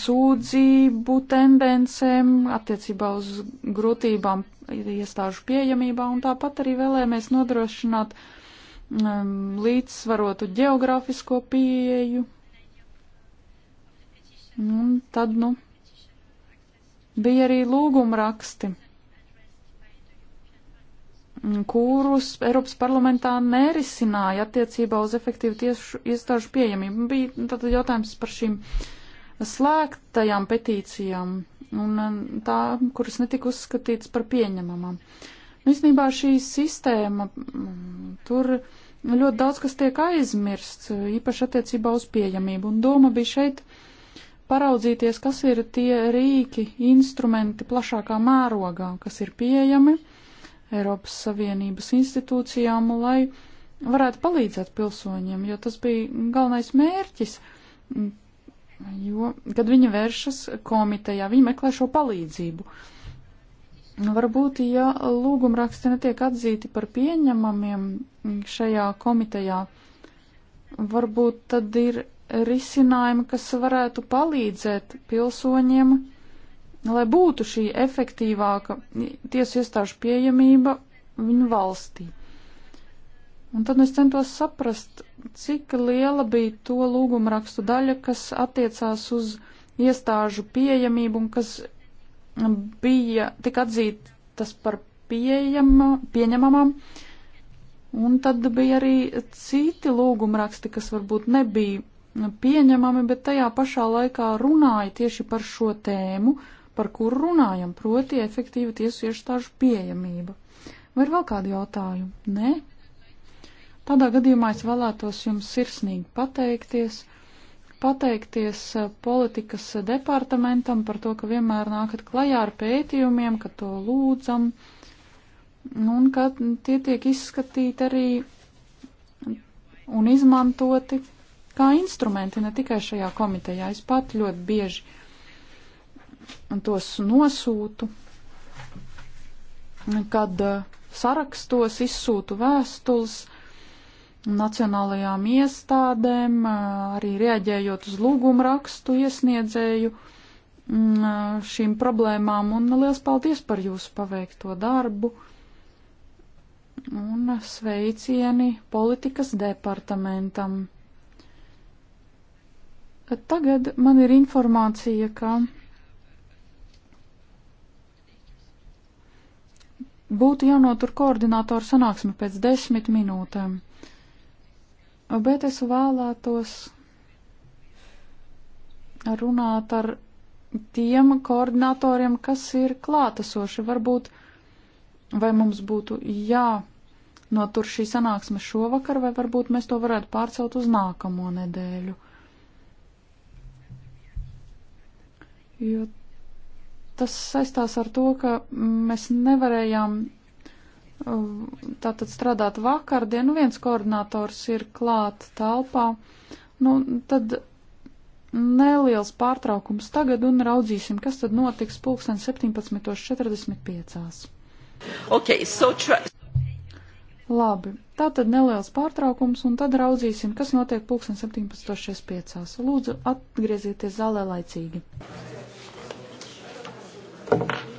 Speaker 1: sūdzību tendencēm, attiecībā uz grūtībām iestāžu pieejamībā, un tāpat arī vēlēmies nodrošināt uh, Um, līdzsvarotu geogrāfisko pieeju. Un tad, nu, bija arī lūguma raksti, mm, kurus Eiropas parlamentā nerisināja attiecībā uz efektīvu tiešu iestāžu pieejamību. Bija nu, tad jautājums par šīm slēgtajām petīcijām un um, tā, kuras netika uzskatītas par pieņemamām. Nu, īstenībā šī sistēma mm, tur. Uh, Nu, ļoti daudz kas tiek aizmirsts, īpaši attiecībā uz pieejamību. Un doma bija šeit paraudzīties, kas ir tie rīki, instrumenti plašākā mērogā, kas ir pieejami Eiropas Savienības institūcijām, lai varētu palīdzēt pilsoņiem, jo tas bija galvenais mērķis, jo, kad viņi vēršas komitejā, viņi meklē šo palīdzību. Uh, Nu, varbūt, ja lūgumraksti netiek atzīti par pieņemamiem šajā komitejā, varbūt tad ir risinājumi, kas varētu palīdzēt pilsoņiem, lai būtu šī efektīvāka tiesu iestāžu pieejamība viņu valstī. Un tad es centos saprast, cik liela bija to lūgumrakstu daļa, kas attiecās uz iestāžu pieejamību un kas bija tik atzītas par pieejama, pieņemamām. Un tad bija arī citi lūgumraksti, kas varbūt nebija pieņemami, bet tajā pašā laikā runāja tieši par šo tēmu, par kuru runājam, proti efektīva tiesu iestāžu pieejamība. Vai ir vēl kādi jautājumi? Nē? Tādā gadījumā es vēlētos jums sirsnīgi pateikties pateikties politikas departamentam par to, ka vienmēr nākat klajā ar pētījumiem, ka to lūdzam, nu, un ka tie tiek izskatīti arī un izmantoti kā instrumenti, ne tikai šajā komitejā. Es pat ļoti bieži tos nosūtu, kad sarakstos izsūtu vēstules nacionālajām iestādēm, arī reaģējot uz lūgumu rakstu iesniedzēju mm, šīm problēmām, un liels paldies par jūsu paveikto darbu un sveicieni politikas departamentam. Tagad man ir informācija, ka būtu jānotur koordinātoru sanāksme pēc desmit minūtēm. Bet es vēlētos runāt ar tiem koordinatoriem, kas ir klātesoši. Varbūt vai mums būtu jānotur šī sanāksme šovakar, vai varbūt mēs to varētu pārcelt uz nākamo nedēļu. Jo tas saistās ar to, ka mēs nevarējām tātad strādāt vakardien, nu viens koordinators ir klāt telpā, nu tad neliels pārtraukums tagad un raudzīsim, kas tad notiks pulksten 17.45.
Speaker 3: Okay, so try...
Speaker 1: Labi, tātad neliels pārtraukums un tad raudzīsim, kas notiek pulksten 17.45. Lūdzu, atgriezieties zālē laicīgi. Thank you.